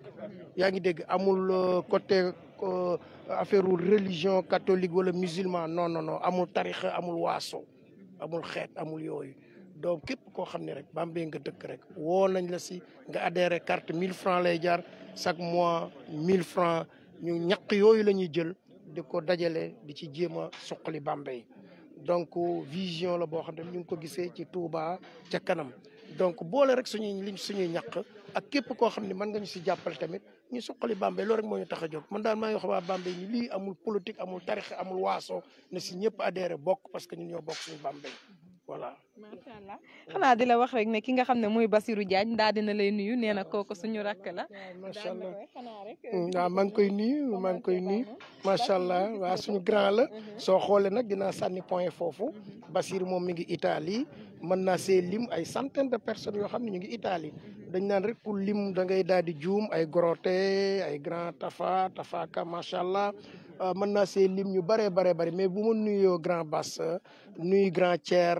yaa ngi dégg amul euh, côté euh, affaire religion catholique wala musulman non non non amul tarixa amul waaso amul xet amul yooyu donc képp koo xam ne rek Bambey nga dëkk rek woo nañ la si nga adhéré carte 1000 francs lay jaar chaque mois 1000 francs ñu ñaq yooyu la ñuy jël di ko dajale di ci jéem a suqali Bambey donc vision la boo xam ne ñu ngi ko gisee ci Touba ca kanam donc boole rek suñuy liñ suñuy ñaq ak képp koo xam ne mën nga ñu si jàppale tamit ñu suqali Bambey loolu rek moo ñu tax a jóg man daal maa ngi wax waa Bambey ñu lii amul politique amul tarix amul waaso ne si ñëpp adhéré bokk parce que ñun ñoo bokk suñu Bambey voilà macha allah xanaa di la wax rek ne ki nga xam ne muy Basirou Diagne daal dina lay nuyu nee na ah, kooku suñu rakk la. macha allah mm, waaw maa koy nuyu maa koy nuyu. macha allah waa suñu grand la. Mm-hmm. soo xoolee nag dina sànni point foofu. Mm-hmm. Basirou moom mi ngi Italie mm-hmm. mën naa see lim ay centaine de personnes yoo xam ne ñu ngi Italie. dañ naan rek ku lim da ngay daal di juum ay Grote ay grand Tafa Tafaka macha allah. Euh, mën na see lim ñu bëree bare bëri mais bu ma nuyoo grand Bass euh, nuyu grand Thier.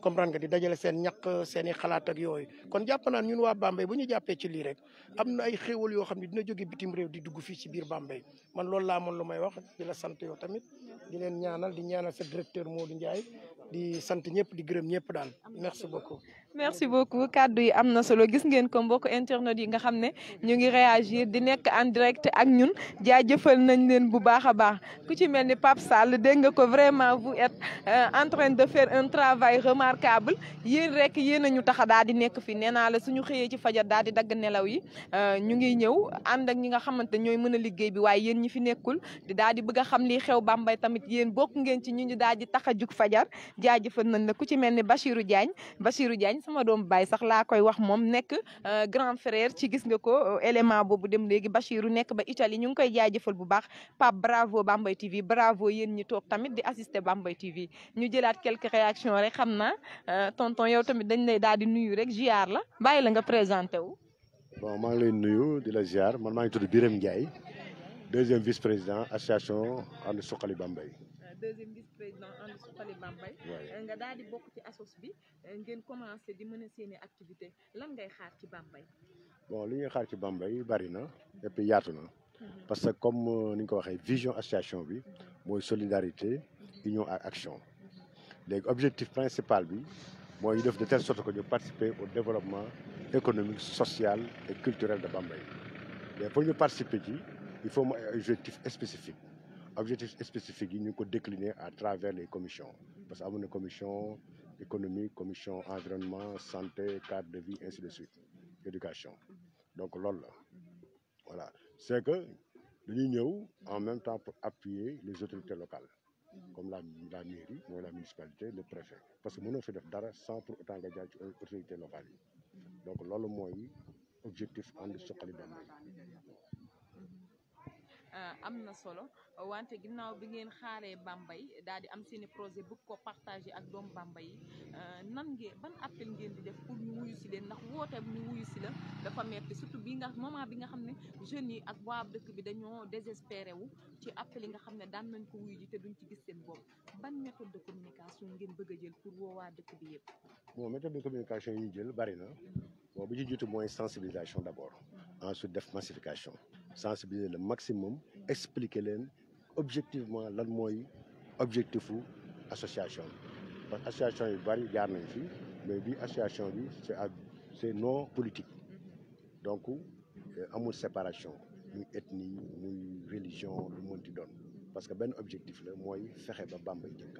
comprendre nga di dajale sen ñak seen xalaat ak yoy kon japp naa ñun wa bambay buñu jappé ci li rek amna ay xéewal yo xamni dina joggé bitim réew di dugg fi ci bir bambay man lool la mën lumay wax di la sant yow tamit di len ñaanal di ñaanal sa directeur Modou Ndiaye di sante ñepp di gërëm ñepp daal merci beaucoup. merci beaucoup kaddu yi amna solo gis ngeen ko mbokk internet yi nga xamné ñu ngi réagir di nek en direct ak ñun jaajëfal nañ leen bu baaxa baax ku ci melni ni Pape Sall deeng nga ko vraiment vous êtes euh, en train de faire un travail remarquable remarquable yéen rek yéen a ñu tax a daal di nekk fi nee naa la suñu xëyee ci fajar daal di nelaw yi euh, ñu ngi ñëw ànd ak ñi nga xamante ñooy mën a liggéey bi waaye yéen ñi fi nekkul di daal di bëgg xam lii xew Bambey tamit yéen bokk ngeen ci ñu ñu daal di tax a jug fajar jaajëfal nañ la ku ci mel ni Bachirou jaañ Bachirou jaañ sama doom baay sax laa koy wax moom nekk euh, grand frère ci gis nga ko euh, élément boobu dem léegi Bachirou nekk ba Italie ñu ngi koy jaajëfal bu baax Pape bravo Bambey TV bravo yéen ñi toog tamit di assister Bambey TV ñu jëlaat quelques réactions rek xam naa Euh, tonton yow tamit dañ lay daal di nuyu rek ziar la bàyyi la nga présenté wu. bon maa ngi lay nuyu di la ziar man maa ngi tudd Birame Ndiaye deuxième vice président association ànd suqali Bambey. Euh, deuxième vice président ànd Soukali Bambey. Euh, nga daal di bokk ci asos bi ngeen commencé di mën a seeni activité lan ngay xaar ci Bambey. bon li ñuy xaar ci Bambey bari na et puis yaatu na. Mhm. parce que comme ni nga ko waxee vision association bi mhm. mooy solidarité mhm. union ak action. L'objectif principal bi de telle sorte que nous participer au développement économique social et culturel de Bambaye. mais pour y participer il faut un objectif spécifique objectif spécifique nous décliner à travers les commissions parce que avons une commission économique commission environnement santé cadre de vie ainsi de suite éducation donc l'OL, voilà c'est que l'Union, en même temps pour appuyer les autorités locales Mhm. comme la la mairie mooy la municipalité le préfet parce que mun mënoo fi def dara sans pour autant nga jaar ci autorité locale yi mhm. donc loolu mooy objectif ànd suqali Bambey Euh, am na solo wante ginnaaw bi ngeen xaaree bambay daal di am seen i projet bëgg ko partager ak doom bambay yi euh, nan nge ban appel ngeen di def pour ñu wuyu si leen ndax woote ñu wuyu si la dafa metti surtout bi nga moment bi nga xam ne jeunes yi ak waa dëkk bi dañoo désespéré wu ci appel yi nga xam ne daan nañ ko wuyu ji te duñ ci gis seen bopp ban méthode de communication ngeen bëgg a jël pour woo dëkk bi yëpp. bon méthode de communication yi ñu jël bari na mm-hmm. bon bi ci jiitu mooy sensibilisation d'abord mm-hmm. ensuite def massification sensibiliser le maximum expliquer objectivement lan moy objectif association parce que association yu bëri jaar nañ fi mais bi association bi c'est c'est non politique donc euh, amul séparation ni ethnie ni religion le monde qui donne parce que l'objectif objectif la moy fexé ba Bambey jëm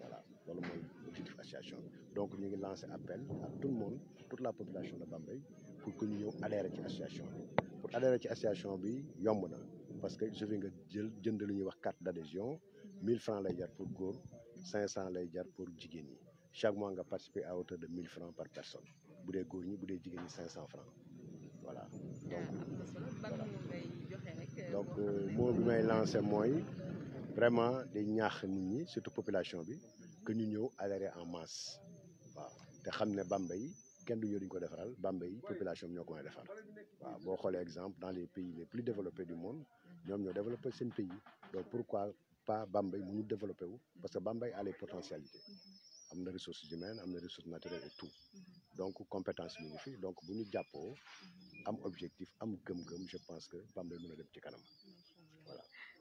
voilà lolu moy objectif association donc ñu ngi lancer appel à tout le monde toute la population de Bambay, pour que ñu ñëw adhérer ci association adhéré ci association bi yomb na parce que il suffit nga jël jënd lu ñuy wax carte d'adhésion 1000 francs lay jar pour góor 500 lay jar pour jigéen chaque mois nga participer à hauteur de 1000 francs par personne bu dee góor ñi bu dee jigéen 500 francs voilà donc ah, moo euh, bi may lancé mooy vraiment di ñaax nit ñi surtout population bi que ñu ñëw adhéré en masse waaw te xam ne yi quand du ñu ko defaral Bambey population bi ñoo ko defar waaw exemple dans les pays les plus développés du monde ñoom ñoo développé un pays donc pourquoi pas Bambey mu développé wu parce que Bambey a les potentialités a des ressources humaines am ressources naturelles et tout donc compétences mi fi donc bu ñu jàppoo am objectif am gëm-gëm je pense que Bambey mën a dem ci kanam.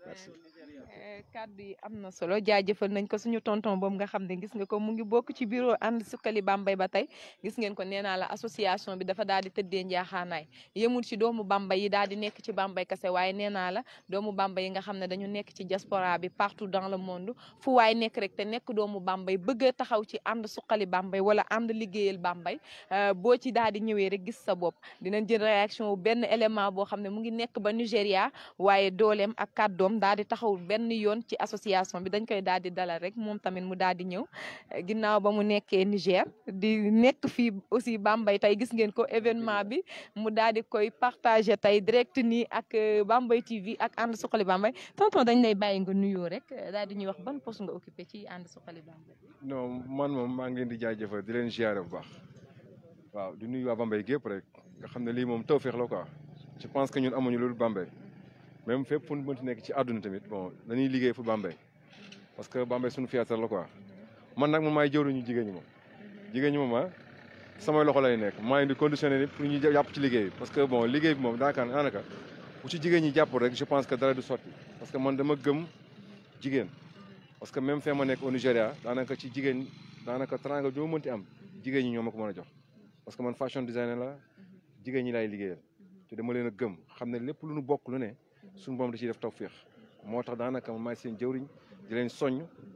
Eh, kàddu yi am na solo jaajëfal nañ ko suñu tonton boobu nga xam ne gis nga ko mu ngi bokk ci bureau ànd sukkali bambay ba tey gis ngeen ko nee naa la association bi dafa daal di tëddee njaaxaanaay yemul ci doomu bambay yi daal di nekk ci bambay waaye nee naa la doomu bambay yi nga xam ne dañu nekk ci diaspora bi partout dans le monde fu waay nekk rek te nekk doomu bambay bëgg taxaw ci ànd suqali bambay wala ànd liggéeyal bambay eh, boo ci daal di ñëwee rek gis sa bopp dinañ jël réaction benn élément boo xam ne mu ngi nekk ba Nigéria waaye dooleem ak kàddoom moom daal di taxawul benn yoon ci association bi dañ koy daal di dalal rek moom tamit mu daal di ñëw ginnaaw ba mu nekkee Niger di nekk fii aussi Bambey tey gis ngeen ko événement bi mu daal di koy partagé tey direct nii ak euh, Bambey TV ak ànd suqali Bambey tonton dañ lay bàyyi nga nuyoo rek euh, daal di ñuy wax ban poste nga occupé ci ànd suqali Bambey. non man moom maa ngi leen di jaajëfal di leen ziare bu baax waaw di nuyu waa Bambey gépp rek nga xam ne lii moom tawféex la quoi je pense que ñun amuñu loolu Bambey. même fépp fu mu mënti nekk ci àdduna tamit bon dañuy liggéey fu Bambey parce que Bambey suñu fierté la quoi man nag man maay jëwriñu jigéen ñi moom jigéen ñi moom ah samay loxo lay nekk maa ngi di conditionné ni pour ñu jàpp ci liggéey bi parce que bon liggéey bi moom daanaka ñi jàpp rek je pense que dara du sotti parce que man dama gëm jigéen parce que même fee ma nekk au Nigéria daanaka ci jigéen daanaka teranga joo mënti am jigéen ñi ñoo ma ko mën a jox parce que man fashion designer la jigéen ñi lay liggéeyal te dama leen a gëm xam ne lépp lu nu bokk lu ne suñu boom da ciy def tawféex moo tax daanaka maay seen jëwriñ di leen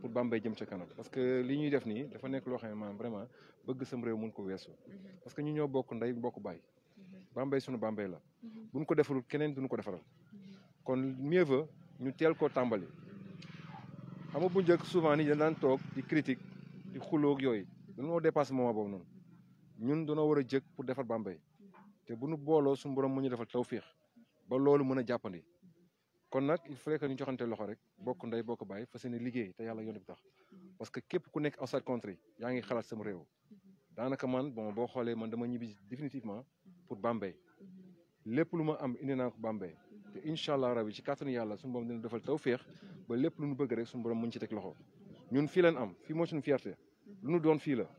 pour Bambey jëm ca kanam parce que li ñuy def nii dafa nekk loo xam ne maanaam vraiment bëgg sam réew mun ko weesu parce que ñu ñoo bokk ndey bokk bay bambay suñu Bambey la buñ ko defalul keneen duñ ko defaral kon mieux vaut ñu teel koo tàmbali xam nga bu njëkk souvent ni dañ daan toog di critique di xuloog yooyu dañoo dépassé moment boobu noonu ñun dañoo war a jëkk pour defar bambay te bu nu booloo suñu borom mu ñu defal tawféex ba loolu mën a jàppandi kon nak il fallait que ñu joxante loxo rek bokk nday bokk bay fas yéene liggéey té yalla yoon tax parce que képp ku nekk outside country ya ngi xalat sama réew danaka man bon bo xolé man dama ñibi définitivement pour bambay lépp luma am indi naa ko bambay te inshallah rabbi ci kàttanu yalla suñu borom dina defal tawfiq ba lépp lu ñu bëgg rek suñu borom mu ci tek loxo ñun fi lañ am fi mo suñu fierté lu ñu doon fi la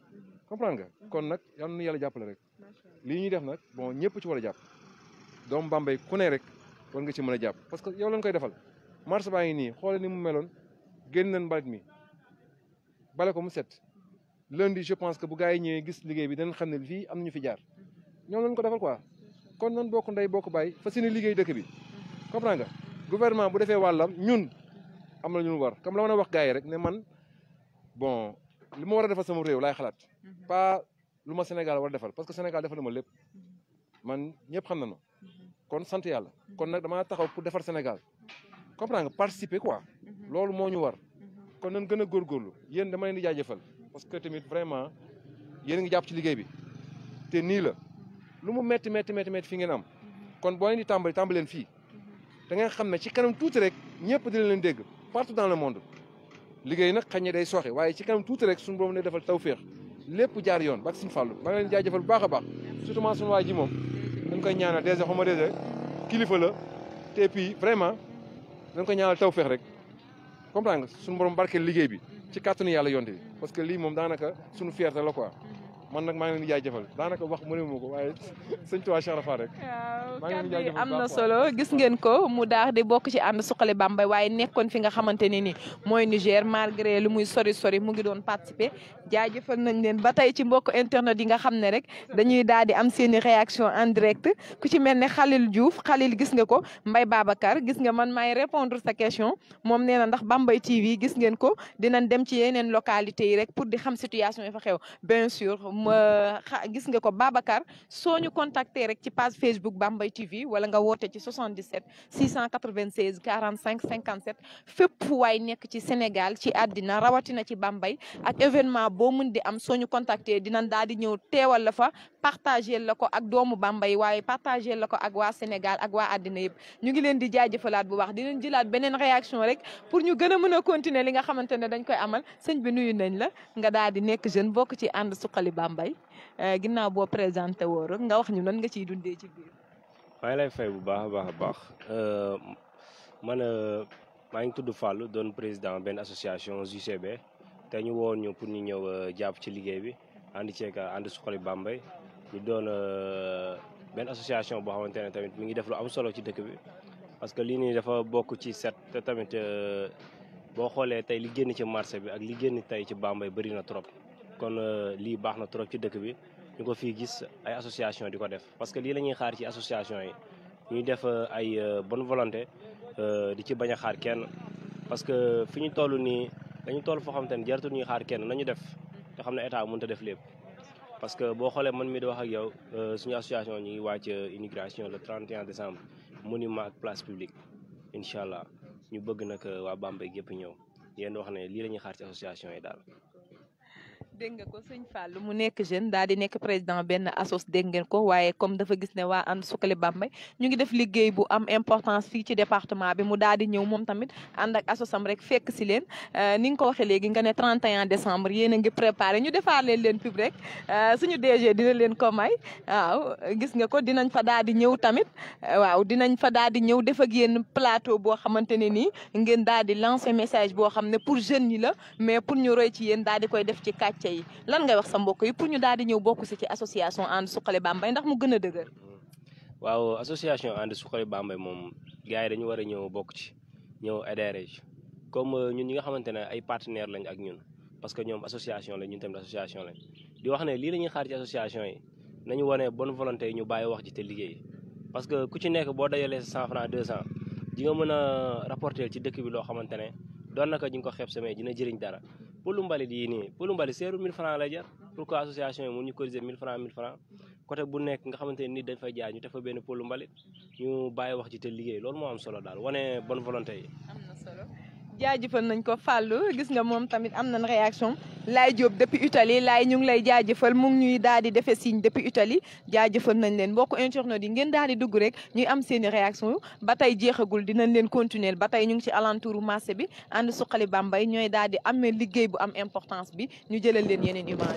comprendre nga kon nak yalla ñu yalla jappalé rek li ñuy def nak bon ñepp ci wara japp dom bambay ku ne rek war nga ci mën a jàpp parce que yow lañ koy defal marché baa ngi nii xoole ni mu meloon génn nañ mbalit mi bale ko mu set lundi je pense que bu gars yi ñëwee gis liggéey bi danañ xam ne fii am ñu fi jaar ñoom lañ ko defal ko kon nan bokk ndey bokk bàyyi fas yéene liggéey dëkk bi comprends nga gouvernement bu defee wàllam ñun am na ñun war comme la mën a wax gars yi rek ne man bon li ma war a defal sama réew laay xalaat mhm. pas lu ma Sénégal war a defal parce que Sénégal defal ma lépp man ñëpp xam na ma kon sante yalla kon nak dama taxaw pour defar Sénégal comprends nga participer quoi mhm. loolu moñu war mhm. kon nañ gëna a góorgóorlu yéen dama leen di jajeufal parce que tamit vraiment yeen a ngi jàpp ci liguey bi té ni la mhm. lu mu metti metti metti metti fi ngeen am kon bo leen di tàmbali tàmbaleen fi da ngeen xamné ci kanam tuuti rek ñëpp dina leen dégg partout dans le monde liguey nak xagne day soxé waye ci kanam tuuti rek suñu boroom ne defal tawfiq lepp jaar yoon bak sin fallu maa leen jajeufal bu baax a baax surtout suñu waa ji moom ñu ngi koy ñaanal DG xaw ma DG kilifa la te puis vraiment dañ koy ñaanal taw feex rek comprendre nga suñu borom barkeel liggéey bi ci kàttanu yàlla yonte bi parce que lii moom daanaka suñu fierté la quoi man nag maa ngi leen di jaajëfal daanaka wax mu ne ma ko waaye sëñ Tuubaa Cheikh Rafa rek. waaw kàddu am na solo gis ngeen ko mu daal de bokk ci ànd suqali Bambey waaye nekkoon fi nga xamante ne ni mooy Niger malgré lu muy sori sori mu ngi doon participer jaajëfal nañ leen ba tey ci mbokk internet yi nga xam ne rek dañuy daal di am seen i réaction en direct ku ci mel ne xalil Diouf Khalil gis nga ko Mbaye Babacar gis nga man may répondre sa question moom nee na ndax Bambey TV gis ngeen ko dinañ dem ci yeneen localité yi rek pour di xam situation yi fa gis nga ko Babacar soo ñu contacter rek ci page Facebook Bambay TV wala nga woote ci 77 696 45 57 fépp waay nekk ci Sénégal ci àddina rawatina ci Bambay ak événement boo mun di am soo ñu contacter dinañ daal di ñëw teewal la fa partager la ko ak doomu Bambay waaye partager la ko ak waa Sénégal ak waa àddina yëpp ñu ngi leen di jaajëfalaat bu baax dinañ jëlaat beneen réaction rek pour ñu gën a mën a continuer li nga xamante ne dañ koy amal sëñ nuyu nañ la nga daal ci ànd mbay eh, ginnaaw boo présenté woo rek nga wax ñu nan nga ciy dundee ci biir. maa lay fay bu baax a baax a baax eh, man eh, maa ngi tudd Fallou doon président benn association JCB te ñu woon ñu pour ñu ñëw jàpp ci liggéey bi ànd ceeg ànd suxali Bambey ñu doon benn association boo xamante ne tamit mu ngi def lu am solo ci dëkk bi parce que lii nii dafa bokk ci set te tamit boo xoolee tey li génn ci marché bi ak li génn tey ci Bambey bëri na trop. kon euh, lii baax na trop ci dëkk bi ñu ko fii gis ay association di ko def parce que lii lañuy xaar ci association yi ñuy def euh, ay euh, bonne volonté di ci bañ a xaar kenn parce que fi ñu toll nii dañu toll foo xam te ne jaratul ñuy xaar kenn nañu def te xam ne état mënut a def lépp parce que boo xoolee man mi di wax ak yow suñu association ñu ngi wàcc immigration le 31 décembre monument ak place publique incha allah ñu bëgg nag waa Bambey gépp ñëw yéen wax ne lii la ñuy xaar ci association yi daal dégg nga ko sëñ Fallou mu nekk jeune daal di nekk président benn asos dégg ngeen ko waaye comme dafa gis ne waa ànd sukkali Bambey ñu ngi def liggéey bu am importance fii ci département bi mu daal di ñëw moom tamit ànd ak asosam rek fekk si leen euh, ni nga ko waxee léegi nga ne 31 décembre yéen a ngi préparé ñu defaale leen pub rek euh, suñu DG dina leen ko may waaw gis nga ko dinañ fa daal di ñëw tamit euh, waaw dinañ fa daal di ñëw def ak yéen plateau boo xamante ne nii ngeen daal di lancer message boo xam ne pour jeunes yi la mais pour ñu roy ci yéen daal koy def ci kàcce quartier yi lan ngay wax sa mbokk yi pour ñu daal di ñëw bokk si ci association ànd suqali bambay ndax mu gën a dëgër. waaw association ànd suqali Bambey moom gars yi dañu war a ñëw bokk ci ñëw adhéré ci comme euh, ñun ñi nga xamante ne ay partenaires lañ ak ñun parce que ñoom association lañ ñun tamit association lañ di wax ne lii la ñuy xaar ci association yi nañu wane bonne volonté yi ñu bàyyi wax ji te liggéey parce que ku ci nekk boo dajalee sa 100 francs 200 di nga mën a rapporter ci dëkk bi loo xamante ne doon naka ñu ngi ko xeeb samay dina jëriñ dara pëlu mbalit yii nii pëlu mbalit seeru 1000 francs lay jar pourquoi association yi mun ñu cotiser 1000 francs 1000 francs côté bu nekk nga xamante ni nit dañ fay jaay ñu def fa benn pëlu mbalit ñu bàyyi wax ci te liggéey loolu moo am solo daal wane bonne volonté yi. jaajëfal nañ ko Fallu gis nga moom tamit am nañ réaction Lay Diop depuis Italie Lay ñu ngi lay jaajëfal mu ngi ñuy daal di defee signe depuis Italie jaajëfal nañ leen mbokk internet yi ngeen daal di dugg rek ñuy am seen réaction ba tey jeexagul dinañ leen continuer ba tey ñu ngi ci alentour marché bi ànd suqali Bambey ñooy daal di amee liggéey bu am importance bi ñu jëlal leen yeneen image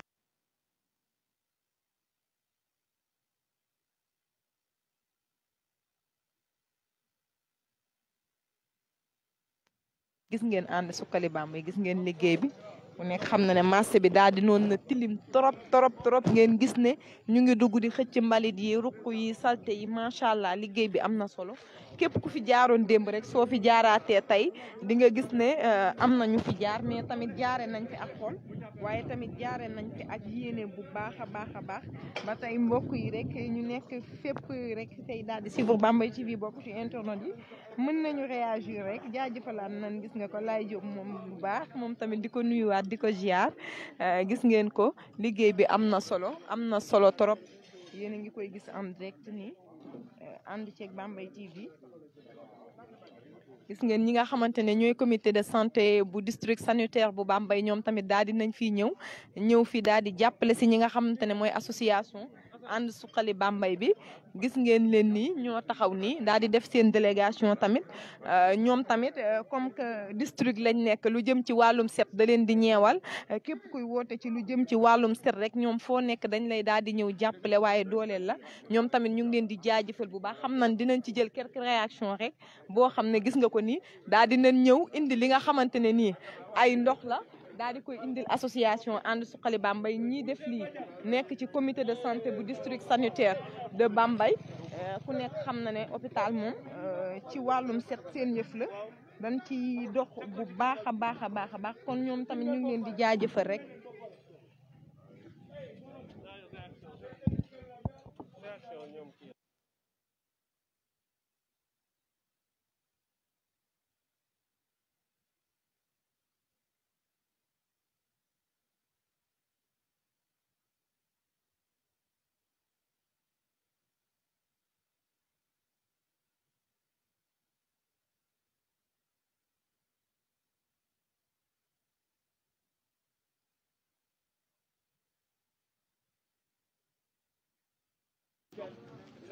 gis ngeen ànd sukkali bamb yi gis ngeen liggéey bi ku nekk xam na ne marché bi daal di noonu na tilim trop trop trop ngeen gis ne ñu ngi dugg di xëcc mbalit yi ruq yi salte yi macha allah liggéey bi am na solo képp ku fi jaaroon démb rek soo fi jaaraatee tey di nga gis ne euh, am na ñu fi jaar mais tamit jaare nañ fi ak xol waaye tamit jaare nañ fi ak yéene bu baax a baax a baax ba tey mbokk yi rek ñu nekk fépp rek tey daal di suivre Bambey TV bokk ci internet yi mën nañu réagir rek jaajëfalaat nan gis nga ko laay jóg moom di ko ziar eh, gis ngeen ko liggéey bi am na solo am na solo trop yéen a ngi koy gis en direct nii eh, ànd ceeg Bambey TV gis ngeen ñi nga xamante ne ñooy comité de santé bu district sanitaire bu bambay ñoom tamit daal di nañ fii ñëw ñëw fii daal di jàppale si ñi nga xamante ne mooy association ànd suqali Bambey bi gis ngeen leen nii ñoo taxaw nii daal di def seen délégation tamit euh, ñoom tamit euh, comme que district lañ nekk lu jëm ci wàllum set da leen di ñeewal euh, képp kuy woote ci lu jëm ci wàllum set rek ñoom foo nekk dañ lay daal di ñëw jàppale waaye dooleel la ñoom tamit ñu ngi leen di jaajëfal bu baax xam nañ dinañ ci jël quelque réaction rek boo xam ne gis nga ko nii daal di nañ ñëw indi li nga xamante ne nii ay ndox la daal indil association ànd suqali Bambey ñii def lii nekk ci comité de santé bu district sanitaire de Bambay, euh, ku nek xam na né hôpital mom euh, ci walum set seen yëf la dañ ci dox bu baaxa baaxa baaxa baax kon ñom tamit ñu ngi leen di jaajëfal rek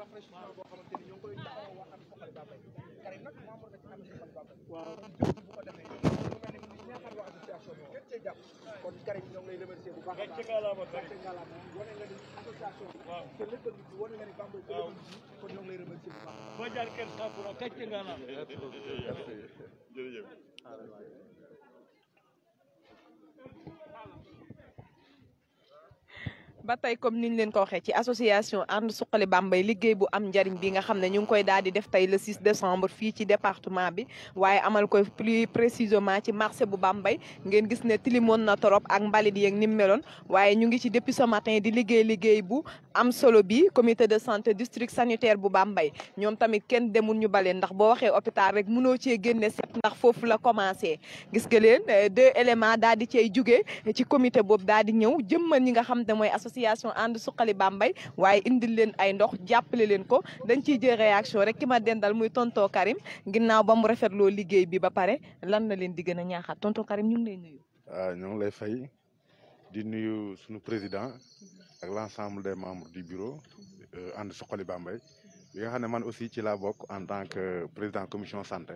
rafraîchissement boo xamante ni ñoo ngi koy taxaw waxtaan soxal Bambey Karim nag kon Karim ñoo ngi lay bu a ba jaar kenn sàkku na gàcce ba tey comme niñ leen ko waxee ci association ànd suqali Bambey liggéey bu am njariñ bi nga xam ne ñu ngi koy daal di def tey le 6 décembre fii ci département bi waaye amal ko plus précisement ci marché bu Bambey ngeen gis ne tilimoon na torop ak mbalit yeek ni meloon waaye ñu ngi ci depuis ce matin di liggéey liggéey bu am solo bi comité de santé district sanitaire bu mbay ñoom tamit kenn demul ñu bale ndax boo waxee hôpital rek munoo cee génne set ndax foofu la commencé gis nga leen euh, deux éléments daal di cay jugee ci comité boobu daal di ñëw jëmmal ñi nga xam te mooy association ànd suqali Bambey waaye indi leen ay ndox jàppale leen ko dañ ciy jël réaction rek ki ma dendal muy tonto Karim ginnaaw ba mu rafetloo liggéey bi ba pare lan la leen di gën a ñaaxaat tonto Karim ñu ngi lay nuyu. waaw ah, di nuyu suñu président ak l'ensemble des membres du bureau ànd euh, Suxali Bambey bi nga xam man aussi ci la bok en tant que président commission santé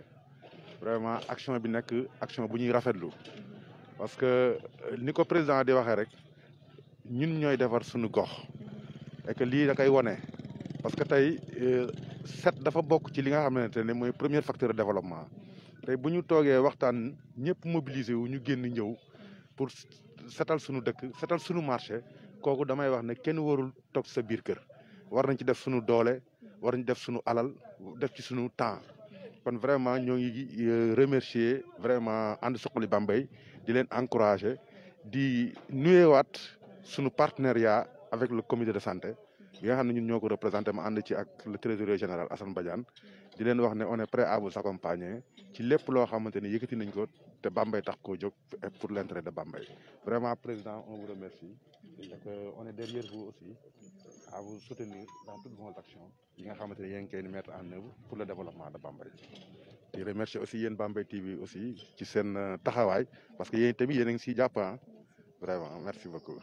vraiment action bi nek action bu ñuy rafetlu parce que euh, niko président di waxe rek ñun ñoy défar suñu gox et que li da kay woné parce que tay euh, set dafa bok ci li nga xamante tane moy premier facteur de développement tay buñu togué waxtan waxtaan ñëpp mobiliser wu ñu génn ñew pour setal sunu dëkk setal sunu marché kooku damay wax ne kenn warul toog sa biir kër war nañ ci def sunu doole war nañ def sunu alal def ci sunu temps kon vraiment ñoo ngi euh, remercier vraiment And Suxali Bambey di leen encourager di nuye waat sunu partenariat avec le comité de santé bi nga xam ne ñun ñoo ko représenté ma ànd ci ak le trésorier général Assane Badiane di leen wax ne on est prêt à vous accompagner ci lépp loo xamante ni yëkkati nañ ko de Bambay tax pour l'entrée de Bambay. vraiment président on vous remercie on est derrière vous aussi à vous soutenir dans toutes vos actions Il nga a qui mettre en œuvre pour le développement de Bambay. Je remercie aussi Yen Bambay TV aussi ci en euh, taxawaay parce que yéen tamit yéen a au Japon. Hein. vraiment merci beaucoup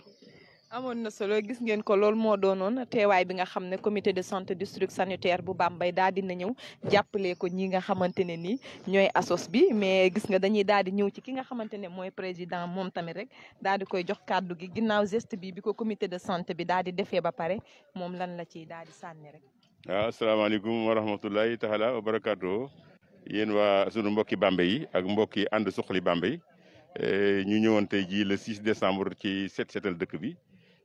amoon na solo gis ngeen ko loolu moo doonoon teewaay bi nga xam ne comité de santé district sanitaire bu bambay daal dina ñëw jàppale ko ñi nga xamante ne nii ñooy asos bi mais gis nga dañuy daal di ñëw ci ki nga xamante ne mooy président moom tamit rek daal di koy jox kàddu gi ginnaaw geste bi bi ko comité de santé bi daal di defee ba pare moom lan la ciy daal di sànni rek. waaw ah, asalaamaaleykum wa rahmatulahi taala wa barakaatu yéen waa sunu mbokki Bambey yi ak mbokki ànd suxali Bambey eh, ñu ñëwoon tey jii le 6 décembre ci set dëkk bi.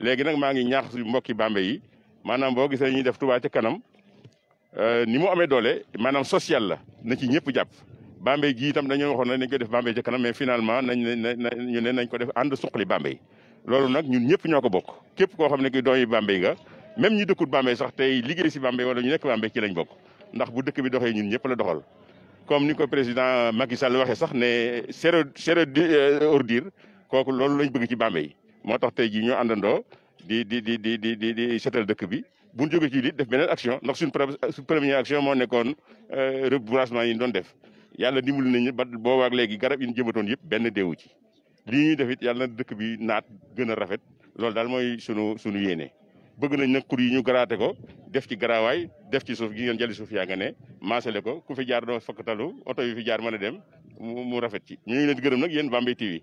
léegi nak ma ngi ñaax ci mbokki bambe yi maanaam boo gisee ñuy def Touba ci kanam euh ni mu amé doolé manam social la na ci ñepp japp bambe gi itam dañoo waxon ne nañ ko def bambe ci kanam mais finalement nañ ñu ne nañ ko def and suqli bambe yi loolu nag ñun ñepp ñoko bok képp ko xamné ne ki doomi bambe yi nga même ñi dëkkut bambe sax tay liggéey ci bambe wala ñu nekk bambe ci lañ bok ndax bu dëkk bi doxé ñun ñepp la doxal comme ni ko président Macky Sall waxé sax né c'est à redire euh, koku lolu lañ bëgg ci bambe yi moo tax tey jii ñu àndandoo di di di di di di di seetal dëkk bi bu ñu jógee ci it def beneen action ndax suñ première action moo nekkoon euh, reboisement yi ñu doon def yàlla dimbali nañu ba boobaak léegi garab yi ñu jëmbatoon yëpp benn deewu ci li ñuy def it yàlla dëkk bi naat gën a rafet loolu daal mooy sunu sunu yéene bëgg nañ nag kur yi ñu garaate ko def ci garaawaay def ci suuf gi ngeen jëli suuf yaa nga ne maasale ko ku fi jaar doo fakk talu oto yi fi jaar mën a dem mu rafet ci ñu ngi leen gërëm nag yéen Bambey TV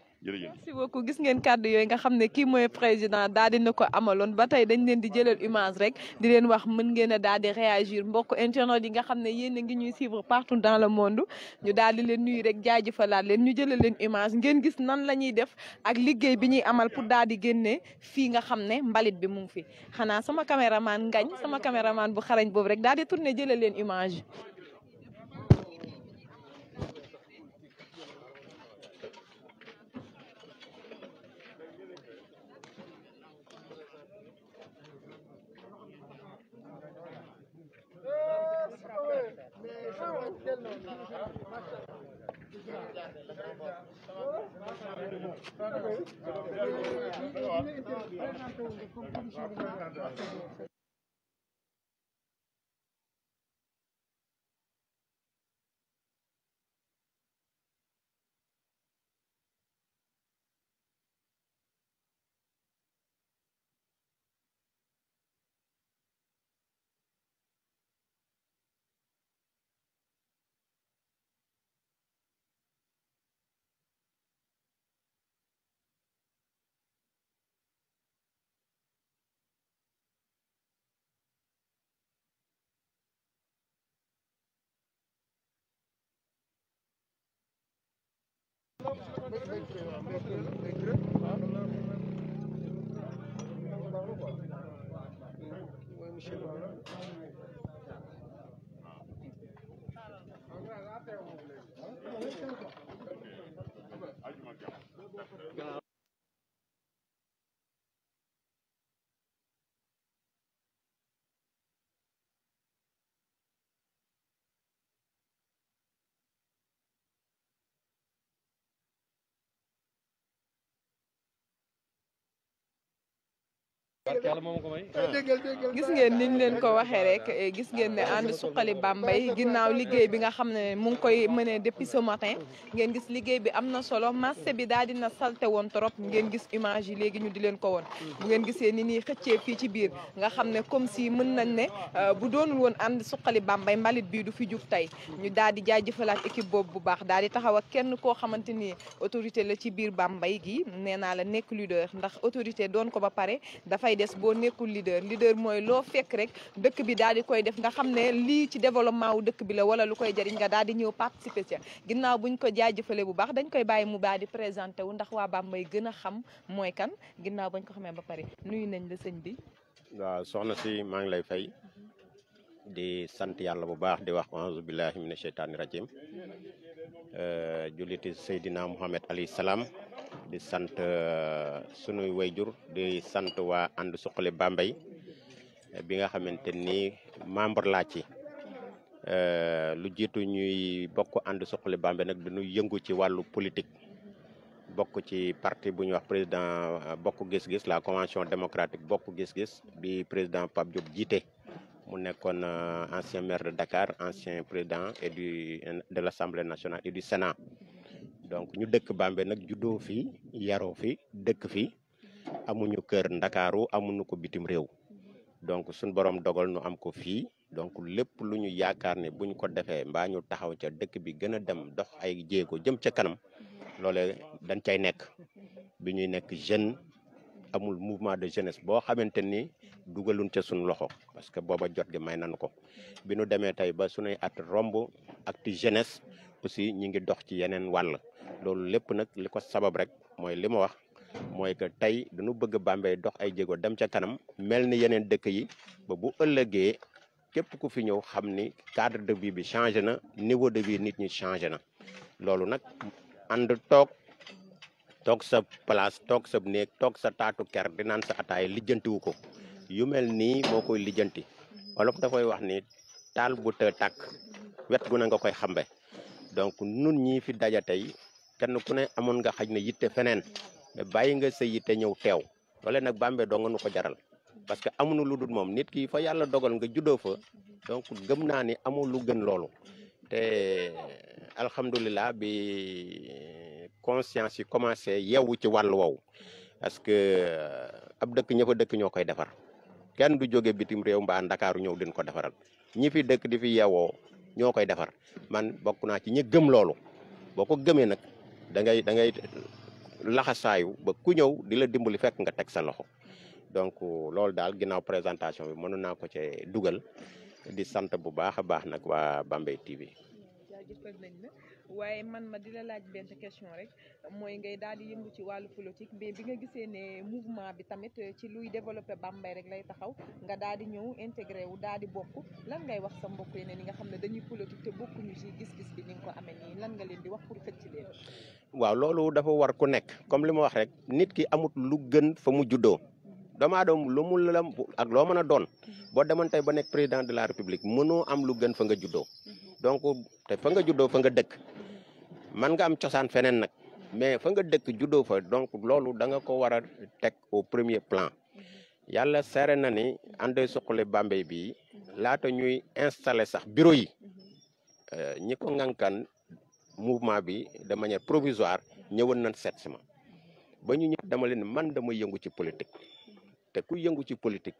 si merci beaucoup gis ngeen kàddu yooyu nga xam ne kii mooy président daal dina ko amaloon ba tey dañ leen di jëlal image rek di leen wax mën ngeen a daal di réagir mbokk internet yi nga xam ne yéen a ngi ñuy suivre partout dans le monde ñu daal di leen nuyu rek jaajëfalaat leen ñu jëlal leen image ngeen gis nan la ñuy def ak liggéey bi ñuy amal pour daal di génnee fii nga xam ne mbalit bi mu ngi fi xanaa sama caméraman ngañ sama caméraman bu xarañ boobu rek daal di tourné jëlal leen image ਸਾਰਾ ਇਹ ਜਿਹੜਾ ਕੰਪੋਜੀਸ਼ਨ ਹੈਗਾ Michelin. gis ngeen niñ leen ko waxee rek eh, gis ngeen ne ànd suqali Bambey ginaaw liggéey bi nga xam ne mu ngi koy mënee depuis ce matin ngeen gis liggéey bi am na solo marché bi daal dina salte woon trop ngeen gis image yi léegi ñu di leen ko woon bu ngeen gisee ni ni xëccee fii ci biir nga xam ne comme si mën nañ ne eh, bu doonul woon ànd suqali Bambey mbalit bii du fi jub tey ñu daal di jëfalaat équipe boobu bu baax daal di taxaw kenn koo xamante ni autorité la ci biir Bambey gi nee naa la nekk ndax autorité doon ko ba pare fay des boo nekkul leader leader mooy loo fekk rek dëkk bi daal di koy def nga xam ne lii ci développement wu dëkk bi la wala lu koy jëriñ nga daal di ñëw participer ca ginnaaw buñ ko jaajëfale bu baax dañ koy bàyyi mu baal di présenté wu ndax waa may gën a xam mooy kan ginnaaw bañ ko xamee ba pare nuyu nañ la sëñ bi waaw soxna si maa ngi lay fay di sant yàlla bu baax di wax auzu billahi mina sheytaani rajim euh, julliti Seydina Mouhamed alayhi salaam di sant euh, sunuy wayjur di sant waa ànd suqali Bambey eh, bi nga xamante ni membre laa ci euh, lu jiitu ñuy bokk ànd suqali Bambey nag dañuy yëngu ci wàllu politique bokk ci parti bu ñuy wax président euh, bokk gis-gis la convention démocratique bokk gis-gis bi président Pape Diop jiite mu nekkoon ancien maire de Dakar ancien président et de l'Assemblée nationale et du Sénat donc ñu dëkk Bambey nak juddo fi yaro fi dëkk fi amuñu kër ndakaaru amuñu ko bitim réew donc suñ borom dogal nu am ko fi donc lepp luñu ñu buñ ko défé mbaa ñu taxaw ca dëkk bi gëna dem dox ay jéego jëm ca kanam lolé dañ cey nekk biñuy nekk jeune amul mouvement de jeunesse bo xamanteni dugalun ca sun loxo parce que boba jot gi may nan ko bi nu tay ba suñuy at rombo ak ti jeunesse aussi ñi ngi dox ci yenen wal loolu lépp nag li ko sabab rek mooy li ma wax mooy que tey dañu bëgg Bambey dox ay jéego dem ca kanam mel ni yeneen dëkk yi ba bu ëllëgee képp ku fi ñëw xam ni cadre de vie bi changé na niveau de vie nit ñi changé na loolu nag ànd toog toog sa palace toog sa néeg toog sa taatu ker di naan sa ataay lijjantiwu ko yu mel nii moo koy lijjanti wolof dafay wax ni taal bu të tàkk wet gu na nga koy xambe donc nun ñi daja tey kenn ku ne amon nga xajna yitte fenen mais bàyyi nga sey yitte ñew tew loole nak bambe do nga ñuko jaral parce que amunu lu dul nit ki fa yalla dogal nga juddo fa donc gëm na ni amo lu gën lolu te alhamdulilah bi eh, conscience yi commencé yeewu ci walu waw parce que eh, ab dekk ñafa dekk ñokay défar kenn du joggé bitim réew mba dakar ñew din ko défaral ñi fi dekk di fi yewoo ñokay défar man bokku na ci ñi gëm lolu boko gëmé nak da ngay da ngay laxasaayu ba ku ñëw di la dimbali fekk nga teg sa loxo donc loolu daal ginnaaw présentation bi mënu naa ko ci dugal di sant bu baax a baax nag waa Bambey TV waaye man ma di la laaj benn question rek mooy ngay daal di yëngu ci wàllu politique mais bi nga gisee ne mouvement bi tamit ci luy développer Bambey rek lay taxaw nga daal di ñëw intégré wu daal di bokk lan ngay wax sa mbokk yi ni nga xam ne dañuy politique te bokkuñu ci gis-gis bi ni nga ko amee nii lan nga leen di wax pour xëcc leen. waaw loolu dafa war ku nekk comme li ma wax rek nit ki amut lu gën fa mu juddoo. doomu aadama lu mu la ak loo mën a doon mhm. boo demoon ba nekk président de la république mënoo am lu gën fa nga juddoo mhm. donc te fa nga juddoo fa nga dëkk man nga am cosaan feneen nag mais fa nga dëkk juddoo fa donc loolu da nga ko war a teg au premier plan mhm. yàlla seere na ni André Soxole Bambey bi laata ñuy installer sax bureau yi euh, ñi ko ŋànkan mouvement bi de manière provisoire ñëwoon nañ seet si ma ba ñu ñëw dama leen man dama yëngu ci politique te ku yëngu ci politique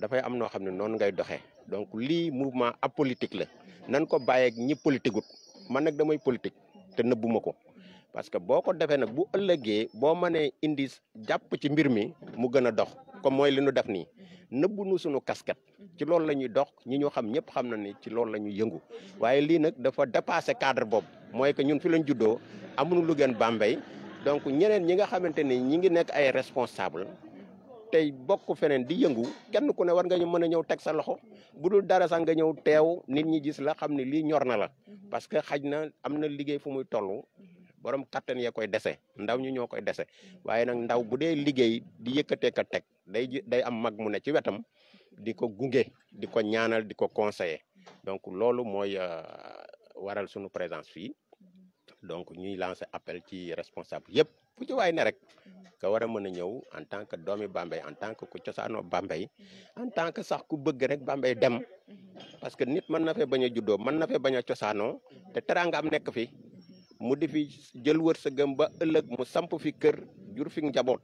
dafay am noo xam ne noonu ngay doxee donc lii mouvement apolitique la nan ko bàyyeeg ñi politique ut man nag damay politique te nëbbuma ko parce que boo ko defee nag bu ëllëgee boo mënee indi jàpp ci mbir mi mu gën a dox comme mooy li ñu def nii nëbbu nu suñu kasket ci loolu la ñuy dox ñi ñoo xam ñëpp xam na ni ci loolu la ñuy yëngu waaye lii nag dafa dépassé cadre boobu mooy que ñun fi lañ juddoo amuñu lu gën Bambey donc ñeneen ñi nga xamante ni ñi ngi nekk ay responsable tay bokku fenen di yëngu kenn ku ne war nga ñu mëna ñew tek sa loxo bu dul dara sa nga ñew tew nit ñi gis la xamni li ñor na la mhm. parce que xajna amna liggey fu muy tollu mhm. borom kattan ya koy déssé ndaw ñu ñokoy déssé dese mhm. nak ndaw bu dee di yëkëté ka tek day day am mag mu ne ci wétam diko gungé gunge ñaanal diko conseiller donc lolu moy euh, waral sunu présence fi donc ñuy lancer appel ci responsable yépp fu ci waay ne rek ka war a mën a ñëw en tant que doomi Bambey en tant que ku cosaanoo Bambey en tant que sax ku bëgg rek Bambey dem parce que nit mën na fee bañ a juddoo mën na fee bañ a cosaanoo te teraanga am nekk fi mu di fi jël gëm ba ëllëg mu samp fi kër jur fi njaboot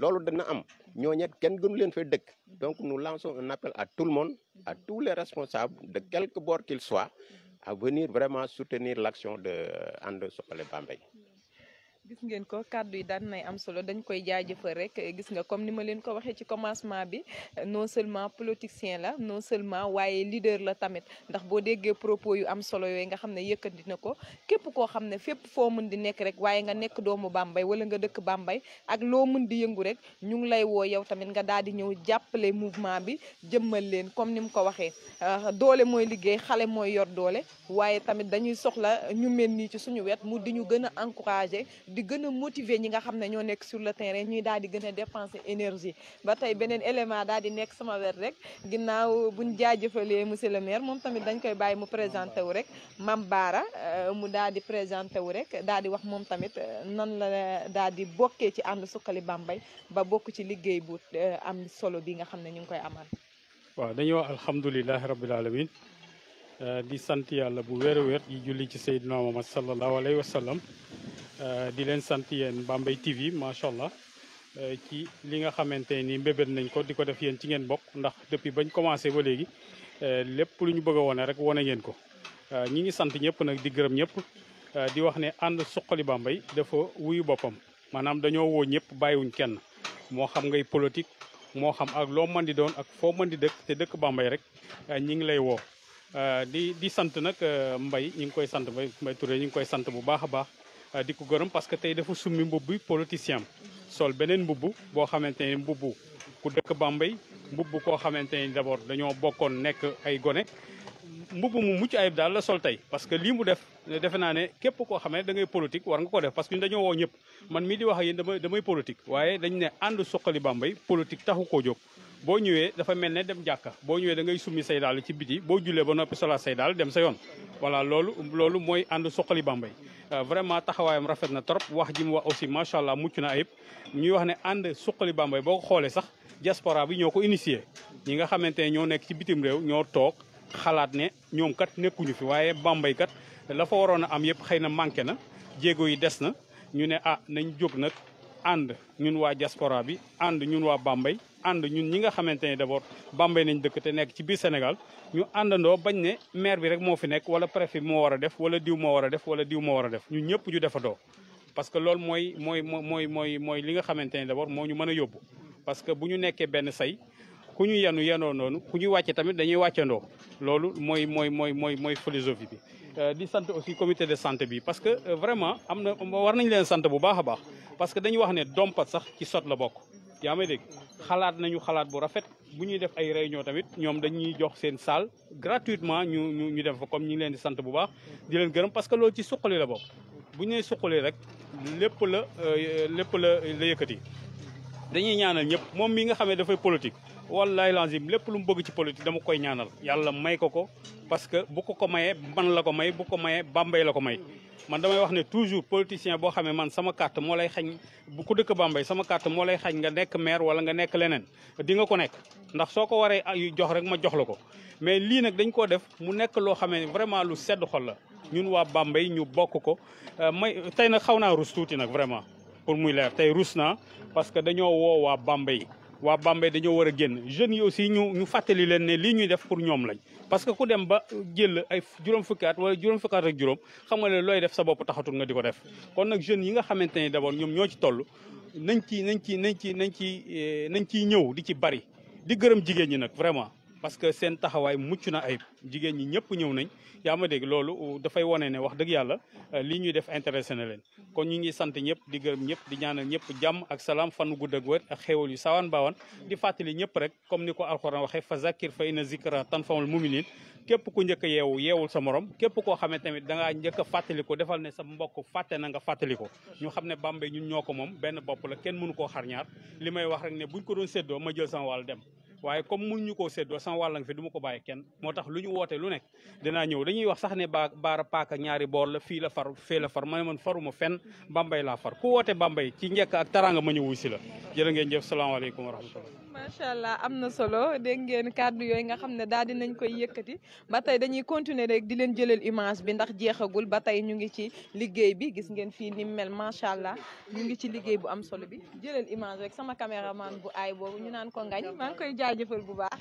loolu dana am ñooñu kenn gënu leen fay dëkk donc nous lançons un appel à tout le monde à tous les responsables de quelque bord qu'ils soient à venir vraiment soutenir l'action de Anne Sopalé Bambay. gis ngeen ko kàddu yi daan nay am solo dañ koy jaajëfal rek gis nga comme ni ma leen ko waxee ci commencement bi non seulement politicien la non seulement waaye leader la tamit ndax boo déggee propos yu am solo yooyu nga xam ne yëkkati na ko képp koo xam ne fépp foo mën di nekk rek waaye nga nekk doomu Bambey wala nga dëkk bàmbay ak loo mun di yëngu rek ñu ngi lay woo yow tamit nga daal di ñëw jàppale mouvement bi jëmmal leen comme ni mu ko waxee euh, doole mooy liggéey xale mooy yor doole waaye tamit dañuy soxla ñu mel nii ci suñu wet mu di ñu gën a encouragé di gën a motiver ñi nga xam ne ñoo nekk sur le terrain ñuy daal di gën a dépenser énergie ba tey beneen élément daal di nekk sama wet rek ginnaaw buñ jëfalee monsieur le maire moom tamit dañ koy bàyyi mu présenté wu rek Mame Bara euh, mu daal di présenté wu rek daal di wax moom tamit euh, nan la daal di bokkee ci ànd suqali bambay ba bokk ci liggéey bu euh, am solo bi nga xam ne ñu ngi koy amal waaw dañuy wax alhamdulilahi rabbil alamin Eh, di sant yalla bu wér a wér di julli ci sayyidina Muhammad sallallahu alayhi wasallam eh, di len sant yeen bambay TV sha allah eh, ci li nga xamanteni ni nañ ko di def yeen ci ngeen bok ndax depuis bañ commencé ba léegi lepp luñu bëgg a wone rek wane ngeen ko ñi ngi sant ñepp nak di gërëm ñepp di wax ne and suqali bambay dafa wuyu bopam manam dañoo wo ñepp bayiwuñ kenn mo xam ngay politique mo xam ak lo mën di doon ak fo mën di dëkk te dëkk bambay rek ñi ngi lay wo Euh, di di sant nag euh, mbay ñu ngi koy sant Mbaye Mbaye Touré ñu ngi koy sant bu baax a baax euh, di ko gërëm parce que tey dafa summi mbubbu politicien sol beneen mbubb boo xamante ne mbubbu ku dëkk Bambey mbubb koo xamante ne d'abord dañoo bokkoon nekk ay gone mbubb mu mucc ay daal la sol tey parce que lii mu def defe naa ne képp koo xam ne da ngay politique war nga ko def parce que ñu dañoo woo ñëpp man mii di wax ak yéen damay damay politique waaye dañ ne ànd suqali Bambey politique taxu koo jóg bo ñëwee dafa mel dem jakka bo ñëwee da ngay summi say dal ci biti bo jullé ba nopi sala say dal dem sa yoon wala loolu loolu moy ànd soxali bambay euh, vraiment taxawayam rafet na trop wax ji mu wax aussi machallah allah na ayib ñuy wax ne and soxali bambay boko xolé sax diaspora bi ñoko ko ñi nga xamanté ño nek ci bitim rew ño tok xalaat ne ñom kat nekkuñu fi waaye bambay kat la fa warona am yépp xeyna na na djégo yi dess na ñu ne ah nañ jog nak and ñun wa diaspora bi and ñun wa bambay ànd ñun ñi nga xamante ne d'abord Bambey nañ dëkk te nekk ci biir Sénégal ñu àndandoo bañ ne maire bi rek moo fi nekk wala préfet bi moo war a def wala diw moo war a def wala diw moo war a def ñëpp ñu defandoo. parce que loolu mooy mooy mooy mooy mooy li nga xamante ne d'abord moo ñu mën a yóbbu parce que bu ñu nekkee benn say ku ñu yenu yenoo noonu ku ñu wàcce tamit dañuy wàccandoo loolu mooy mooy mooy mooy mooy philosophie bi. Euh, di sant aussi comité de santé bi parce que euh, vraiment am na war nañ leen sant bu baax baax parce que dañu wax ne dompat sax ci sot la bokk. yaa may dégg xalaat nañu xalaat bu rafet bu ñuy def ay réunion tamit ñoom dañuy jox seen salle gratuitement ñu ñu ñu dem fa comme ñu ngi leen di sant bu baax di leen gërëm parce que loolu ci suqali la bu ñu nee rek lépp la euh, lépp la la yëkkati dañuy ñaanal ñëpp moom mi nga xam ne dafay politique wallaay lazim lépp lu mu bëgg ci politique dama koy ñaanal yàlla may ko ko parce que bu ko ko mayee man la ko may bu ko mayee bambay la ko may man damay wax ne toujours politicien boo xamee man sama carte moo lay xañ bu ku dëkk Bambey sama carte moo lay xañ nga nekk maire wala nga nekk leneen di nga ko nekk ndax soo ko waree jox rek ma jox la ko mais lii nag dañ koo def mu nekk loo xamee vraiment lu sedd xol la ñun waa Bambey ñu bokk ko euh, may tey nag xaw naa rus tuuti nag vraiment pour muy leer tey rus parce que dañoo woo waa wa ne sais wara génn jeunes yi aussi ñu ñu fàttali leen ne lii ñuy def pour lañ parce que ku dem ba jël ay juróom fukki wala juróom fukki ak juróom xam nga ne looy def sa bopp taxatul nga di ko def kon nag jeunes yi nga xamante ne Nous ñoom ñoo ci toll nañ ci nañ ci nañ ci nañ ci eh, nañ ci ñëw di ci vraiment parce que seen taxawaay mucc na ayib jigéen ñi ñëpp ñëw nañ yaa dégg loolu uh, dafay wane ne wax dëgg yàlla uh, lii ñuy def intéressé na leen kon ñu ngi sant ñëpp di gërëm ñëpp di ñaanal ñëpp jàmm ak salaam fanu gudd gu wër ak xéewal yu sawan bawan di fàttali ñëpp rek comme ni ko alxuraan waxee fa zakir fa ina zikra tanfa'ul muminin képp ku njëkk a yeewu yeewul sa morom képp koo xamee tamit dangaa njëkk a ko defal ne sa mbokk fàtte na nga fàttaliko ñu xam ne Bambey ñun ñoo ko moom benn bopp la kenn mënu koo xar li may wax rek ne buñ ko doon séddoo ma jël sama dem waaye comme mënuñu koo séddoo sama wàllang fi du ma ko bàyyi kenn moo tax lu ñu woote lu nekk dinaa ñëw dañuy wax sax ne baa baara paaka ñaari boor la fii la far fee la far ma ne man faruma fenn Bambey laa far ku woote Bambey ci njëkk ak taranga ma ñëw wuy si la jërë ngeen jëf salaamaaleykum wa rahmatullah macha allah am na solo dégg ngeen kàddu yooyu nga xam ne daal di nañ koy yëkkati ba tey dañuy continuer rek di leen jëleel image bi ndax jeexagul ba tey ñu ngi ci liggéey bi gis ngeen fii ni mel macha allah ñu ngi ci liggéey bu am solo bi jëleel image rek sama caméraman bu ay boobu ñu naan ko ngañ maa ngi koy jaajëfal bu baax.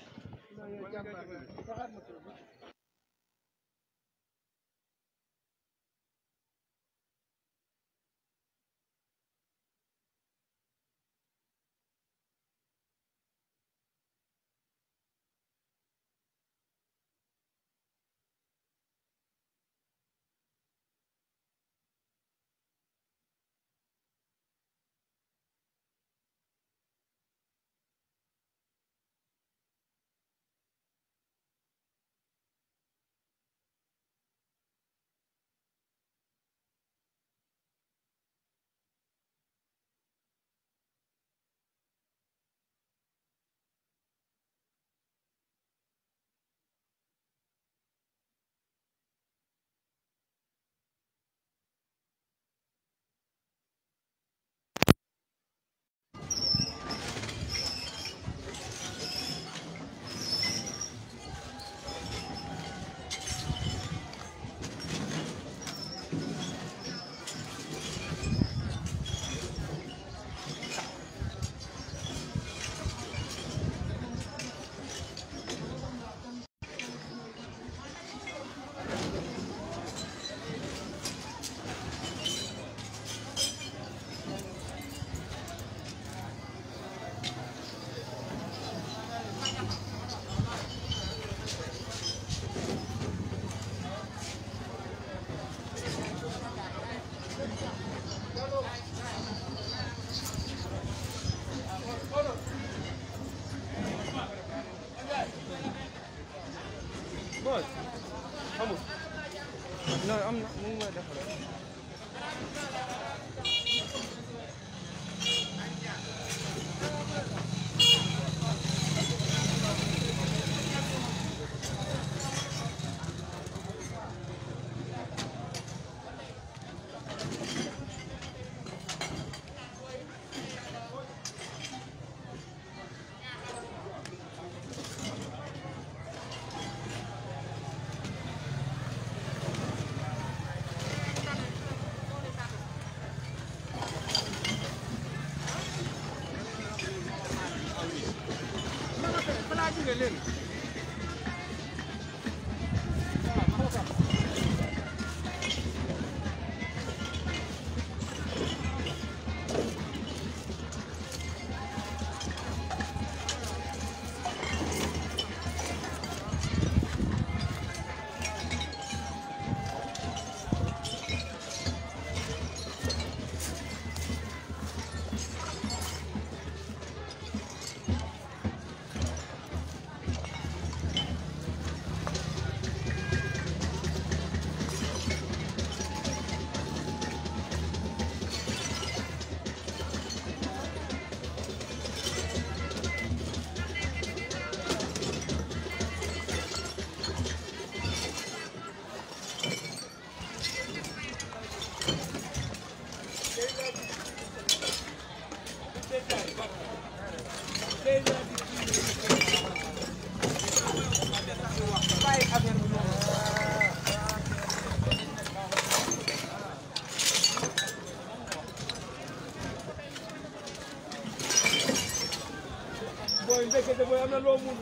abandonou o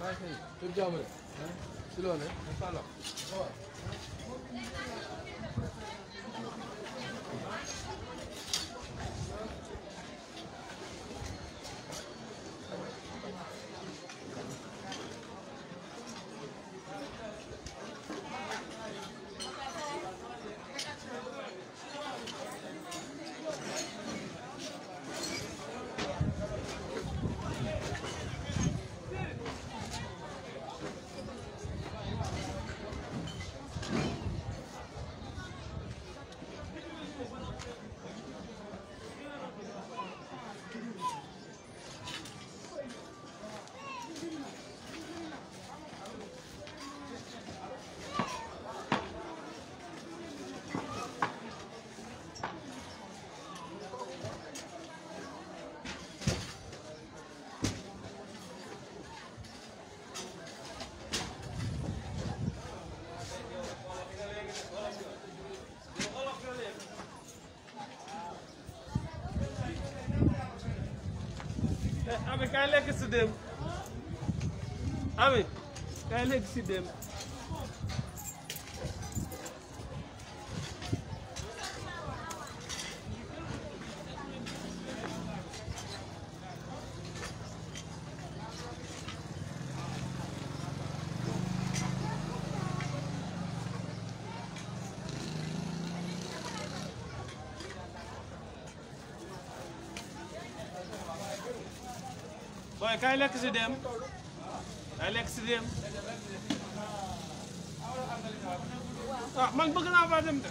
可以，就叫我们，嗯，吃了呢，都散了，走吧。ami kaay lekk si démb ami kaay lekk si démb waaye kaay lekk si dem kaay lekk si dem ah man bëgg naa faa dem de.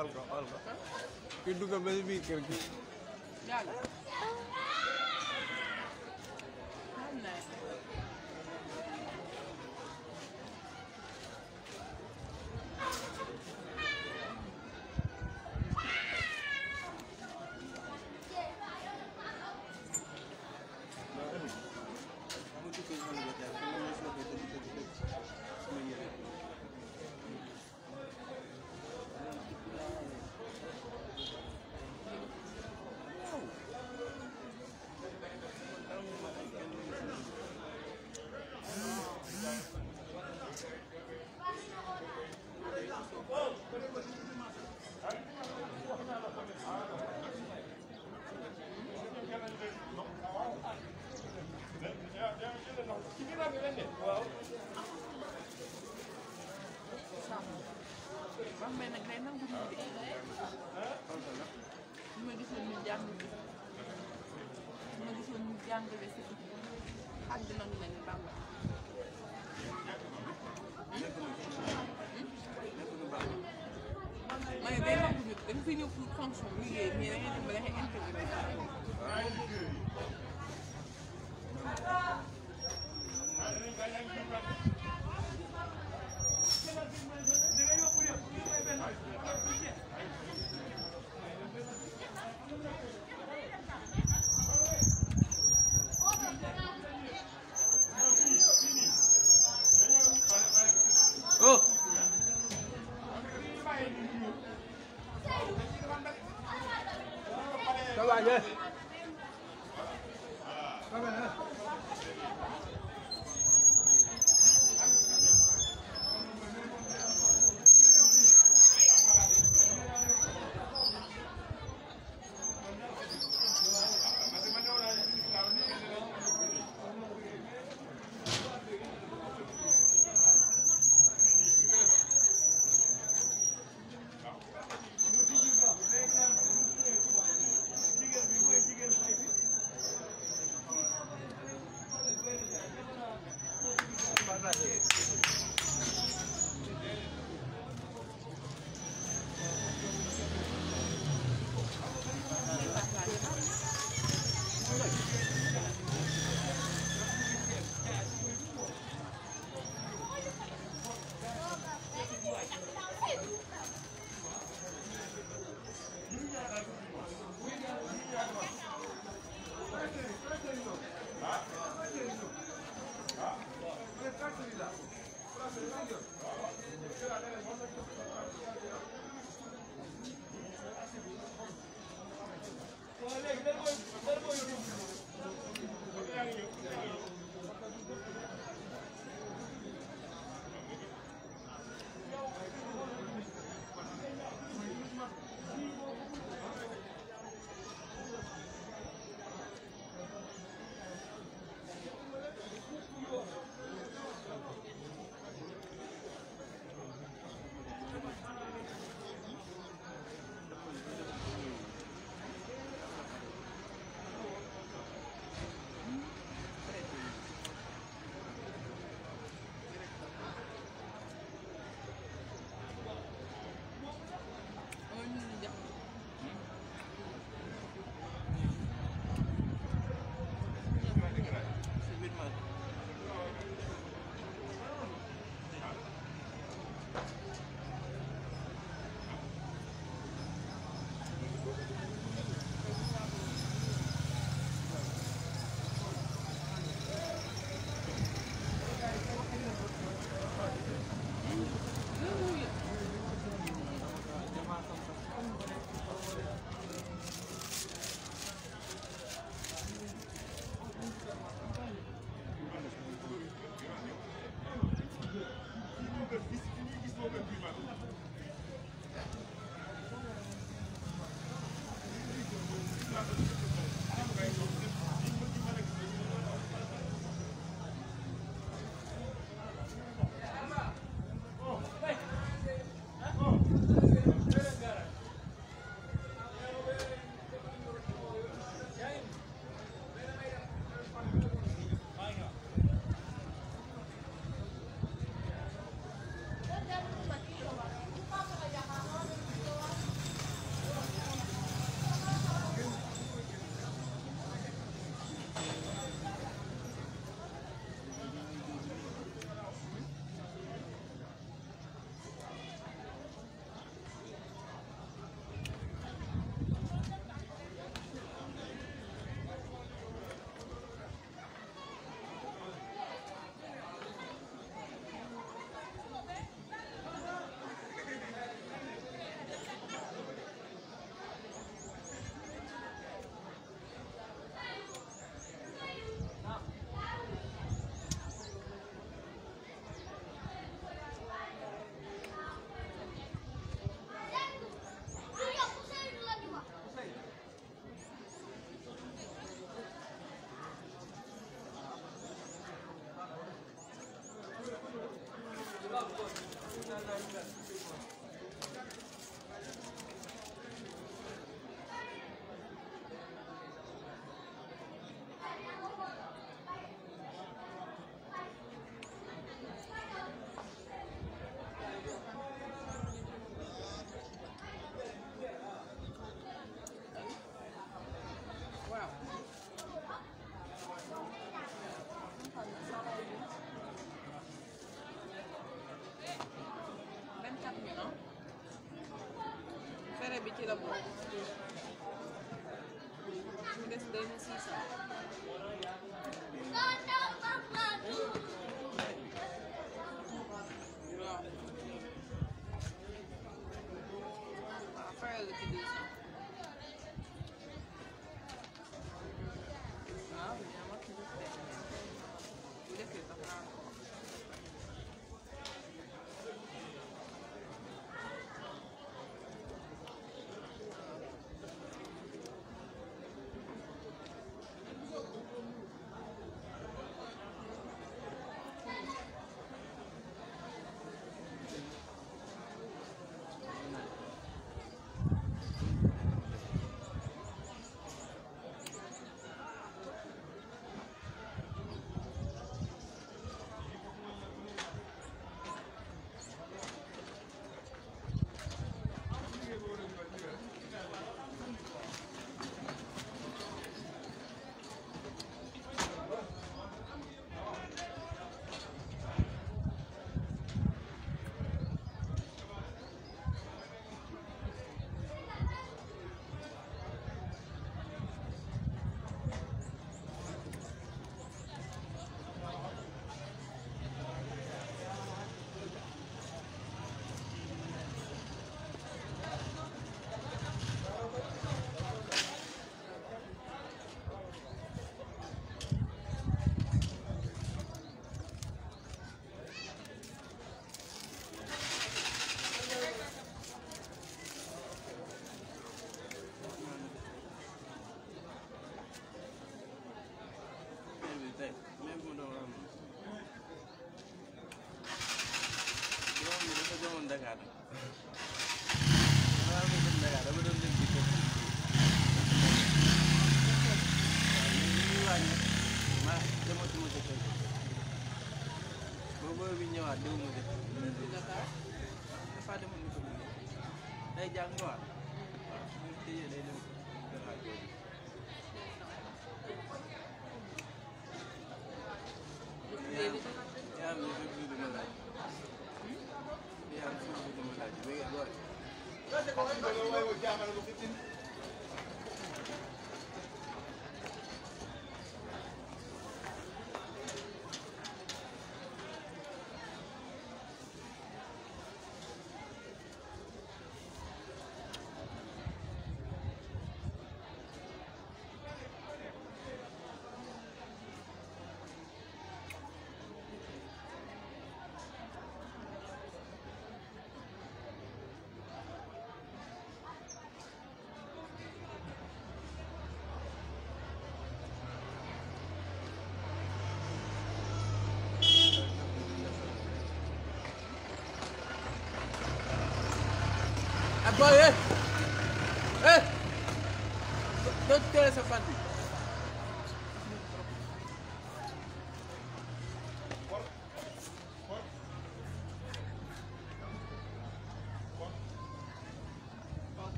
हल्का हल्का का मैं भी करके maar je weet wel hoe jàngale si àddina ñu mel ni Bamba ma ne day wax ñu dañ fi aqui da boca. Me decidei nesse ensaio. demoon Dakar rek balaa may dem Dakar dama doon dem ci kër gi waaw wàññi ma dematuma sa kër ba booy bi ñëwaat dewuma sa kër dafa demoon ni ko ay jàng waat Gracias. Vai, é.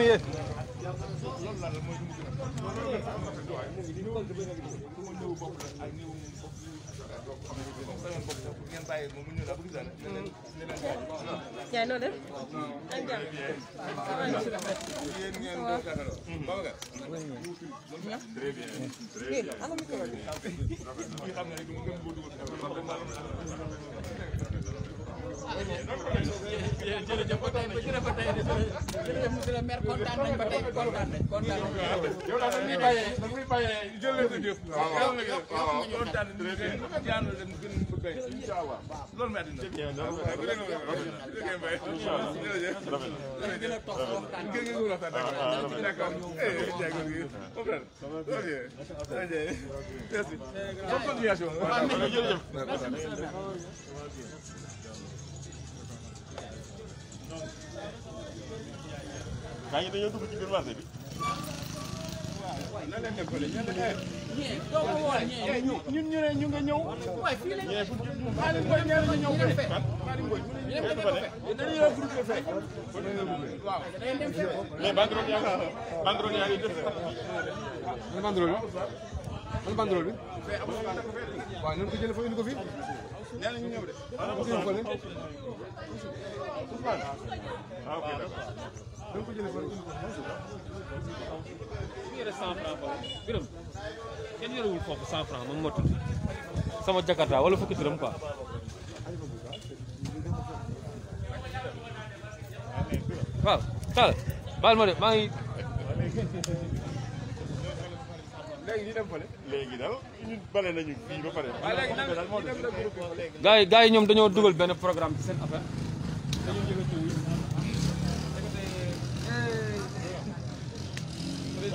mu yéeg yaay noo def ak jàmm très bien jërëjëf ba tey ba jërëjëf ba tey jërëjëf monsieur le maire kontaan nañ ba tey kontaan nañ kontaan nañ. yow daal dañuy bàyyee dañuy bàyyee jël leen yëpp. waaw waaw waaw kontaan nañ jaanul dem gën bëgg a incha allah loolu ma dina. jërëjëf. gaa yi não dugg ci biir não bi. na leen não bële ñenn ñee. não doo ko woon não ñëw ñun ñu não ñu nga ñëw. não fii la ñee não ñu ñëw Malick não ñee la ñëw não Malick Mboye ñu não fa ne. dañuy não groupe de fay. não da ngeen dem não mais banderole yaa não banderole yaa ngi não man banderole man não bi. waaw ñoo não jëlee foofu indi não fi. nee não ñu ñëw de. não ok d'accord. yore cent franc ba biram kenn foofu cent franc moom moo tudd sama jakarta wala fukki dërëm quoi waaw tal baal ma de maa ngi léegi ñu léegi daal ñun bale nañu fii ba pare gars yi ñoom dañoo dugal benn programme ci seen affaire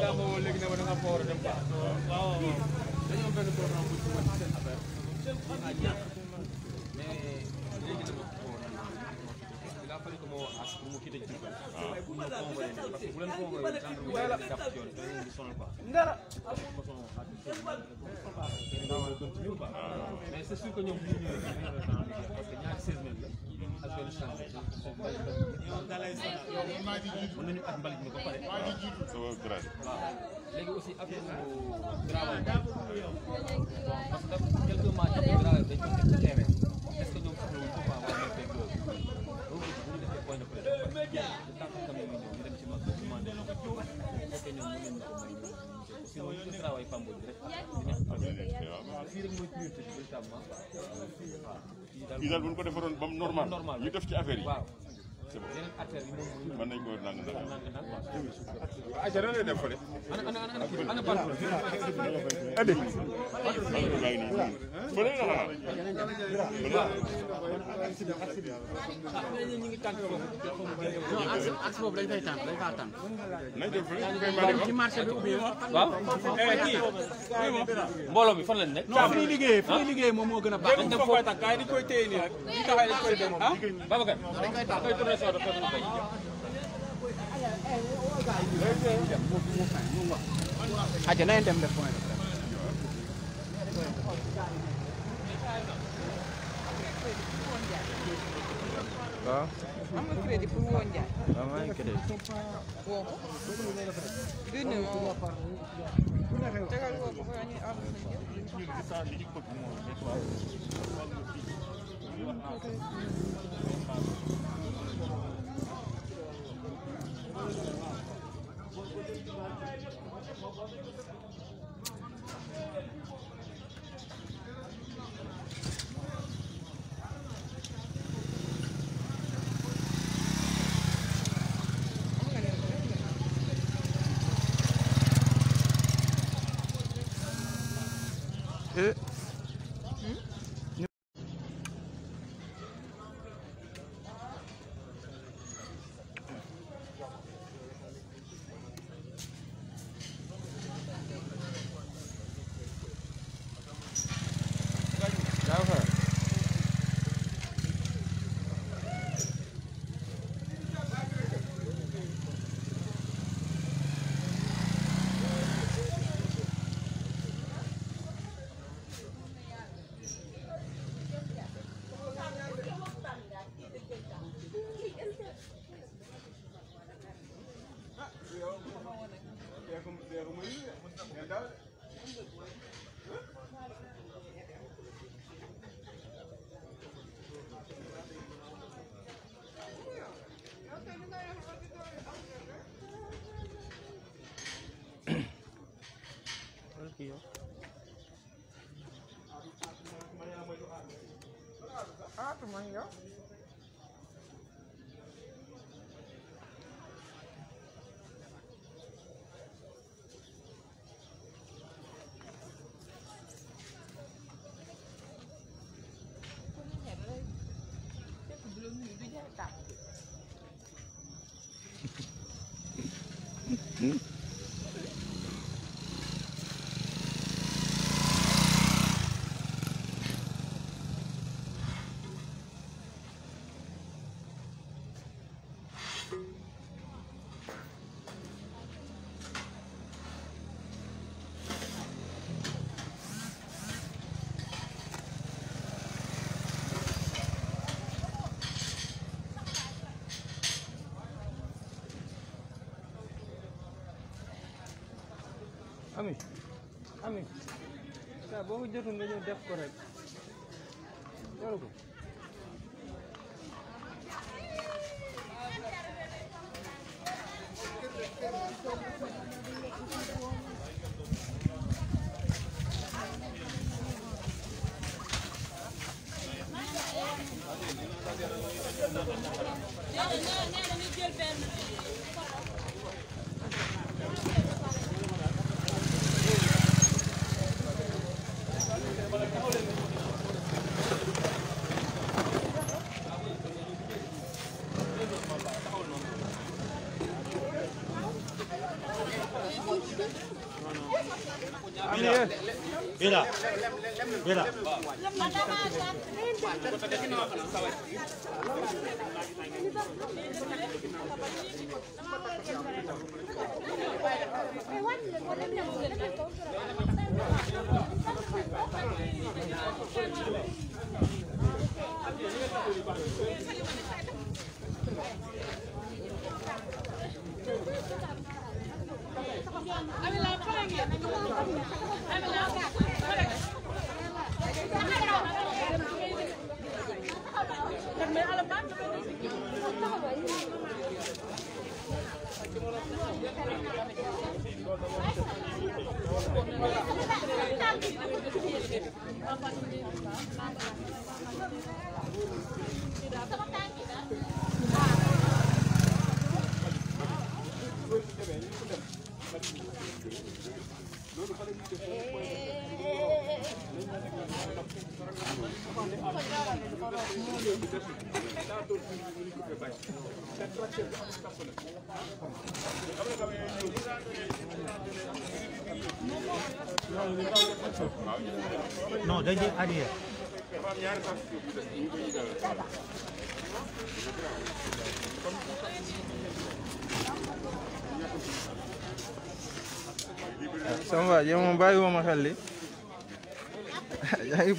daa ma woo léegi ne ma da nga fa war a dem quoi. waaw waaw dañoo benn programme bu ñu mën seen affaire. ah ñàkk mais léegi dama ko war a il a fallu que ma woo as pour mu quitter Diourbel. waaw pour ma convoyé leen parce que bu leen convoyé gendarmerie dañuy jàpp ci yoon te dañu sonal quoi. ndara ma sonal as bi mais c'est sûr que ñoom bu ñu ñëwee parce que ñaari seize mètres la. seen chance mën nañu at mbalit mi ba pare. léegi aussi affaire grave parce que quelques matchs yu grave dañ ko def ci terrain est-ce que ñoom soxlawuñ ko waa waa MPD boobu bu ñu defee point de presse ba pare le temps que camion yi ñëw ñu dem ci mag commandé bu fekkee ñoom mën nañu ko may ñu sinon ñu travail pambo bi rek dina am fii rek mooy priorité bi véritablement fii daal bu ñu ko defaroon ba mu normal ñu def ci affaire yi. yeneen artères yi moom mën nañ ko nang nang waaw aca nan def fële ana ana ban andi fële na xanaa ñu ngi tànn foofu axe boobu lañ fay tànn lañ faa tànn nañ dem fële ci marché bi ubbi waaw kii mbooloo bi fan lañ nekk fi ñuy liggéey fi ñuy liggéey moom moo gën a baax dañ dem foofu takkaay dañ koy téye nii rek ñu taxay dañ koy dem ah Babacar dañ koy tax aca na ngeen dem def point de presse waaw. am nga crédit pour woo Ndiaye. waaw maa ngi crédit. woo ko. gën na woo. tegal woo ko ba ñu am sa njëriñ. Thank you. amit saa boo ko jotul nga ñëw def ko rek. Bira. Bira. Bira.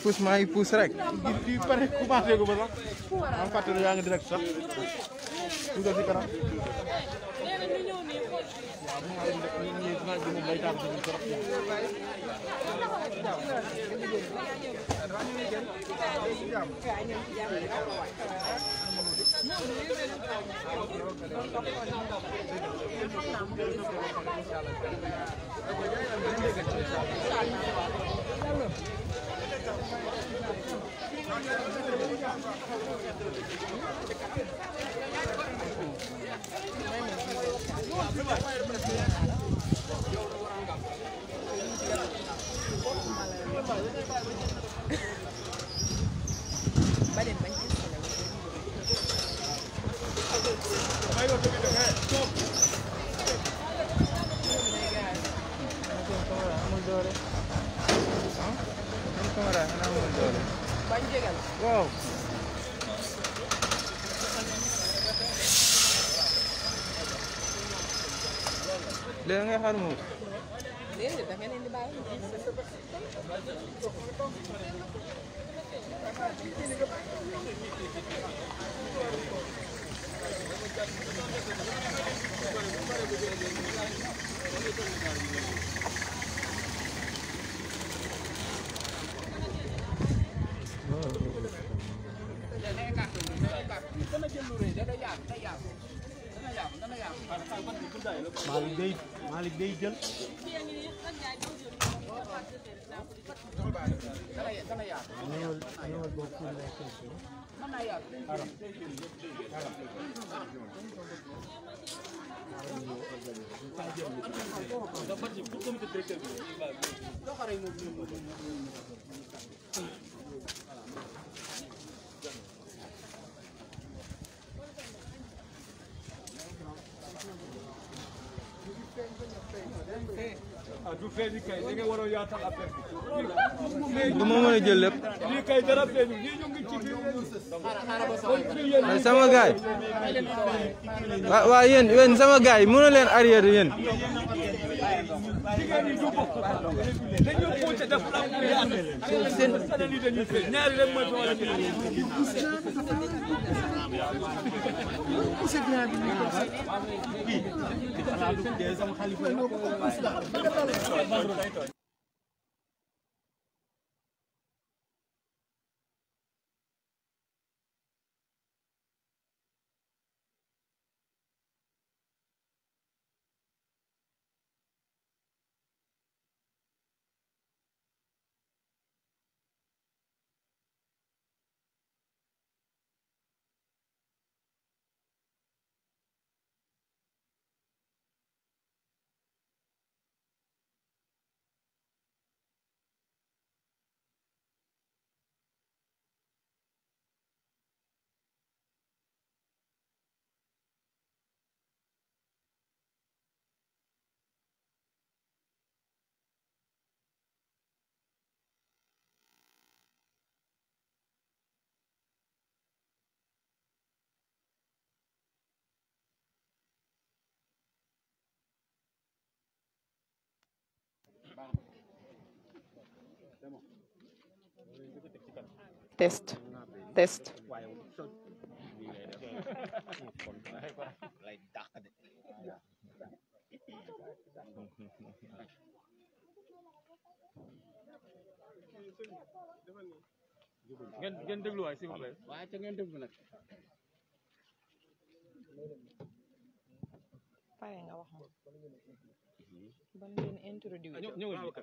puus maa ngi rek. di pare commencé gu ma sax. am fàttali yang ngi direct sax. know. day jël. ñëwal ñëwal Ah, du feeñu kay da ngeen a jël lépp. lii kay dara feeñu lii ñu ngi ci sama gaay yi. waaw waaw yéen yéen sama gaay yi mënoo leen arrière yéen. jigéen ñi du bokk dañoo puuca def la mu yaatu seen salali dañuy fay ñaari rek mooy fa wala ñu pousse Test. Test. ngeen ngeen déglu waay s'il vous plaît waaye ca ngeen déglu nag pare nga wax ma ban ngeen introduire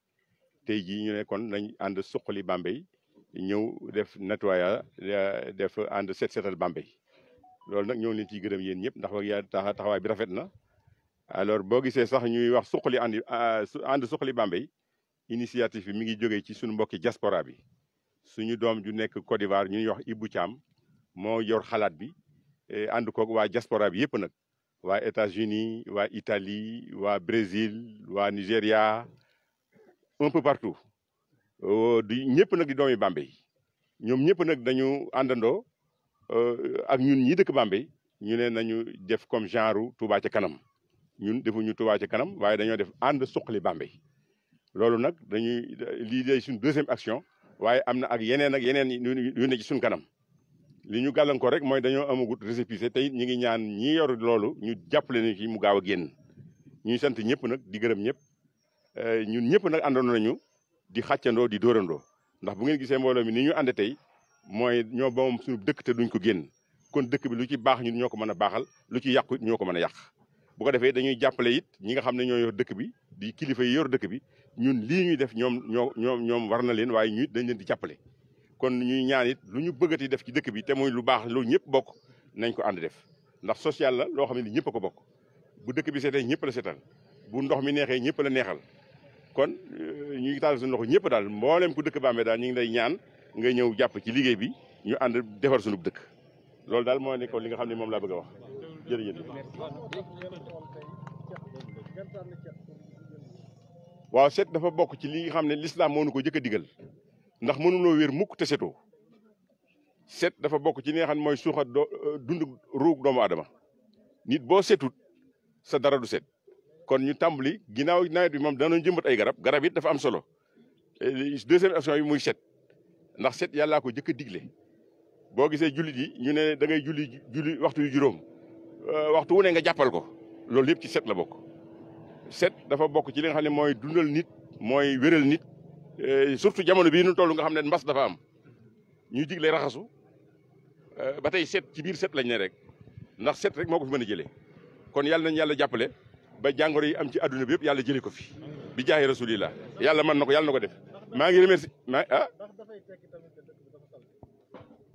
tey jii ñu ne kon nañ and suqali Bambey ñew def nettoyage def and set setal Bambey lool nak ñoo leen ci gëreem yeen ñëpp ndax wax yaa taxaway bi rafet na alors bo gisee sax ñuy wax suqali and and ah, suqali Bambey initiative bi mi ngi jógee ci suñu mbokki diaspora bi suñu doom ju nekk Côte d'Ivoire ñu ñuy wax Ibou Thiam moo yor xalaat bi and e, koog waa diaspora bi yépp nag waa États-Unis waa Italie waa Brésil waa Nigeria un peu partout euh, di ñëpp nag di doomi Bambey ñoom ñëpp nag dañu àndandoo euh, ak ñun ñi dëkk Bambey ñu ne nañu def comme genre Touba ca kanam ñun defuñu Touba ca kanam waaye dañoo def ànd suqali Bambey loolu nag dañuy lii day suñ deuxième action waaye am na ak yeneen ak yeneen yu ne ci suñ kanam li ñu gàllankoor rek mooy dañoo amagut récépissé tey it ñu ngi ñaan ñi yor loolu ñu jàppale ni ci mu gaaw a génn ñuy sant ñëpp nag di gërëm ñëpp. Euh, ñun ñëpp nag àndoon ñu di xàccandoo di doorandoo ndax bu ngeen gisee mbooloo mi ni ñu ànd tey mooy ñoo moom suñu dëkk te duñ ko génn kon dëkk bi lu ci baax ñun ñoo ko mën a baaxal lu ci yàqu ñoo ko mën a yàq bu ko defee dañuy jàppale it ñi nga xam ne ñoo yor dëkk bi di kilifa yi yor dëkk bi ñun lii ñuy def ñoom ñoo ñoom ñoom war na leen waaye ñu dañ leen di jàppale kon ñuy ñaan lu ñu bëggati def ci dëkk bi te mooy lu baax loolu ñëpp bokk nañ ko ànd def ndax social la loo xam ne ñëpp a ko bokk bu dëkk bi seetee ñëpp la seetal bu ndox mi neexee ñëpp la neexal kon euh, ñu ngi taal suñu loxo ñëpp daal mbooleem ku dëkk Bambey daal ñu ngi lay ñaan nga ñëw jàpp ci liggéey bi ñu ànd defar suñu dëkk loolu daal moo nekkoon li nga xam ne moom laa bëgg a wax jërëjëf. waaw dafa bokk ci li nga xam ne lislaam moo nu ko jëkk a digal ndax mënuloo wér mukk te setoo set dafa bokk ci neexam nga xam ne mooy suuxa euh, dund ruug doomu aadama nit boo setut sa dara du set. kon ñu tàmbali ginnaaw nawet bi moom danañ jëmbat ay garab garab it dafa am solo eh, deuxième action yi muy set ndax set yàllaa ko jëkk a digle boo gisee jullit yi ñu ne dangay ngay julli julli waxtu yu juróom euh, waxtu wu ne nga jàppal ko loolu yëpp ci set la bokk set dafa bokk ci li nga xam ne mooy dundal nit mooy wéral nit eh, surtout jamono bii nu toll nga xam ne mbas dafa am ñu digle raxasu euh, ba tey set ci biir set lañ ne rek ndax set rek moo ko fi mën a jëlee kon yàlla nañ yàlla jàppale ba jàngoro yi am ci adduna bi yëpp yàlla jëlee ko fi bi jaaye rasulillah yàlla man na ko yàlla na ko def maa ngi remercier maa ah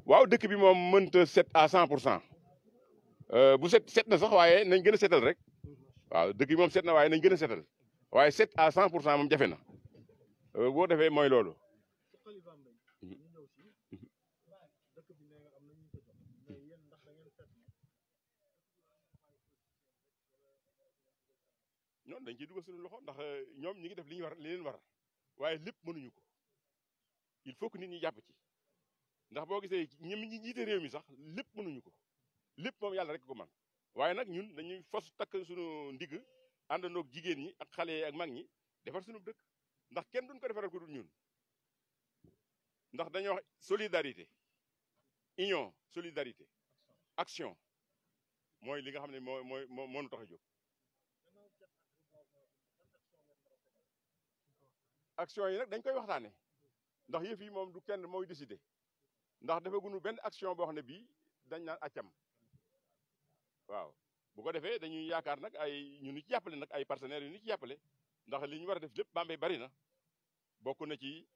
waaw dëkk bi moom mënta set à cent pour cent euh, bu set set na sax waaye nañ gën a setal rek waaw dëkk bi moom set na waaye nañ gën a setal waaye set à cent pour cent moom jafe na euh, boo defee mooy loolu dañ ci dugal suñu loxo ndax eh, ñoom ñi ngi def li ñu war li leen war waaye lépp mënuñu ko il faut que nit ñi jàpp ci ndax boo gisee ñoom ñi jiite réew mi sax lépp mënuñu ko lépp moom yàlla rek ko man waaye nag ñun dañuy fas takk suñu ndigg àndandoog jigéen ñi ak xale yi ak mag ñi defar suñu dëkk ndax kenn duñ ko defaral ko dul ñun ndax dañuy wax solidarité union solidarité action mooy li nga xam ne moo mooy moo moo nu tax a jóg action yi nag dañ koy waxtaane ndax yëf moom du kenn mooy décider ndax dafa gunu benn action boo xam ne bii dañ naan accam waaw bu ko defee dañuy yaakaar nag ay ñu nu ci jàppale nag ay partenaires yu nu ci ndax li ñu war a def lépp Bambey bari na bokk na ci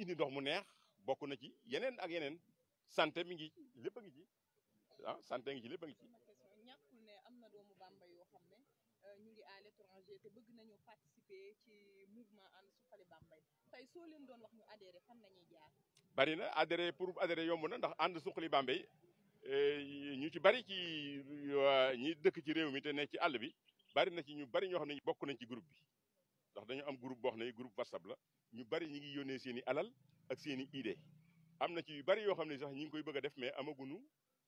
indi ndox mu neex bokk na ci yeneen ak yeneen santé mi ngi lépp a ngi ci ah santé ngi ci lépp a ci te bëgg nañoo participer ci mouvement And Suxali Bambey ñu na adhéré pour adhéré yomb na ndax And Suxali Bambey eh, ñu ci bari ci ñi dëkk ci réew mi te ne ci àll bi bari na ci ñu bari ñoo xam ne bokk nañ ci groupe bi ndax dañu am groupe boo xam ne groupe whatsapp la ñu bari ñu ngi yónnee seen i alal ak seen i idée am na ci yu bari yoo xam ne sax ñi ngi koy bëgg a def mais amaguñu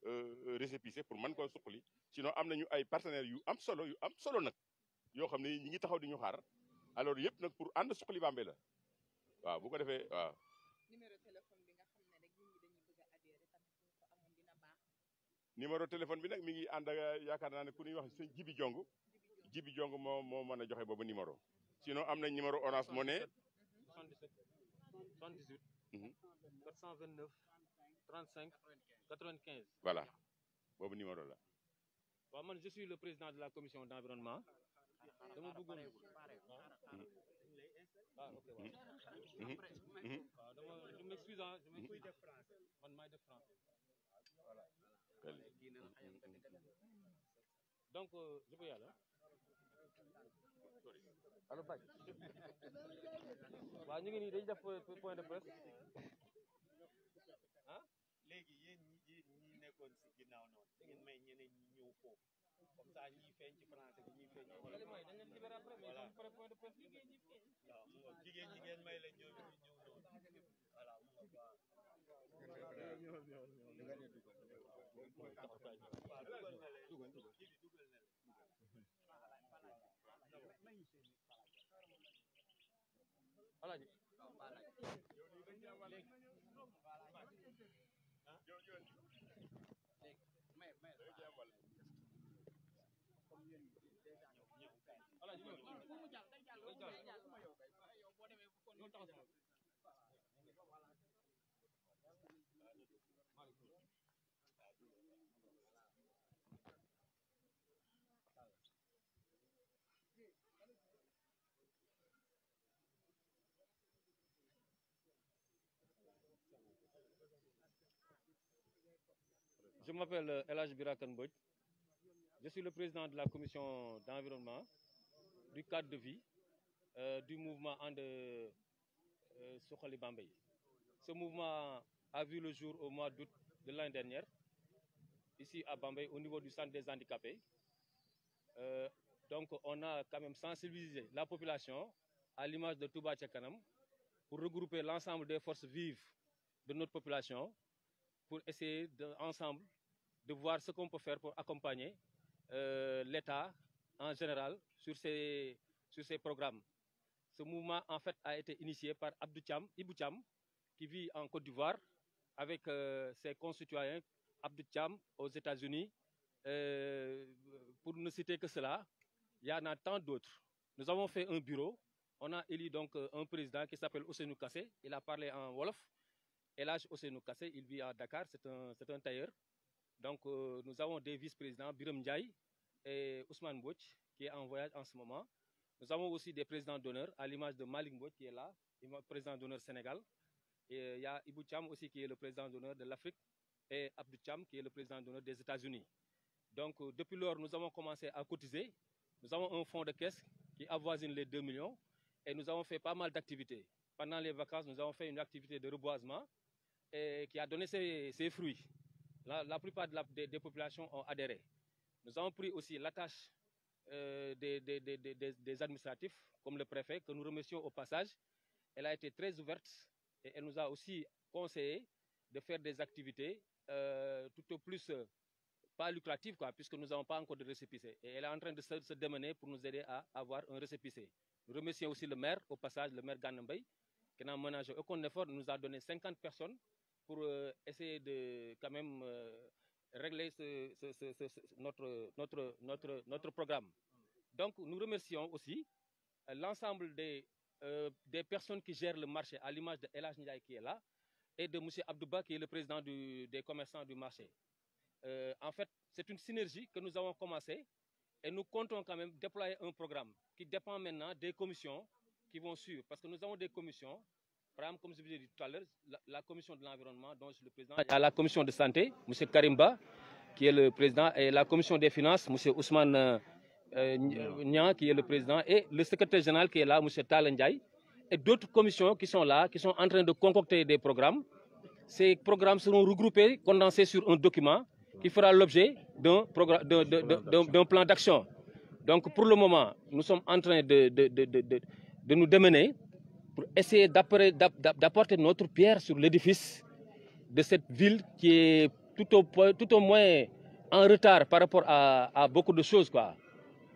euh, récépissé pour mën koo suqali sinon am nañu ay partenaires yu am solo yu am solo nag. yo xamné ñi ngi taxaw di ñu xaar alors yépp nak pour ànd suqali Bambey la waaw bu ko défé waaw. numéro téléphone bi nga xamné rek ñi ngi dañuy bëgg a adhéré tamit ko amoon dina baax. numéro téléphone bi nak mi ngi and ak euh, yaakaar naa ne ku ñuy wax sëñ Jibi Jong. Jibi Jong mo mo mëna joxé bobu numéro. sinon amna numéro Orange moné 77 78. 429. 35 95. voilà bobu numéro la. waaw man je suis le président de la commission d'environnement. dama bëggoon ah ok waaw. waaw dama donc je peux y aller. ñu ngi nii dañuy def point de presse. ginnaaw noonu da ngeen may ñeneen comme ça ñiy feeñ ci français bi ñiy feeñ ci wala waaw mu nga jigéen jigéen may la ñëw ñu ñëw ñëw voilà mu nga baax dugal na leen alaaji Je m'appelle euh, Elage Birakanboj. Je suis le président de la commission d'environnement, du cadre de vie, euh, du mouvement en de euh, ce mouvement a vu le jour au mois d'août de l'année dernière, ici à Bambay, au niveau du centre des handicapés. Euh, donc, on a quand même sensibilisé la population à l'image de Touba Tchakanam pour regrouper l'ensemble des forces vives de notre population pour essayer ensemble de voir ce qu'on peut faire pour accompagner euh, l'État en général sur sur ces programmes. Ce mouvement, en fait, a été initié par Abdou Cham, Ibou Cham, qui vit en Côte d'Ivoire avec euh, ses concitoyens, Abdou Cham aux États-Unis. Euh, pour ne citer que cela, il y en a tant d'autres. Nous avons fait un bureau. On a élu donc euh, un président qui s'appelle Ousseinou Kassé. Il a parlé en Wolof. Et là, Ousseinou Kassé, il vit à Dakar, c'est un, tailleur. Donc nous avons des vice-présidents, Biram Ndiaye et Ousmane Bouch, qui est en voyage en ce moment. Nous avons aussi des présidents d'honneur, à l'image de Malik qui est là, président d'honneur Sénégal. Et euh, il y a Ibou Cham aussi qui est le président d'honneur de l'Afrique et Abdou Cham qui est le président d'honneur des États-Unis. Donc euh, depuis lors, nous avons commencé à cotiser. Nous avons un fonds de caisse qui avoisine les 2 millions et nous avons fait pas mal d'activités. Pendant les vacances, nous avons fait une activité de reboisement et qui a donné ses, fruits. La, plupart des, des populations ont adhéré. Nous avons pris aussi la tâche euh, des, des, des, des, administratifs, comme le préfet, que nous remercions au passage. Elle a été très ouverte et elle nous a aussi conseillé de faire des activités euh, tout au plus euh, pas lucratives, quoi, puisque nous n'avons pas encore de récépissé. Et elle est en train de se, démener pour nous aider à avoir un récépissé. Nous remercions aussi le maire, au passage, le maire Ganembey, qui n'a mené aucun effort, nous a donné 50 personnes pour essayer de quand même régler notre, notre, notre, notre programme. Donc, nous remercions aussi euh, l'ensemble des, euh, des personnes qui gèrent le marché, à l'image de Elage Ndiaye qui est là, et de M. Abdouba qui est le président des commerçants du marché. Euh, en fait, c'est une synergie que nous avons commencée et nous comptons quand même déployer un programme qui dépend maintenant des commissions qui vont suivre, parce que nous avons des commissions comme je vous tout à l'heure, la, commission de l'environnement, dont je suis le président, a la commission de santé, M. Karimba, qui est le président, et la commission des finances, M. Ousmane euh, qui est le président, et le secrétaire général qui est là, M. Tal Ndiaye, et d'autres commissions qui sont là, qui sont en train de concocter des programmes. Ces programmes seront regroupés, condensés sur un document qui fera l'objet d'un plan d'action. Donc pour le moment, nous sommes en train de, de nous démener essayer d'apporter notre pierre sur l'édifice de cette ville qui est tout au, tout au moins en retard par rapport à, beaucoup de choses. Quoi.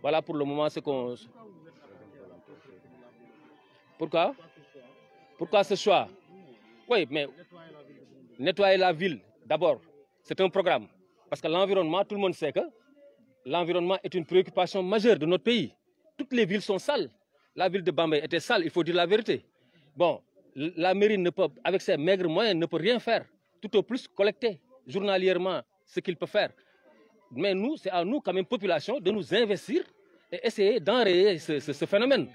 Voilà pour le moment ce qu'on... Pourquoi Pourquoi ce choix Oui, mais nettoyer la ville, d'abord, c'est un programme. Parce que l'environnement, tout le monde sait que l'environnement est une préoccupation majeure de notre pays. Toutes les villes sont sales. La ville de Bambay était sale, il faut dire la vérité. Bon, la mairie, avec ses maigres moyens, ne peut rien faire. Tout au plus collecter journalièrement ce qu'il peut faire. Mais nous, c'est à nous, comme une population, de nous investir et essayer d'enrayer ce, phénomène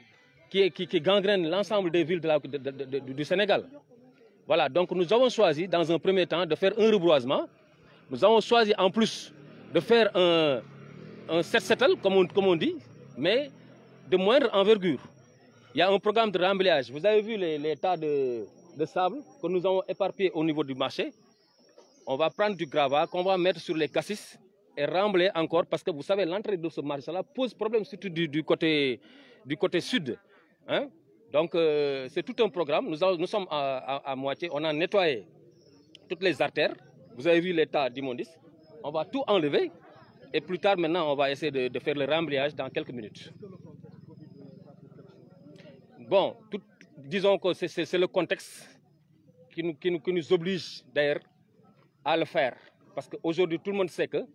qui, gangrène l'ensemble des villes du Sénégal. Voilà, donc nous avons choisi, dans un premier temps, de faire un reboisement. Nous avons choisi, en plus, de faire un, un set comme comme on dit, mais de moindre envergure. Il y a un programme de remblayage. Vous avez vu les, de, sable que nous avons éparpillé au niveau du marché. On va prendre du gravat qu'on va mettre sur les cassis et remblayer encore parce que vous savez, l'entrée de ce marché-là pose problème surtout du, côté, sud. Hein. Donc euh, c'est tout un programme. Nous, sommes à, moitié. On a nettoyé toutes les artères. Vous avez vu l'état d'immondice. On va tout enlever. Et plus tard, maintenant, on va essayer de, de faire le remblayage dans quelques minutes. Bon, disons que c'est le contexte qui nous, oblige d'ailleurs à le faire. Parce qu'aujourd'hui, tout le monde sait que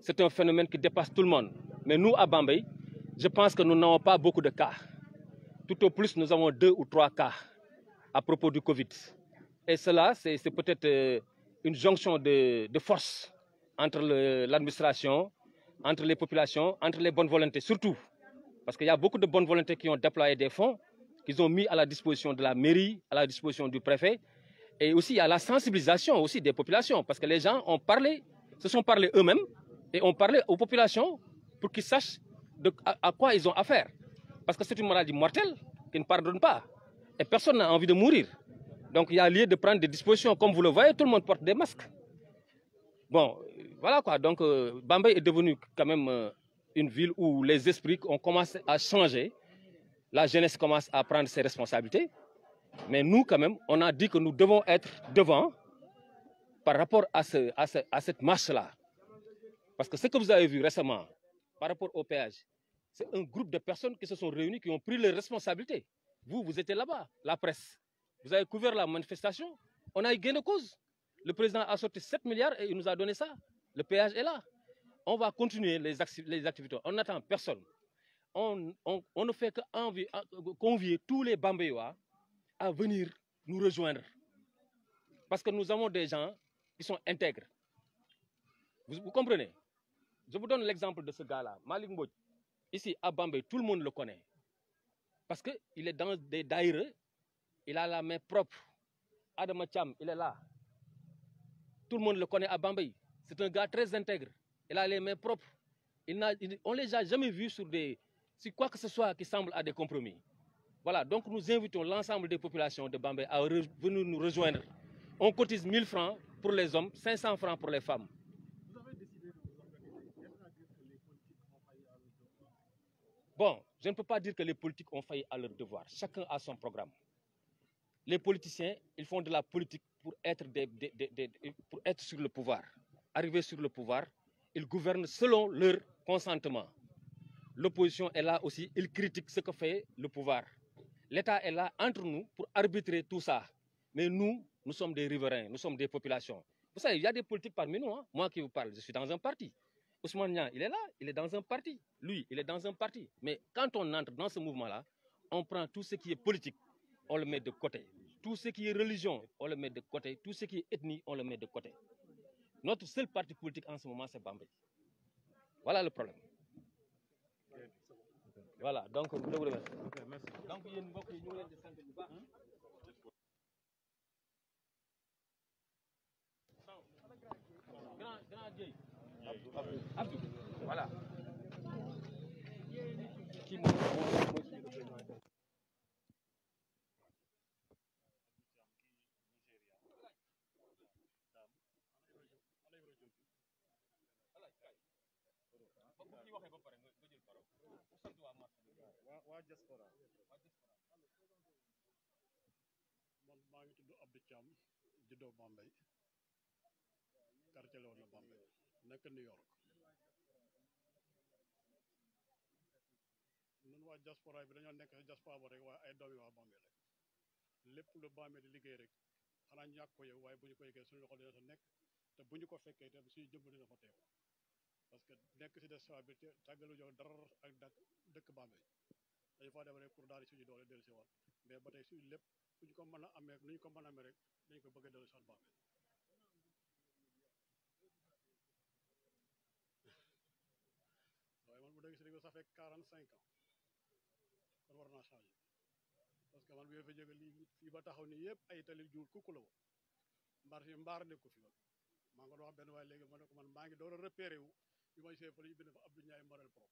c'est un phénomène qui dépasse tout le monde. Mais nous, à Bambay, je pense que nous n'avons pas beaucoup de cas. Tout au plus, nous avons deux ou trois cas à propos du Covid. Et cela, c'est peut-être euh, une jonction de, de force entre l'administration, entre les populations, entre les bonnes volontés, surtout. Parce qu'il y a beaucoup de bonnes volontés qui ont déployé des fonds, qu'ils ont mis à la disposition de la mairie, à la disposition du préfet, et aussi à la sensibilisation aussi des populations, parce que les gens ont parlé, se sont parlé eux-mêmes et ont parlé aux populations pour qu'ils sachent de, à, quoi ils ont affaire. Parce que c'est une maladie mortelle qui ne pardonne pas, et personne n'a envie de mourir. Donc il y a lieu de prendre des dispositions. Comme vous le voyez, tout le monde porte des masques. Bon, euh, voilà quoi. Donc euh, Bambay est devenu quand même euh, une ville où les esprits ont commencé à changer la jeunesse commence à prendre ses responsabilités. Mais nous, quand même, on a dit que nous devons être devant par rapport à, ce, à, cette marche-là. Parce que ce que vous avez vu récemment par rapport au péage, c'est un groupe de personnes qui se sont réunies, qui ont pris les responsabilités. Vous, vous étiez là-bas, la presse. Vous avez couvert la manifestation. On a eu gain de cause. Le président a sorti 7 milliards et il nous a donné ça. Le péage est là. On va continuer les, activités. On n'attend personne on, ne fait que convier tous les Bambéois à venir nous rejoindre. Parce que nous avons des gens qui sont intègres. Vous, comprenez Je vous donne l'exemple de ce gars-là, Malik Ici, à Bambé, tout le monde le connaît. Parce qu'il est dans des daïres, il a la main propre. Adam Cham, il est là. Tout le monde le connaît à Bambé. C'est un gars très intègre. Il a les mains propres. on ne les a jamais vus sur des, c'est quoi que ce soit qui semble à des compromis. Voilà, donc nous invitons l'ensemble des populations de Bambay à venir nous rejoindre. On cotise 1000 francs pour les hommes, 500 francs pour les femmes. Vous avez décidé de vous Bon, je ne peux pas dire que les politiques ont failli à leur devoir. Chacun a son programme. Les politiciens, ils font de la politique pour être, pour être sur le pouvoir. Arriver sur le pouvoir, ils gouvernent selon leur consentement. L'opposition est là aussi, il critique ce que fait le pouvoir. L'État est là entre nous pour arbitrer tout ça. Mais nous, nous sommes des riverains, nous sommes des populations. Vous savez, il y a des politiques parmi nous. Hein. Moi qui vous parle, je suis dans un parti. Ousmane Nian, il est là, il est dans un parti. Lui, il est dans un parti. Mais quand on entre dans ce mouvement-là, on prend tout ce qui est politique, on le met de côté. Tout ce qui est religion, on le met de côté. Tout ce qui est ethnie, on le met de côté. Notre seul parti politique en ce moment, c'est Bambé. Voilà le problème voilà donc bu dëgg la merci. donc il yéen mbokk yi ñu ngi leen di sant bu baax. grand grand Dieye. Abdou Abdou voilà. kii moom. waa diaspora man maa ngi tudd Abdou Thiam juddoo Bambey quartier la woon na Bambey nekk New York ñun waa diaspora bi dañoo nekk si diaspora ba rek waaye ay doomi waa Bambey rek lépp lu Bambey di liggéey rek xanaa ñàkk ko waaye bu ko yëgee suñu nekk te bu ñu ko fekkee te suñu jëmm dina fa teew parce que nekk si diaspora bi tàggalu jox dara ak dëkk Bambey dañu faa dem rek pour daal di suñu doole dellu si mais ba tey suñu lépp suñu ko mën a amee nu ñu ko mën a amee rek dañu ko bëgg a dellu si waat Bambey waaye man cinq ans kon que man bi ma fa jógee fii ba taxaw ni yëpp ay tali juul la woon mbaar fi mbaar nekku fi woon maa ngi doon wax ma ne ko man maa ngi door a repéré wu bi ma gisee fa la ñu bind fa Abdou Ndiaye Morel Pro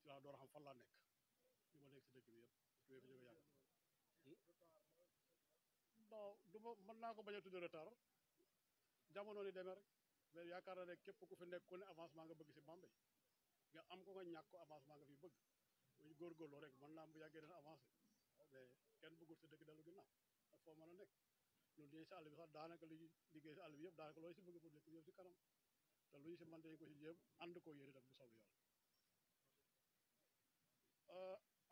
ci laa door a xam fan laa nekk. ci dëkk bi yëpp fi jóge yàgg non du ma mën naa ko bañ a tudd retard jamono ni demee rek mais yaakaar na ne képp ku fi nekk ku ne avancement nga bëgg si Bambey nga am ko nga ñàkk ko avancement nga fi bëgg muy góorgóorlu rek mën naa bu yàggee dana avancé mais kenn bëggul si dëkk dellu ginnaaw ak foo mën a nekk loolu liggéey si àll bi sax daanaka li liggéey si àll yëpp daanaka loolu si bëgg pour dëkk bi yëpp si kanam te lu ñu si mën dañu ko si jéem ànd koo yéene tam bu soobee yàlla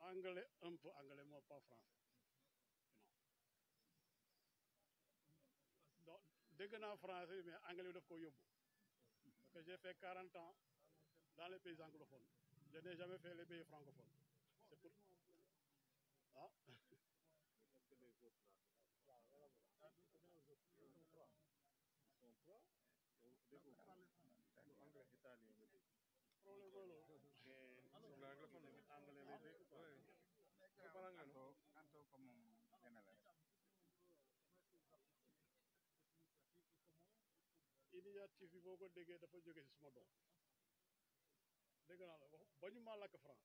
anglais, un peu anglais, moi pas français. français, mais anglais, Parce que j'ai fait 40 ans dans les pays anglophones. Je n'ai jamais fait les pays francophones. C'est pour. Ah. initiative bi boo ko déggee dafa jóge si suma doom dégg naa la wax ba ñu maa làkk franc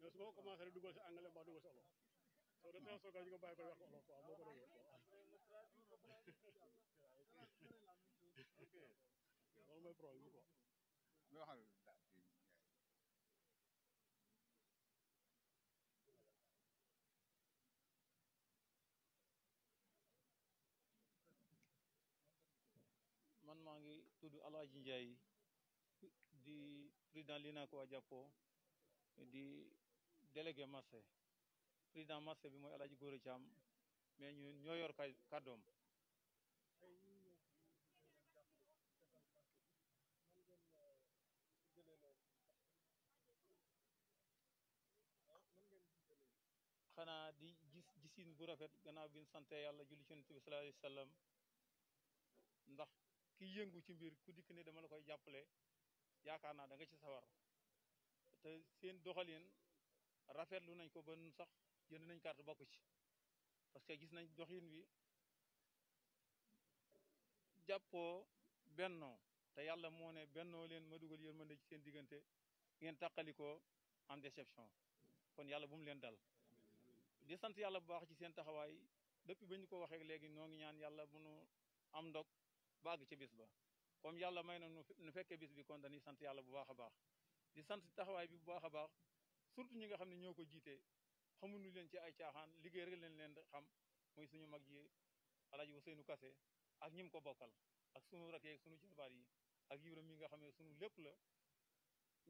mais su ma commencé rek dugal si anglais mbaa dugal si olof soo demee soo ko ñu ko ko wax olof waaw moo ko dogal loolu mooy problème bi quoi. tudd Alaaji Njaay di président l'INACO Adiapo di délégué marché président marché bi mooy Alaaji Góora Caam mais ñun ñoo yor kàddoom xanaa di gis gisin bu rafet gannaaw bi ñu sante yàlla julli ci Yonent bi sallallahu ndax ki yëngu ci mbir ku dikk ne dama la koy jàppale yaakaar naa da nga ci sawar te seen doxalin rafetlu nañ ko ba nun sax jënd nañ carte bokk ci parce que gis nañ doxin wi jàppoo benno te yàlla moo ne benno leen ma dugal yërmande ci seen diggante ngeen tàqalikoo en déception kon yàlla bu leen dal di sant yàlla bu baax ci seen taxawaay depuis ba ko waxee léegi noo ngi ñaan yàlla bu nu am ndog ba àgg ci bis ba comme yàlla may na nu fekkee bis bi kon dañuy sant yàlla bu baax a baax di sant taxawaay bi bu baax a baax surtout ñi nga xam ne ñoo ko jiitee xamuñu leen ci ay caaxaan liggéey rek leen leen xam muy suñu mag yi Alaaji Ousseynou kase ak ñi mu ko bokkal ak sunu rakk yi ak sunu jabaar yi ak Ibra mi nga xam ne sunu lépp la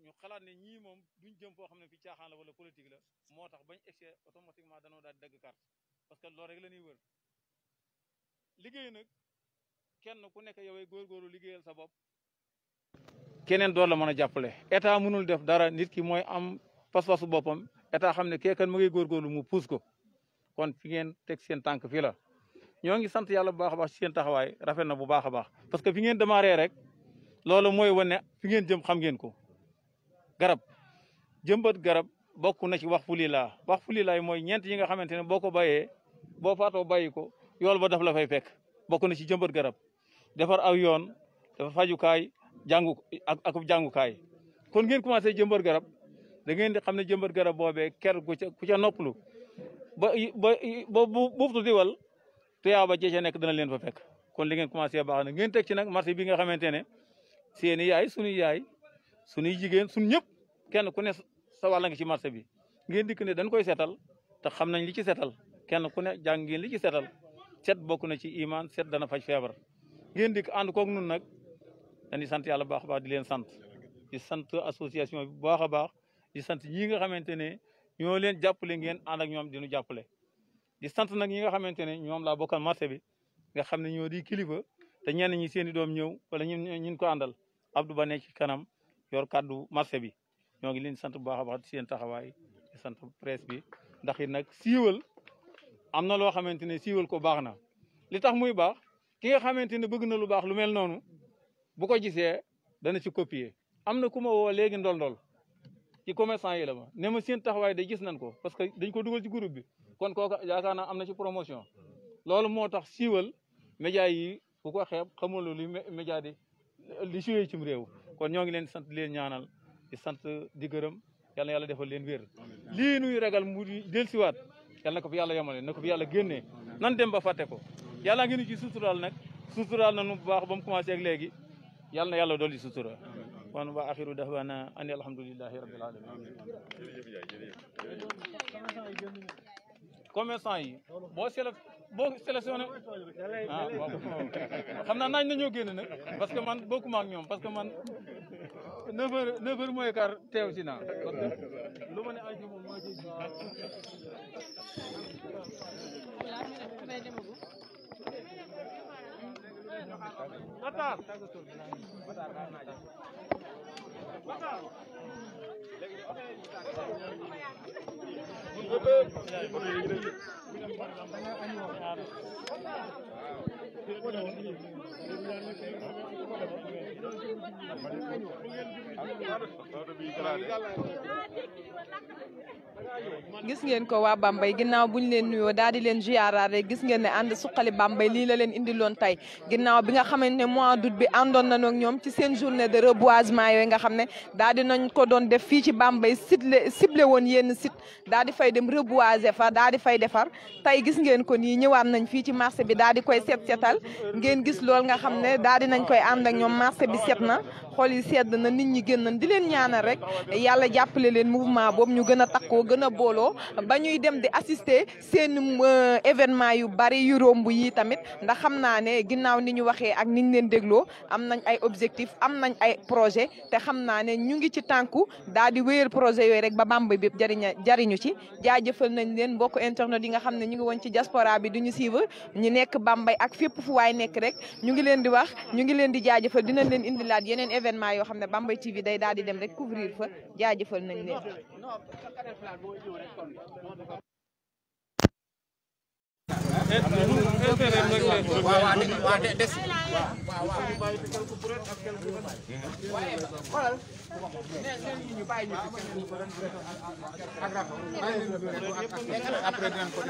ñu xalaat ne ñii moom duñ jëm foo xam ne fi caaxaan la wala politique la moo tax bañ egsee automatiquement danoo daal di dagg carte parce que loolu rek la ñuy wër kenn ku nekk yow góorgóorlu liggéeyal sa bopp. keneen door la mën a jàppale état mënul def dara nit ki mooy am pas-pasu boppam état xam ne kee kan mu ngi góorgóorlu mu puus ko kon fi ngeen teg seen tànk fii ñoo ngi sant yàlla bu baax a baax ci seen taxawaay rafet na bu baax a parce que fi ngeen démarré rek loolu mooy wane fi ngeen jëm xam ngeen ko garab jëmbat garab bokk na ci wax fu lii wax fu lii laay mooy ñeent yi nga xamante ne boo ko bayee boo faatoo ko yool ba daf la fay fekk bokku na ci jëmbat garab defar aw yoon dafa fajukaay jàngu ak ak jàngukaay kon ngeen commencé jëmbat garab da ngeen di xam ne jëmbat garab boobee ker gu ca ku ca noppalu ba ba bu buuftu di wal tuyaaba ba ca nekk dana leen fa fekk kon li ngeen commencé baax na ngeen teg ci nag marché bi nga xamante ne seeni yaay suñuy yaay suñuy jigéen suñ ñëpp kenn ku ne sa wàll nga marché bi ngeen dikk ne dañ koy seetal te xam nañ li ci seetal kenn ku ne jàng li ci seetal set bokk na ci imaan set dana faj feebar ngeen dikk ànd koog nun nag dañuy sant yàlla baax baax di leen sant di sant association bi bu baax a baax di sant ñii nga xamante ne ñoo leen jàppale ngeen ànd ñoom di nu jàppale. sant nag ñi nga xamante ne ñoom laa bokkal marché bi nga xam ne ñoo di kilifa te ñenn ñi seen i doom ñëw wala ñun ñun ko àndal Abdou Ba nekk kanam yor kàddu marché bi ñoo ngi leen sant bu baax a baax di seen taxawaay di sant presse bi ndax it nag siwal am na loo xamante ne siiwal ko baax na li tax muy baax. ki nga xamante ne bëgg na lu baax lu mel noonu bu ko gisee dana ci copier. am na ku ma woo léegi ndol-ndol ci commerçant yi la ma ne ma seen taxawaay de gis nañ ko parce que dañ ko dugal ci groupe bi kon kooku yaakaar naa am na ci promotion loolu moo tax siiwal média yi bu ko xeeb xamul lu média di li siiwee cim réew kon ñoo ngi leen sant leen ñaanal di sant di gërëm yal na yàlla defal leen wér lii nuy ragal mu dellusiwaat yal na ko fi yàlla yemale na ko fi yàlla génnee nan ba fàtte ko yàlla ngi nu ci suturaal nag suturaal na nu baax ba mu commencé ak léegi yàlla yàlla dolli sutura kon wa axiru dahwana yi boo selec boo sélectionné ah, génn nag parce que man bokkuma ak ñoom parce que man Matar Matar gis ngeen ko waa Bambey bu buñ leen nuyoo daal di leen ziaraare gis ngeen ne ànd suqali Bambey lii la leen indiloon tey ginnaaw bi nga xamante ne mois d'août bi àndoon nañu ak ñoom ci seen journée de reboisement yooyu nga xam ne daal di nañ ko doon def fii ci Bambey ciblé ciblé woon yenn sit daal di fay dem reboiser fa daal di fay defar tey gis ngeen ko nii ñëwaat nañ fii ci marché bi daal di koy seet seetal Sénégal ngeen gis lool nga xam ne daal di nañ koy ànd ak ñoom marché bi set na xol yi sedd na nit ñi génn di leen ñaanal rek yàlla jàppale leen mouvement boobu ñu gën a takkoo gën a booloo ba ñuy dem di assister seen euh, événement yu bari yu romb yi tamit ndax xam naa ne ginnaaw ni ñu waxee ak ni ñu leen dégloo am nañ ay objectif am nañ ay projet te xam naa ne ñu ngi ci tànku daal di wéyal projet yooyu rek ba Bambey bépp jariña jariñu ci jaajëfal nañ leen mbokk internet yi nga xam ne ñu ngi woon ci diaspora bi duñu ñu nekk Bambey ak fu waay nekk rek ñu ngi leen di wax ñu ngi leen di jaajëfal dina leen indilaat yeneen événement yo xam ne Bambey TV day daal di dem rek couvrir fa jaajëfal nañ leen. waaw